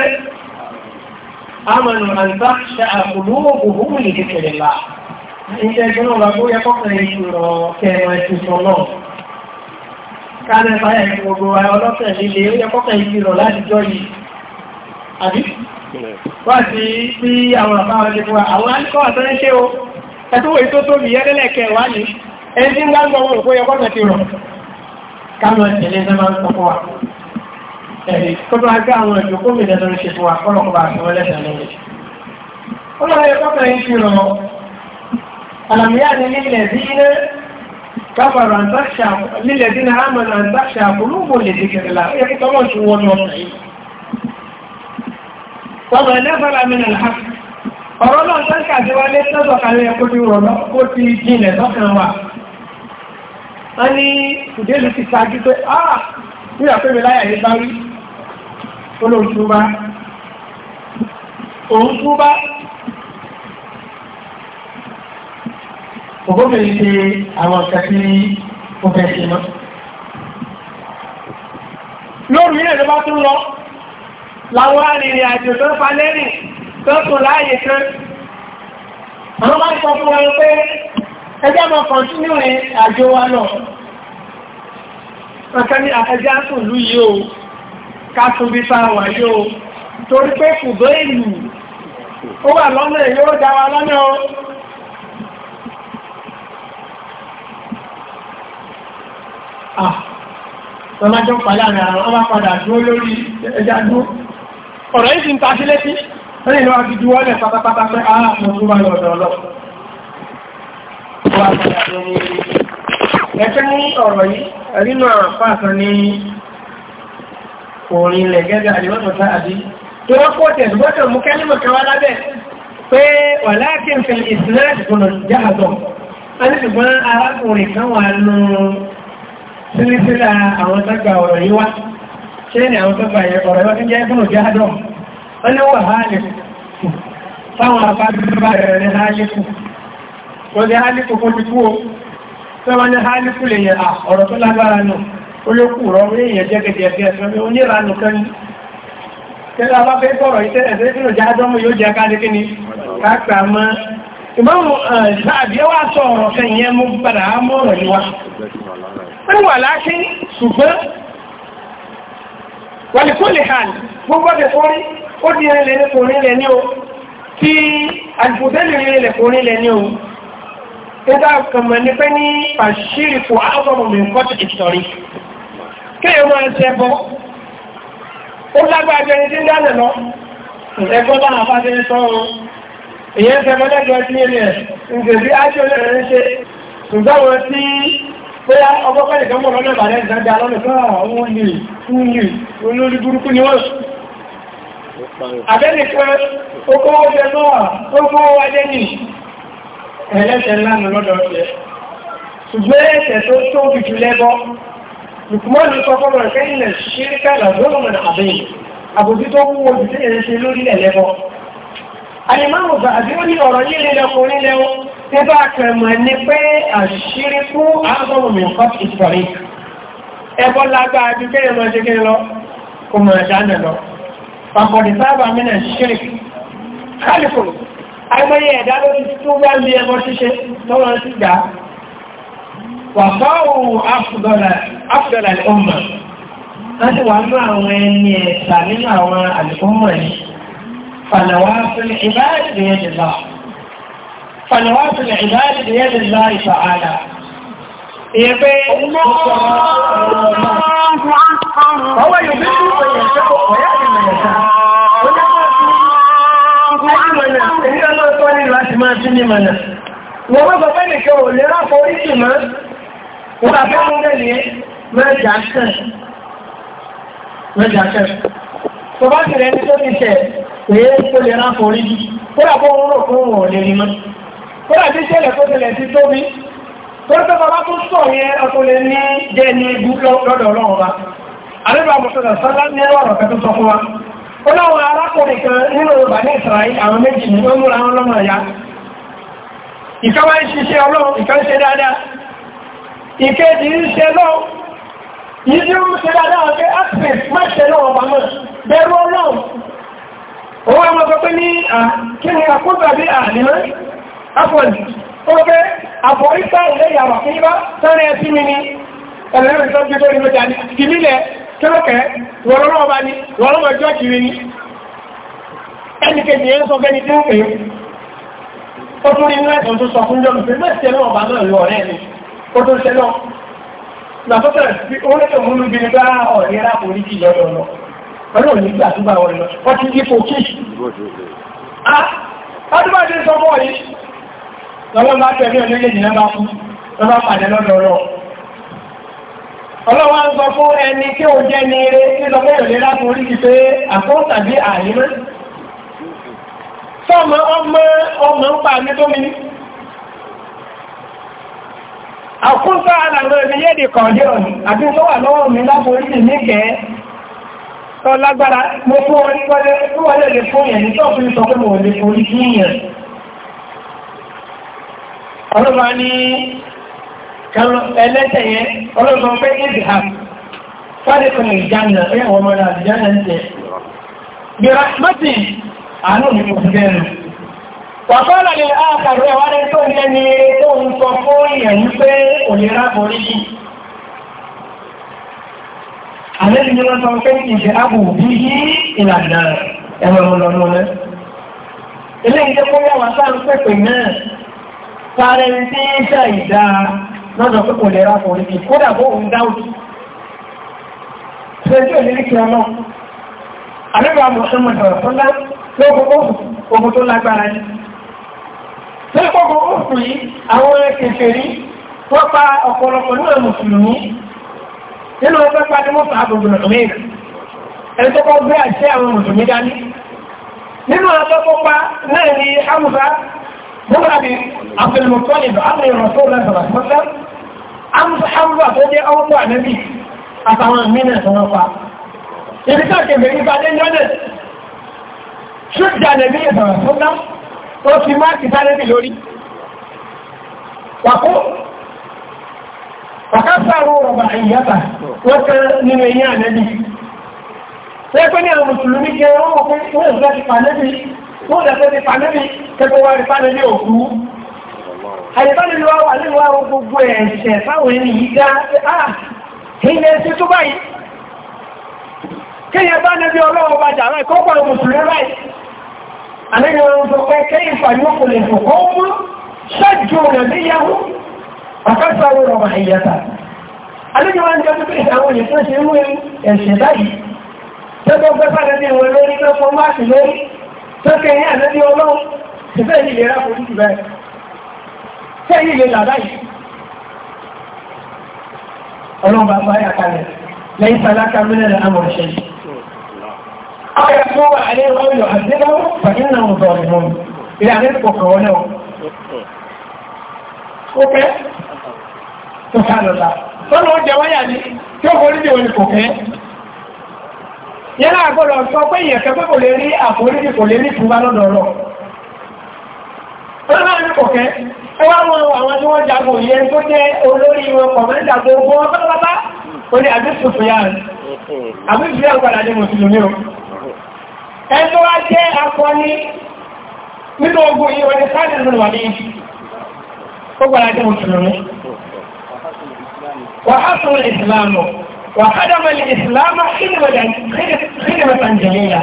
آمنوا أن تخشع قلوبهم لذكر الله Ìjẹ́ ìjọ́nà ọ̀gbàgbó yẹ kọ́kànlẹ̀ ìṣòro kẹwàá ìṣòro náà. Káàrẹ báyẹ̀ ìṣòro gbogbo ọlọ́pẹ̀ líle ó yẹ kọ́kànlẹ̀ ìṣòro láti jọ yìí. Àbí? Wà sí bí àwọn àbáwọn ilé fún wa, àwọn àníkọ́ àtọ́rẹ́ ṣe o, ẹ̀tọ́wò ìtótóbi yẹ́rẹ́lẹ̀ kẹwàá ní, ẹni tí ń gbá ń gbọ́ wọn ò kó yẹ kọ́kànlẹ̀ ìṣòro. Káàrẹ ìṣẹ̀lẹ̀ ẹ̀rí kó tó agbá àwọn ìjòkó mi dandan ṣe fún wa kọ́lọ̀ kó bá fi wọ́n lẹ́sẹ̀ lórí. ó lọ yẹ kọ́kọ́ yìí fi ràn àlàmìyá ni lílẹ̀ sí iná kábàrọ̀ àǹtàṣà lílẹ̀ sí iná àmọ̀ àǹtàṣà olóògbò lè di kẹrìnlá ó yẹ kí tọ́wọ́ ti wọ́n lọ sí. tọ́mọ ẹlẹ́fàlà mi nà lọ́hà ọ̀rọ̀ náà sọ́kà tí wọ́n lé sọ́sọ̀ kalẹ̀ kó ti rọ̀ lọ kó ti jinlẹ̀ sọ́kàn wa. wọ́n ní ìdílé ti ṣáájú pé ah nígbà pé mi láyà yìí bá rí olóhùn túbá òun túbá ògbófin ṣe àwọn ọ̀sẹ̀ tí ó fẹ́ ṣe mọ́ lórí ilẹ̀ tó bá tún lọ láwọn arìnrìn àjò tó ń fa lẹ́rìn tó tún láàyè kan àwọn bá ń sọ fún wọn pé ẹjẹ́ mọ̀ kọ̀ntínú rìn àjò wa náà ọ̀kan ní àtẹ́já lú yìí o kátúbí táwọn yóò torí pé kùdó ìlú ó wà lọ́nà yóò dá wa lọ́nà o tọ́lájọ́ pàdà rẹ̀ àwọn ọba padà dúró lórí ẹja dúró ọ̀rọ̀ yìí ti ń ta sí létí lórí ìlú àti juwọ́ lẹ̀ pátápátá pé àá mọ̀ tó bá lọ́dọ̀ ọlọ́ ẹ̀kẹ́ orin ilẹ̀ gẹ́gẹ́ àdìmọ́tò sáàbí tí wọ́n kó tẹ̀lú bọ́tọ̀ mú kẹ́límọ̀ kan wá lábẹ́ pé wà láàkín fi ìsináàtì kùnà jáàzọ̀ wọ́n ti ṣùgbọ́n arákùnrin kan wà nù sílísílà àwọn tọ́gbà ọ̀rọ̀ yìí wá ni àwọn tọ́gbà ọ̀rọ̀ yìí wá ti jẹ́ kùnà jáàzọ̀ wọ́n ní wà hálì fáwọn afábíbá rẹ̀ ní hálìkù wọ́n ní hálìkù kó ti kú o tí wọ́n olókùn rọ orí èèyàn jẹ́gẹ̀dẹ̀ ẹ̀fẹ́ oníranù kan tẹ́lá bá fẹ́ tọ́rọ̀ iṣẹ́ ẹ̀fẹ́ tí ó já dánmù yóò jẹ́ ká dékí ni káàkà mọ́ ìmọ́mù àbíẹ́wà sọ ọ̀rọ̀ kẹyìn mú padà mọ́rọ̀ yíwá wọ́n wà lákí ṣùgbọ́n wàlìkólè hàn gbogbo ọdẹ forí ó di ẹrẹ́lẹ̀ ní kòrin lẹ ní o tí àjùbọ́tẹ́lì rẹ̀ kòrin lẹ ní o nígbà kàmọ̀ ní pẹ́ ní pàṣírìkò àwọn ọmọ mi nǹkan ti ìtọ̀rí kéèyàn máa ṣẹbọ ó lágbàájọ ẹni tí ń dáná lọ ẹgbọ́n bá àwọn afáṣẹ sọ ọ́ èyàn ṣẹbọ lẹ́jọ́ sí ilé ẹ̀ nǹkan bí ájọ náà ń ṣe ṣùgbọ́n wọn tí bóyá ọgbọ́pẹ́ nìkan mọ̀ lọ́nà ìbàdàn ìdájọ́ alọ́nà tó ah, àwọn olè olè olórí burúkú ni wọ́n àbẹ́nìkan okòwò jẹ náà okòwò wájẹ́ nì ẹlẹ́sẹ̀ ńlá nù lọ́dọ̀ ọ̀ṣẹ́ ṣùgbọ́n ẹ̀ṣẹ̀ tó tóbi jù lẹ́bọ́ lùkùmọ́nù sọ fọ́mọ ìkẹ́yìn lẹ̀ ṣíṣírí kàlà lọ́rùn àbẹ́yìn àbòjú tó wúwo jù sí ẹ̀ ṣe lórílẹ̀ lẹ́bọ. àyèmáwò bá àbí ó ní ọ̀rọ̀ yìí nílẹ̀ kò nílẹ̀ ó ní bá kẹmọ̀ ní pé àṣírí fún àbọ̀mù mi kọ́ ti sọ̀rí. ẹbọ lágbára ju kéèyàn máa ṣe kí lọ kò mọ̀ ẹ̀dáná lọ. pàkọ̀dé sábà mí náà ṣíṣírí kálífò àìmọye ẹ̀dá ló ti tún wá mi ẹbọ ṣíṣe tó wọn ti gbà á wàfáwọ̀ afdọ́là ọmọ láti wà ní àwọn ẹni ẹ̀sà nínú àwọn àdìkúnmọ̀ ẹ̀ فنوافل العباد بيد الله فنوافل العباد بيد الله تعالى هو يبين من يشاء ويأتي من يشاء Ìyọ́lọ́tọ́ ní láti máa sí ní mọ̀nà. Wọ́n bá bàbá nìkan ò lè ráfọ́ orí sí máa Nígbà tó mú bẹ́ẹ̀ yẹn, mẹ́jà kàn. Mẹ́jà kàn. Tó bá ti rẹ̀ ní tó ti tẹ̀, èyí tó lè rán forí jù. Kódà kó ń rò fún òun ò lè rí mọ́. Kódà tí ìṣẹ̀lẹ̀ tó tilẹ̀ ti tóbi. Kódà tó bá tó sọ̀ yẹn, ọkọ̀ lè ní jẹ́ ní ibú lọ́dọ̀ ọlọ́run wa. Àdébà Mùsùlùmí Sọ́lá ní ẹ̀rọ ọ̀rọ̀ kẹ́tọ́ sọ fún wa. Ó láwọn arákùnrin kan nínú Yorùbá ní Ìsìráyí, àwọn méjì ní ó múra wọn lọ́mọ ìyá. Ìkọ́wá ń ṣiṣẹ́ ọlọ́run, ìkọ́ ṣe dáadáa ìkéjì ń ṣe náà ìdí ń ṣe dáadáa pé access mẹ́ṣẹ̀ náà ọba náà bẹ̀rù ọlọ́run owó ọmọ sọ pé ní kí ni àkóso àbí àníwá afọ̀lì ó pé àfọ̀rísà ilé ìyàwó fún ibá sọ́rọ̀ ẹtí mi ni ẹ̀lẹ́rìn tó gbé lórí mẹ́ta ní ìdílé kẹ́lọ́kẹ́ wọ̀rọ̀ ọba ni wọ̀rọ̀ ọjọ́ kiri ni ẹnìkejì yẹn sọ fẹ́ni tí ń pè é ó tún ní ilé ẹ̀sán tó sọ fún jọ́mù pé mẹ́ṣẹ̀ náà ọba náà lọ ọ̀rẹ́ ni ó tó ṣe lọ làtọ́tẹ̀ sí orílẹ̀ òmúlú bí nígbà ọ̀rẹ́ aláforíjì lọ́dọ̀ lọ pẹ̀lú òní gbà tó bá wọn lọ wọ́n ti yípo kí àtúbà ti sọ bọ́ yìí lọ́wọ́ bá tẹ̀lé olóyè ìjìnà bá fún lọ́wọ́ pàdé lọ́dọ̀ lọ ọlọ́wọ́ ń sọ fún ẹni tí ó jẹ́ ní eré tí lọ bẹ́ẹ̀ lè láforí ti pé àkóńtàbí àkúnfà alàgbẹ̀rẹ̀ yẹ́dì kọ̀ọ̀dẹ́ọ̀ àti tó wà lọ́wọ́ mi láborí ní kẹ́ tó lágbára mo fún wọn ní pẹ́lẹ́ tó wọlé lè fún yẹn ní tó fi sọ pé mo lè forí sí yẹn ọlọ́mà ní ẹlẹ́tẹ̀ yẹn ọlọ́mà pé ìdìhà Wàkọ́lá lè áàkàrí ẹ̀wádẹ́ tó ní ẹni tó ń sọ fún ìyẹn ń pé òlera borí yìí. Àlẹ́ ìlú lọ́sọ pé ìṣe ààbò bí i ìlànà ẹ̀rọ ọlọ́nà rẹ̀. Ilé ìjẹ́ kó yá wà sáà ń pèpè náà, sáré ń tí ń ṣe ìdá lọ́dọ̀ pé òlera borí yìí, kódà bó ń dáwùtù. Ṣé tí ò Torí pọ̀pọ̀ òfin yìí, àwọn kèfèrí wọ́n pa ọ̀pọ̀lọpọ̀ nínú mùsùlùmí nínú ọgbẹ́ pàdé wọ́n pa àbùgbù mùsùlùmí. Ẹni tó kọ́ gbé àṣẹ àwọn mùsùlùmí dání. Nínú àtọ́kọ́pá náà ni Hamza Bọ́lábi Abdulmutalib Abdul Rasul tó fi máàkì sáré lórí wàkó wàkásàrò ọ̀bà ìyàtà wọ́n kẹ́ nínú eyín ànẹ́bí wọ́n pẹ́ ní àwọn mùsùlùmí kẹ́ wọ́n mọ̀ pé wọ́n ò lẹ́ti pànẹ́bí wọ́n ò lẹ́ti pànẹ́bí kẹ́kọ̀ọ́ wá rí pànẹ́bí òkú àyẹ̀bá nínú wa wà nínú wa gbogbo ẹ̀ṣẹ̀ fáwọn ẹni yìí rẹ̀ àmẹ́ni wọn sọ pé kẹ́yìn pàdé kò lè fò kọ́ mú ṣáàjú rẹ̀ bí yahoo àkásà wọn rọ̀ máa yàtà àmẹ́ni wọn jẹ́ pípé àwọn èyí tó ṣe mú ẹ̀ṣẹ̀ báyìí tẹ́gbọ́ gbẹ́fà lẹ́bí wọn lórí tó fọ́ máa sì lórí tó kẹ́yìn àlẹ́bí ọlọ́run ṣẹfẹ́ yìí lè rákò jù bẹ́ẹ̀ kẹ́yìn lè là báyìí ọlọ́run bá báyà kalẹ̀ lẹ́yìn sálákà mílẹ̀ àmọ̀ ṣẹ̀ṣẹ̀ أو يتوب عليهم أو يعذبهم فإنهم ظالمون إلى أن يتوقعوا له أوكي سبحان الله tọ́nà oúnjẹ wáyà ní tí ó forí dìwọ̀n kò fẹ́ yẹ́nà àgbọ́dọ̀ sọ pé èèyàn kẹfẹ́ kò lè rí àforíjì kò lè rí ìfúnbá lọ́dọ̀ lọ ọlọ́rọ̀ ní kò fẹ́ ẹwà wọn àwọn tí wọ́n jagun yẹn tó jẹ́ olórí wọn kọ̀mẹ́ńdà gbogbo wọn pátápátá ó ní àbí sùfìyàn àbí sùfìyàn padà dé mùsùlùmí o ẹ̀tọ́ wá jẹ́ akọni nínú ogun yìí wọ́n ni sáàdì ìlú wà ní ìjì ó gbára jẹ́ mùsùlùmí wà á sọ ìsìlámù wà á dámọ̀ ní ìsìlámù kíndìmọ̀tàn jẹ̀yà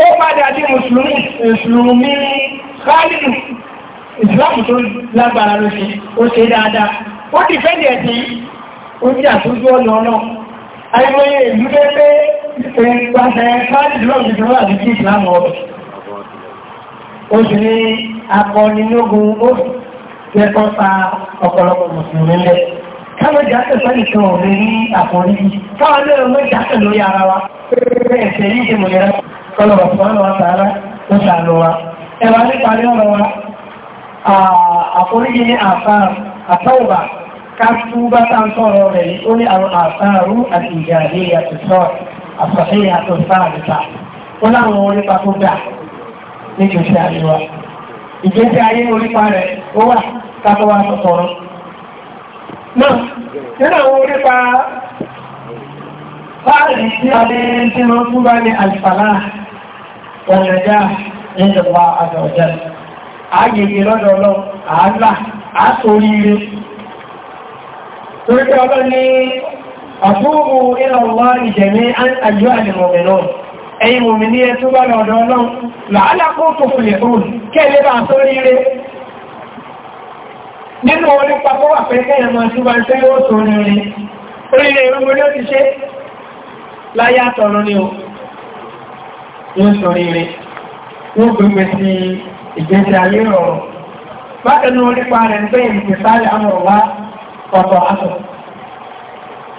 ó padà di mùsùlùmí ìsìlùmí káàlì ìsìlámù tó lágbára ló ṣe ó ṣe dáadáa ó ti fẹ́ àìmọye ìlú pé ìpàṣẹ káàdì lọ́gbì tó wà ní ìsìlámù ọ̀rọ̀ ó sì ní akọnilógún ó tẹ́kọ́ pa ọ̀pọ̀lọpọ̀ mùsùlùmí lẹ́ káwọn jákẹ́ sọ́lì kan ò lè ní àforíjì káwọn lè ọmọ jákẹ́ lórí ara wa ẹ̀sẹ̀ yìí ṣe mọ̀ yẹra kọlọ̀ ọ̀pọ̀lọpọ̀ wa tààrà ó sàánú wa ẹwà nípa ní ọ̀rọ̀ wa àforíjì ní àfáà àtọ́wà kátúbá tá ń sọ̀rọ̀ rẹ̀ yìí ó ní àwọn àṣàrú àti ìjàdé àtúntọ́ àtọ̀ṣe àtọ̀ṣà àdìta ó láwọn orípa tó dà nígbèsí àríwá ìgbésí ayé orípa rẹ̀ ó wà kátọ́wá sọ̀rọ̀ náà nínú àwọn orípa fáàrí tí a lè tí wọ́n fún bá ní àlìfàlá ọ̀nàjá nílùú wa àjọ̀jẹ́ àgbègbè lọ́dọọlọ́ àálà àtòríire torí pé ọlọ́ ní àtúbù ila Allah jami'an ayyuha al-mu'minun ẹ̀yin mọ̀mí ní ẹtú bá lọ́dọ̀ ọlọ́run la'allakum tuflihun kẹ́lẹ́ bá sórí rẹ̀ nínú orí papọ̀ wà pé kẹ́yẹ̀ máa túbà ń tẹ́lẹ̀ ó sórí rẹ̀ orílẹ̀ ìrúgbó ló ti ṣe láyé àtọ̀rọ̀ ni ó ń sórí ọ̀pọ̀ aṣọ.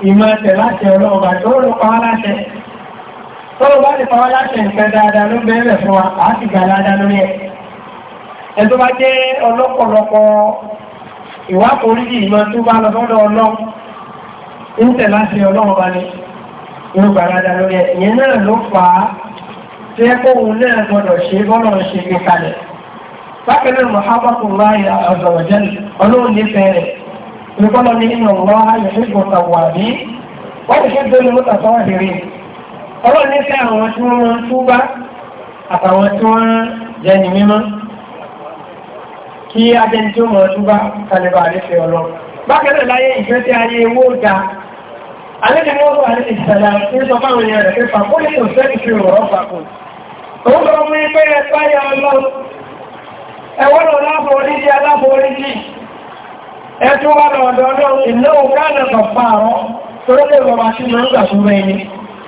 Ìmọ̀ ẹ̀tẹ̀ láti ọlọ́run bá tó ló pa wá láṣẹ. Tó ló bá lè pa wá láṣẹ nǹkan dáadáa ló bẹ̀rẹ̀ fún wa, àá sì gbà dáadáa lórí ẹ̀. Ẹ tó bá jẹ́ ọlọ́pọ̀lọpọ̀ ìwà orílẹ̀ ìmọ̀ tó bá lọ sọ́dọ̀ ọlọ́run, ń tẹ̀ láti ọlọ́run bá ní ló gbà dáadáa lórí ẹ̀. Ìyẹn náà ló fà á tí ẹ kó òun náà gbọdọ̀ ṣe bọ́lọ̀ ṣe gbé kalẹ̀. Bákan náà, Mùhàmmadu Láyà Azọ̀wọ̀jẹ́lì, ọlọ́run nífẹ̀ẹ́ rẹ̀ ìgbọ́lọ́ ní inú ọ̀rọ̀ ayọ̀ṣẹ́gun tàwà ní wọ́n ti ṣe gbẹ́lú mọ́ta sọ́wọ́ ìrìn ọlọ́run ní sí àwọn tí wọ́n ń túbá àtàwọn tí wọ́n jẹ́ ní mímọ́ kí ajẹ́ni tí ó mọ̀ túbá kalẹ̀bà àrífẹ́ ọlọ́ bákẹ́lẹ̀ láyé ìfẹ́ tí ayé owó ga alẹ́dẹ̀mọ́rọ̀ àti ìṣẹ̀lẹ̀ àti ìṣọ̀fáwọn èèyàn rẹ̀ pípa kó lè tòṣẹ́ ìfẹ́ ọ̀rọ̀ pàkó òun lọ mú ẹgbẹ́ ẹgbẹ́ ọlọ́run ẹwọ́n lọ láàbọ̀ oríṣi aláàbọ̀ ẹ̀tún bá lọ́dọ̀ ọlọ́run ìlọ́wọ́ káàdà kọ̀pá àrọ́ torí lè bọ̀ wá sí lọ ń gbàtúrọ ẹni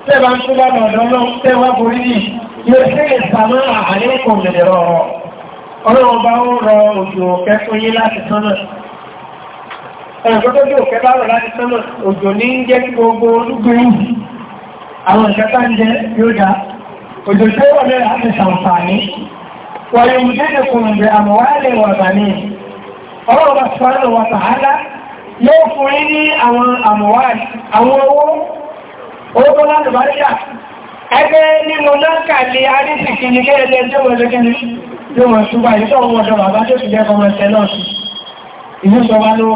tẹ́bà ń tún bá lọ́dọ̀ ọlọ́run tẹ́wà borí yìí yóò sí ìsàmà àyẹ́kùn lè rọrọ̀ ọlọ́run bá ń rọ òjò òkẹ́ fún yí láti sánà ẹ̀rọ̀gbọ́gbọ́gbọ́ òkẹ́ bá rọ̀ láti sánà òjò ọlọ́run bá sọ́nà wà tààlá yóò fún yín ní àwọn àmọ̀wáì àwọn owó owó tó láti bá yà ẹgbẹ́ nínú náà lè arísìkì ní kẹ́ẹ̀lẹ́ tí ó wọlé kẹ́ni tí ó wọ́n ṣúgbà yìí tó wọ́n jọ bàbá tó ti jẹ́ ọmọ ẹsẹ̀ náà sí ìlú sọ wá lówó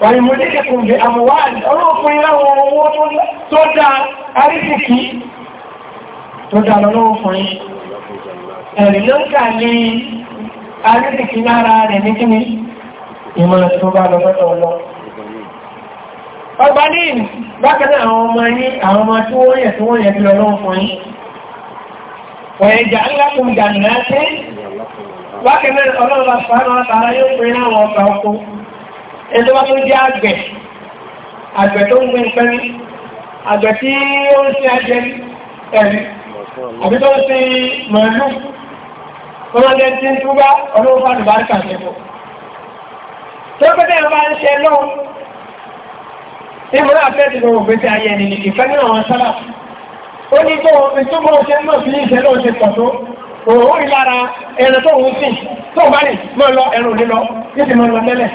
wọ́n mú ní kíkùn bí àmúwáàdì ọlọ́pùn ìráwọn owó tó dá àríkìkì tó dá lọ́wọ́ fún ẹ̀rìn ló ń kà ní àríkìkì lára rẹ̀ ní kíni ìmọ̀ tó bá lọ lọ́tọ̀ lọ ọgbà ní bákanáà àwọn ọmọ yí àwọn ọmọ tí wọ́n yẹ̀ tí wọ́n yẹ̀ bí lọ́wọ́ fún yí wọ̀nyẹ̀jà ńlá kùn jàǹdà sí bákanáà ẹjọ́ bá tó jẹ́ àgbẹ̀ àgbẹ̀ tó ń gbé nǹkan ní àgbẹ̀ tí ó ń ṣe ajẹ́ ẹ̀rí àbí tó ń ṣe mọ̀lú ọlọ́dẹ tí ń túbá ọlọ́wọ́ fàdù bá ń kàṣẹ́kọ̀ tó pẹ́tẹ́ bá ń ṣe lọ́wọ́ tí mo náà fẹ́ ti lọ òfin ti ayé ẹni ìfẹ́ nínú àwọn sábà ó ní tó òfin tó mọ́ ṣe mọ́ ìlara ẹ̀rọ tó ń sìn tó bá lè mọ́ lọ ẹ̀rọ òní yóò ti mọ́ lọ tẹ́lẹ̀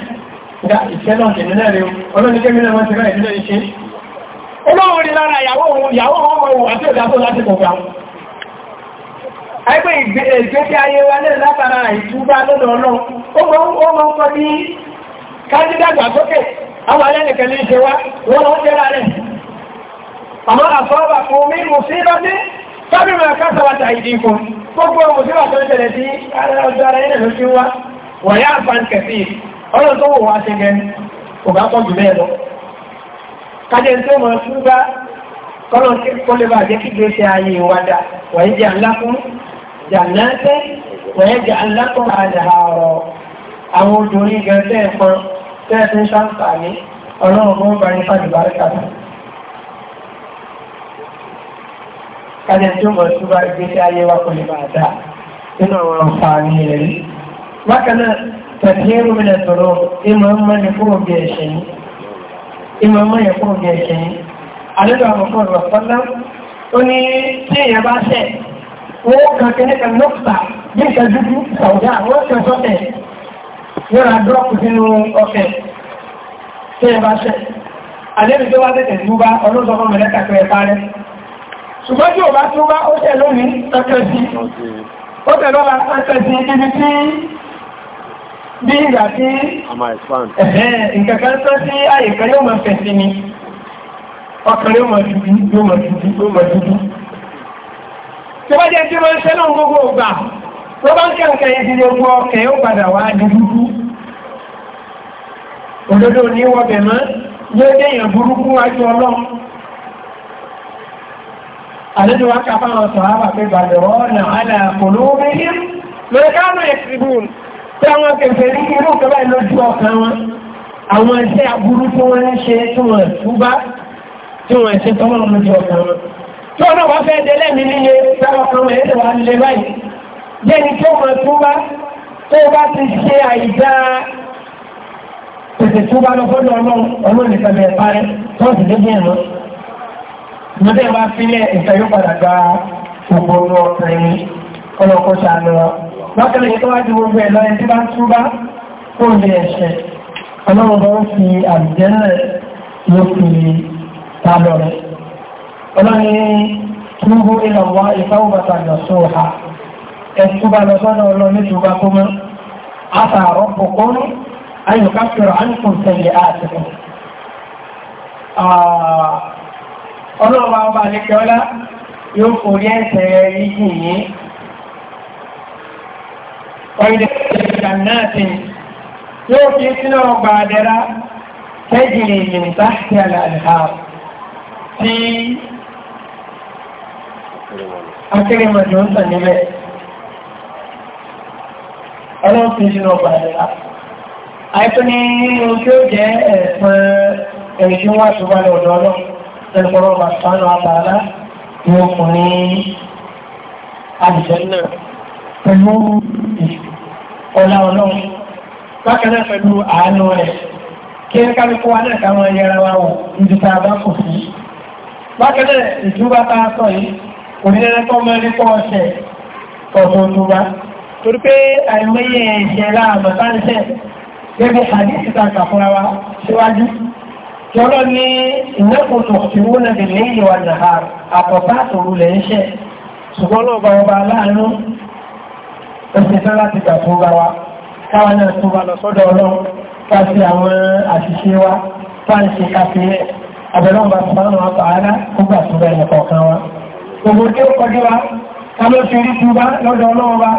dá ìṣẹ́ náà tẹ̀mí náà rẹ̀ ọlọ́ni kẹ́mí náà wọ́n ti ráyẹ̀ nílẹ̀ ìṣe olóòwò rí lára ìyàwó òun ìyàwó ọmọ òun àti òdá tó láti kọ̀ọ̀gá àìpé ìgbésí ayé wa lẹ́nu látara ìtúbá lọ́dọ̀ ọlọ́run ó mọ́ ń kọ́ ní kájídàgbà sókè àwọn alẹ́nìkan lè ṣe wá wọ́n lọ́n jẹ́ rárẹ̀ àmọ́ àfọ́bà fún mi mú sí lọ́dí tọ́bí mọ̀ kásàwàtà ìdínkù gbogbo ọlọ́run tó wò wá ṣe gẹ́ni kò bá pọ̀ jù bẹ́ẹ̀ lọ kájẹ́ tí ó mọ̀ fún bá kọ́lọ̀ tí kó lè bá jẹ́ kí ló ṣe ayé ìwádà wọ́n jẹ́ aláfún jàǹdáńtẹ́ wọ́n jẹ́ aláfún àdàrọ̀ àwọn odòrí gẹ̀ẹ́sẹ̀ ẹ̀pọn tẹ́ẹ̀ tí ń ṣàǹfààní ọlọ́run mọ́ bá ní fàdìbáríkà kájẹ́ tí ó mọ̀ fún bá ìgbésí ayé wa kò lè rẹ̀ rí bákan tàbíyẹ́rù mi lẹ́tọ̀rọ̀ ìmọ̀ ọmọ yẹ kúrò bí ẹ̀ṣẹ̀ yìí ìmọ̀ ọmọ yẹ kúrò bí ẹ̀ṣẹ̀ yìí alẹ́dọ̀ àmọ̀kọ́ ìrọ̀sọ́lá ó ní tí èèyàn bá ṣẹ̀ owó kan kẹ́lẹ́ kan lọ́pùtà bí nǹkan dúdú sàwùdá wọ́n ṣe sọ́tẹ̀ yọ́ra dọ́ọ̀kù sínú ọ̀fẹ́ tí èèyàn bá ṣẹ̀ alẹ́bí tó bá tẹ̀tẹ̀ tó bá ọlọ́sọ̀kọ́ mẹ́lẹ́kà pé ẹ̀fà rẹ̀ ṣùgbọ́n tí ò bá tó bá ó tẹ̀ lónìí tọ́kẹ́ sí ó tẹ̀ lọ́la tọ́kẹ́ sí ibi tí bí ìgbà tí ìkẹ̀kẹ́ tó sí àyíká yóò mọ̀ fẹ̀ sí ni ọkàn yóò mọ̀ dúdú yóò mọ̀ dúdú yóò mọ̀ dúdú tí wọ́n jẹ́ tí wọ́n ń sẹ́lọ̀ gbogbo ọgbà tó bá ń kẹ́ ǹkẹ́ yìí dídé gbọ́ ọkẹ̀ yóò padà wá di dúdú òdodo ní wọ́bẹ̀ mọ́ yóò dé èèyàn burúkú wájú ọlọ́ àlejò wákàfà ọ̀sán àbàpẹ́ gbàdọ̀ ọ̀nà àlà kòlóòmẹ́yìn lórí káàmù ẹ̀sìn tí àwọn kẹfẹ́ rí irú kẹfẹ́ lójú ọkàn wọn àwọn iṣẹ́ aburú tí wọ́n ń ṣe tí wọ́n túbá tí wọ́n ṣe tọ́mọ̀ lójú ọkàn wọn tí wọ́n náà wá fẹ́ délẹ̀ mi níye sáwọn kan wọ́n ẹ̀ẹ́dẹ̀ wá lè báyìí jẹ́ni tí wọ́n túbá tó bá ti ṣe àìdá tètè túbá lọ fọ́dọ̀ ọlọ́run ọlọ́run nìkan bẹ̀rẹ̀ parẹ́ tó sì dé bí ẹ̀rọ mọ̀tẹ́ bá fílẹ̀ ìfẹ́ yóò padà gba gbogbo ọkùnrin ọlọ́kọ̀ ṣàánú wọn bákẹ́lẹ̀ yìí tó wájú gbogbo ẹ̀lọ ẹni tí bá túbá kó lè ẹ̀ṣẹ̀ ọlọ́rọ̀bọ̀ ó fi àbìjẹ́rẹ̀ ló fi ta lọ rẹ̀ ọlọ́ni túbú ìlọ̀wọ́ ìfáwọ́bàtà lọ́sọ́ ha ẹ̀túbà lọ́sọ́dọ̀ ọlọ́ nítúbà kó mọ́ àtàrọ̀ pọ̀pọ̀ ayùkáfẹ́rọ̀ àníkùn tẹ̀lé àtẹ̀kùn ọlọ́rọ̀ ọba àlẹ́kẹ́ ọlá yóò forí ẹ̀ṣẹ̀ yìí ọ̀yìn ìdànáàtì yóò fi sínú ọgbà àdẹ́rà tẹ́jìlì ìmìnta àti àlàáhà tí akérèmọ̀jọ́ ń tàn nílẹ̀ ọlọ́run fi sínú ọgbà àdẹ́rà àìtọ́ ní inú tí ó jẹ́ ẹ̀sán ẹ̀rí tí wọ́n ti wá lọ́dọ̀ ọlọ́run sánú àtàlá ni ó fún ní àdìjẹ́ náà pẹ̀lú ìṣ ọlá ọlọ́run bákanáà pẹ̀lú àánú rẹ̀ kí ẹ kálukú wa náà káwọn yẹra wa wọ̀ níbi tá a bá kù sí bákanáà ìtúbà tá a sọ yìí òdìdẹ́rẹ́ tó mọ́ ní pọ́ ọ̀sẹ̀ ọ̀tọ̀ òtúbà torí pé àìmọye ẹ̀ṣẹ̀ láàmà sáńsẹ̀ gẹ́gẹ́ àdíṣì ta kàfúnra wa síwájú tí ní ìnákòtò tí wọ́n náà lè léyìn wa nàá àtòrú lẹ́ ṣùgbọ́n náà bá wọn bá láàánú ẹ̀sìn tán láti gbà tó bá wa káwa náà tó bá lọ sọ́dọ̀ ọlọ́run ká sí àwọn àṣìṣe wa tá à ń ṣe káfí rẹ̀ àbẹ̀lọ́n bá sọ́nà wọn pààrà ó gbà tó bá ẹnìkan kan wa gbogbo tí ó kọjú wa ká ló fi rí tú bá lọ́dọ̀ ọlọ́run wa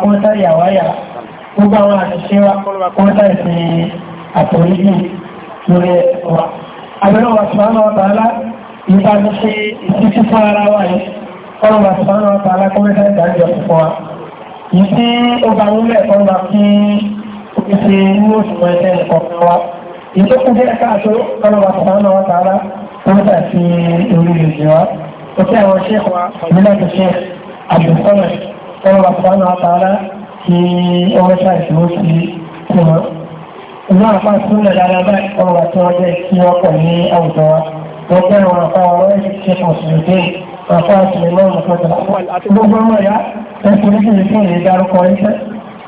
àwọn àṣìṣe wa kọ́lọ́ bá kọ́ńtà ìsìn àforíjì lórí wa àbẹ̀lọ́n fún ara wa yìí kọ́lọ́ bá sọ́nà wọn pààrà ìdájọ́ fún wa yìí tí ó bá wúlẹ̀ tó ń lọ sí ìṣe ní oṣù mọ́ ẹgbẹ́ nìkan wa èyí tó kún díẹ̀ káàtó ọlọ́wà sọ̀rọ̀ náà tààrà tó ń tà sí orí ìrìn wa ó kí àwọn ṣéèkù wa ìbílẹ̀ tó ṣe àbùsọ̀rọ̀ ọlọ́wà sọ̀rọ̀ náà tààrà kí ọwọ́ ṣàìsàn ó sì kú wọn. ìlú àpá ìpínlẹ̀ dáadáa báyìí ọlọ́wà bàbá àtìlẹ̀ lọ́rùn kọjá gbogbo ọmọ ìyá ẹ̀sùn oríṣiríṣi fún ìlú dárúkọ iṣẹ́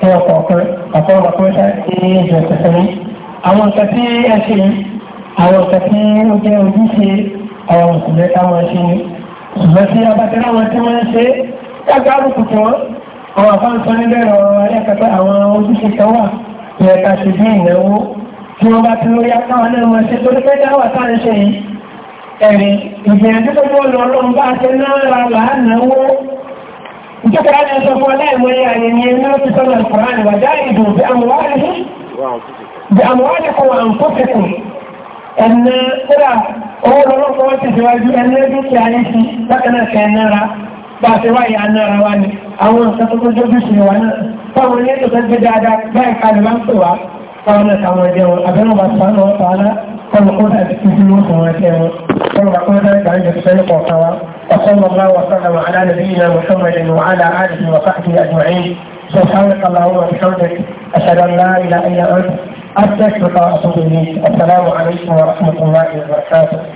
ní ọkọ̀ ọ̀kan àtọ́wọ̀n àpẹẹsẹ́ ní ìjọ ìṣẹ̀ṣẹ̀ ní. àwọn nǹkan tí ẹ ṣe àwọn nǹkan tí ó jẹ́ ojúṣe àwọn mùsùlùmí táwọn ṣe ni ṣùgbọ́n tí abatẹ́rẹ́ àwọn tí wọ́n ń ṣe kájọ àbùkù tí wọ́n àwọn àfáǹsọ níbẹ̀ rọ ẹ̀kẹ́kẹ́ àwọn ojúṣe kan wà ní ẹ̀ka ṣe bí ìnáwó tí wọ́n bá ti lóyá káwọn náà mọ̀ ṣe torí pé dáwà táà ń ṣe yìí ẹ̀rin ìgbìyànjú tó bọ́ lọ lọ́n bá ṣe náà láàánáwó ìjọba láti sọ fún aláìmọye àyẹ̀yẹ náà ti sọ́nà ìfọ̀rán ìwàdá ìdò bí àmúwádìí kan wà ń kó tẹ̀kù ẹ̀nà ẹ̀rà owó lọ́lọ́pọ̀ wọ́n ti ṣèwájú ẹ̀nà dúkìá yìí sí lákanáàkẹ́ ẹ̀nára bá ṣe wáyé anára fáwọn àtàwọn ẹgbẹ́ wọn abẹ́rùn bá sánà ọ̀tọ̀ alá kọlùkọ́dà àti ìdúró وصلى الله وسلم على نبينا محمد وعلى اله وصحبه اجمعين سبحانك اللهم وبحمدك اشهد ان لا اله الا انت استغفرك واتوب اليك السلام عليكم ورحمه الله وبركاته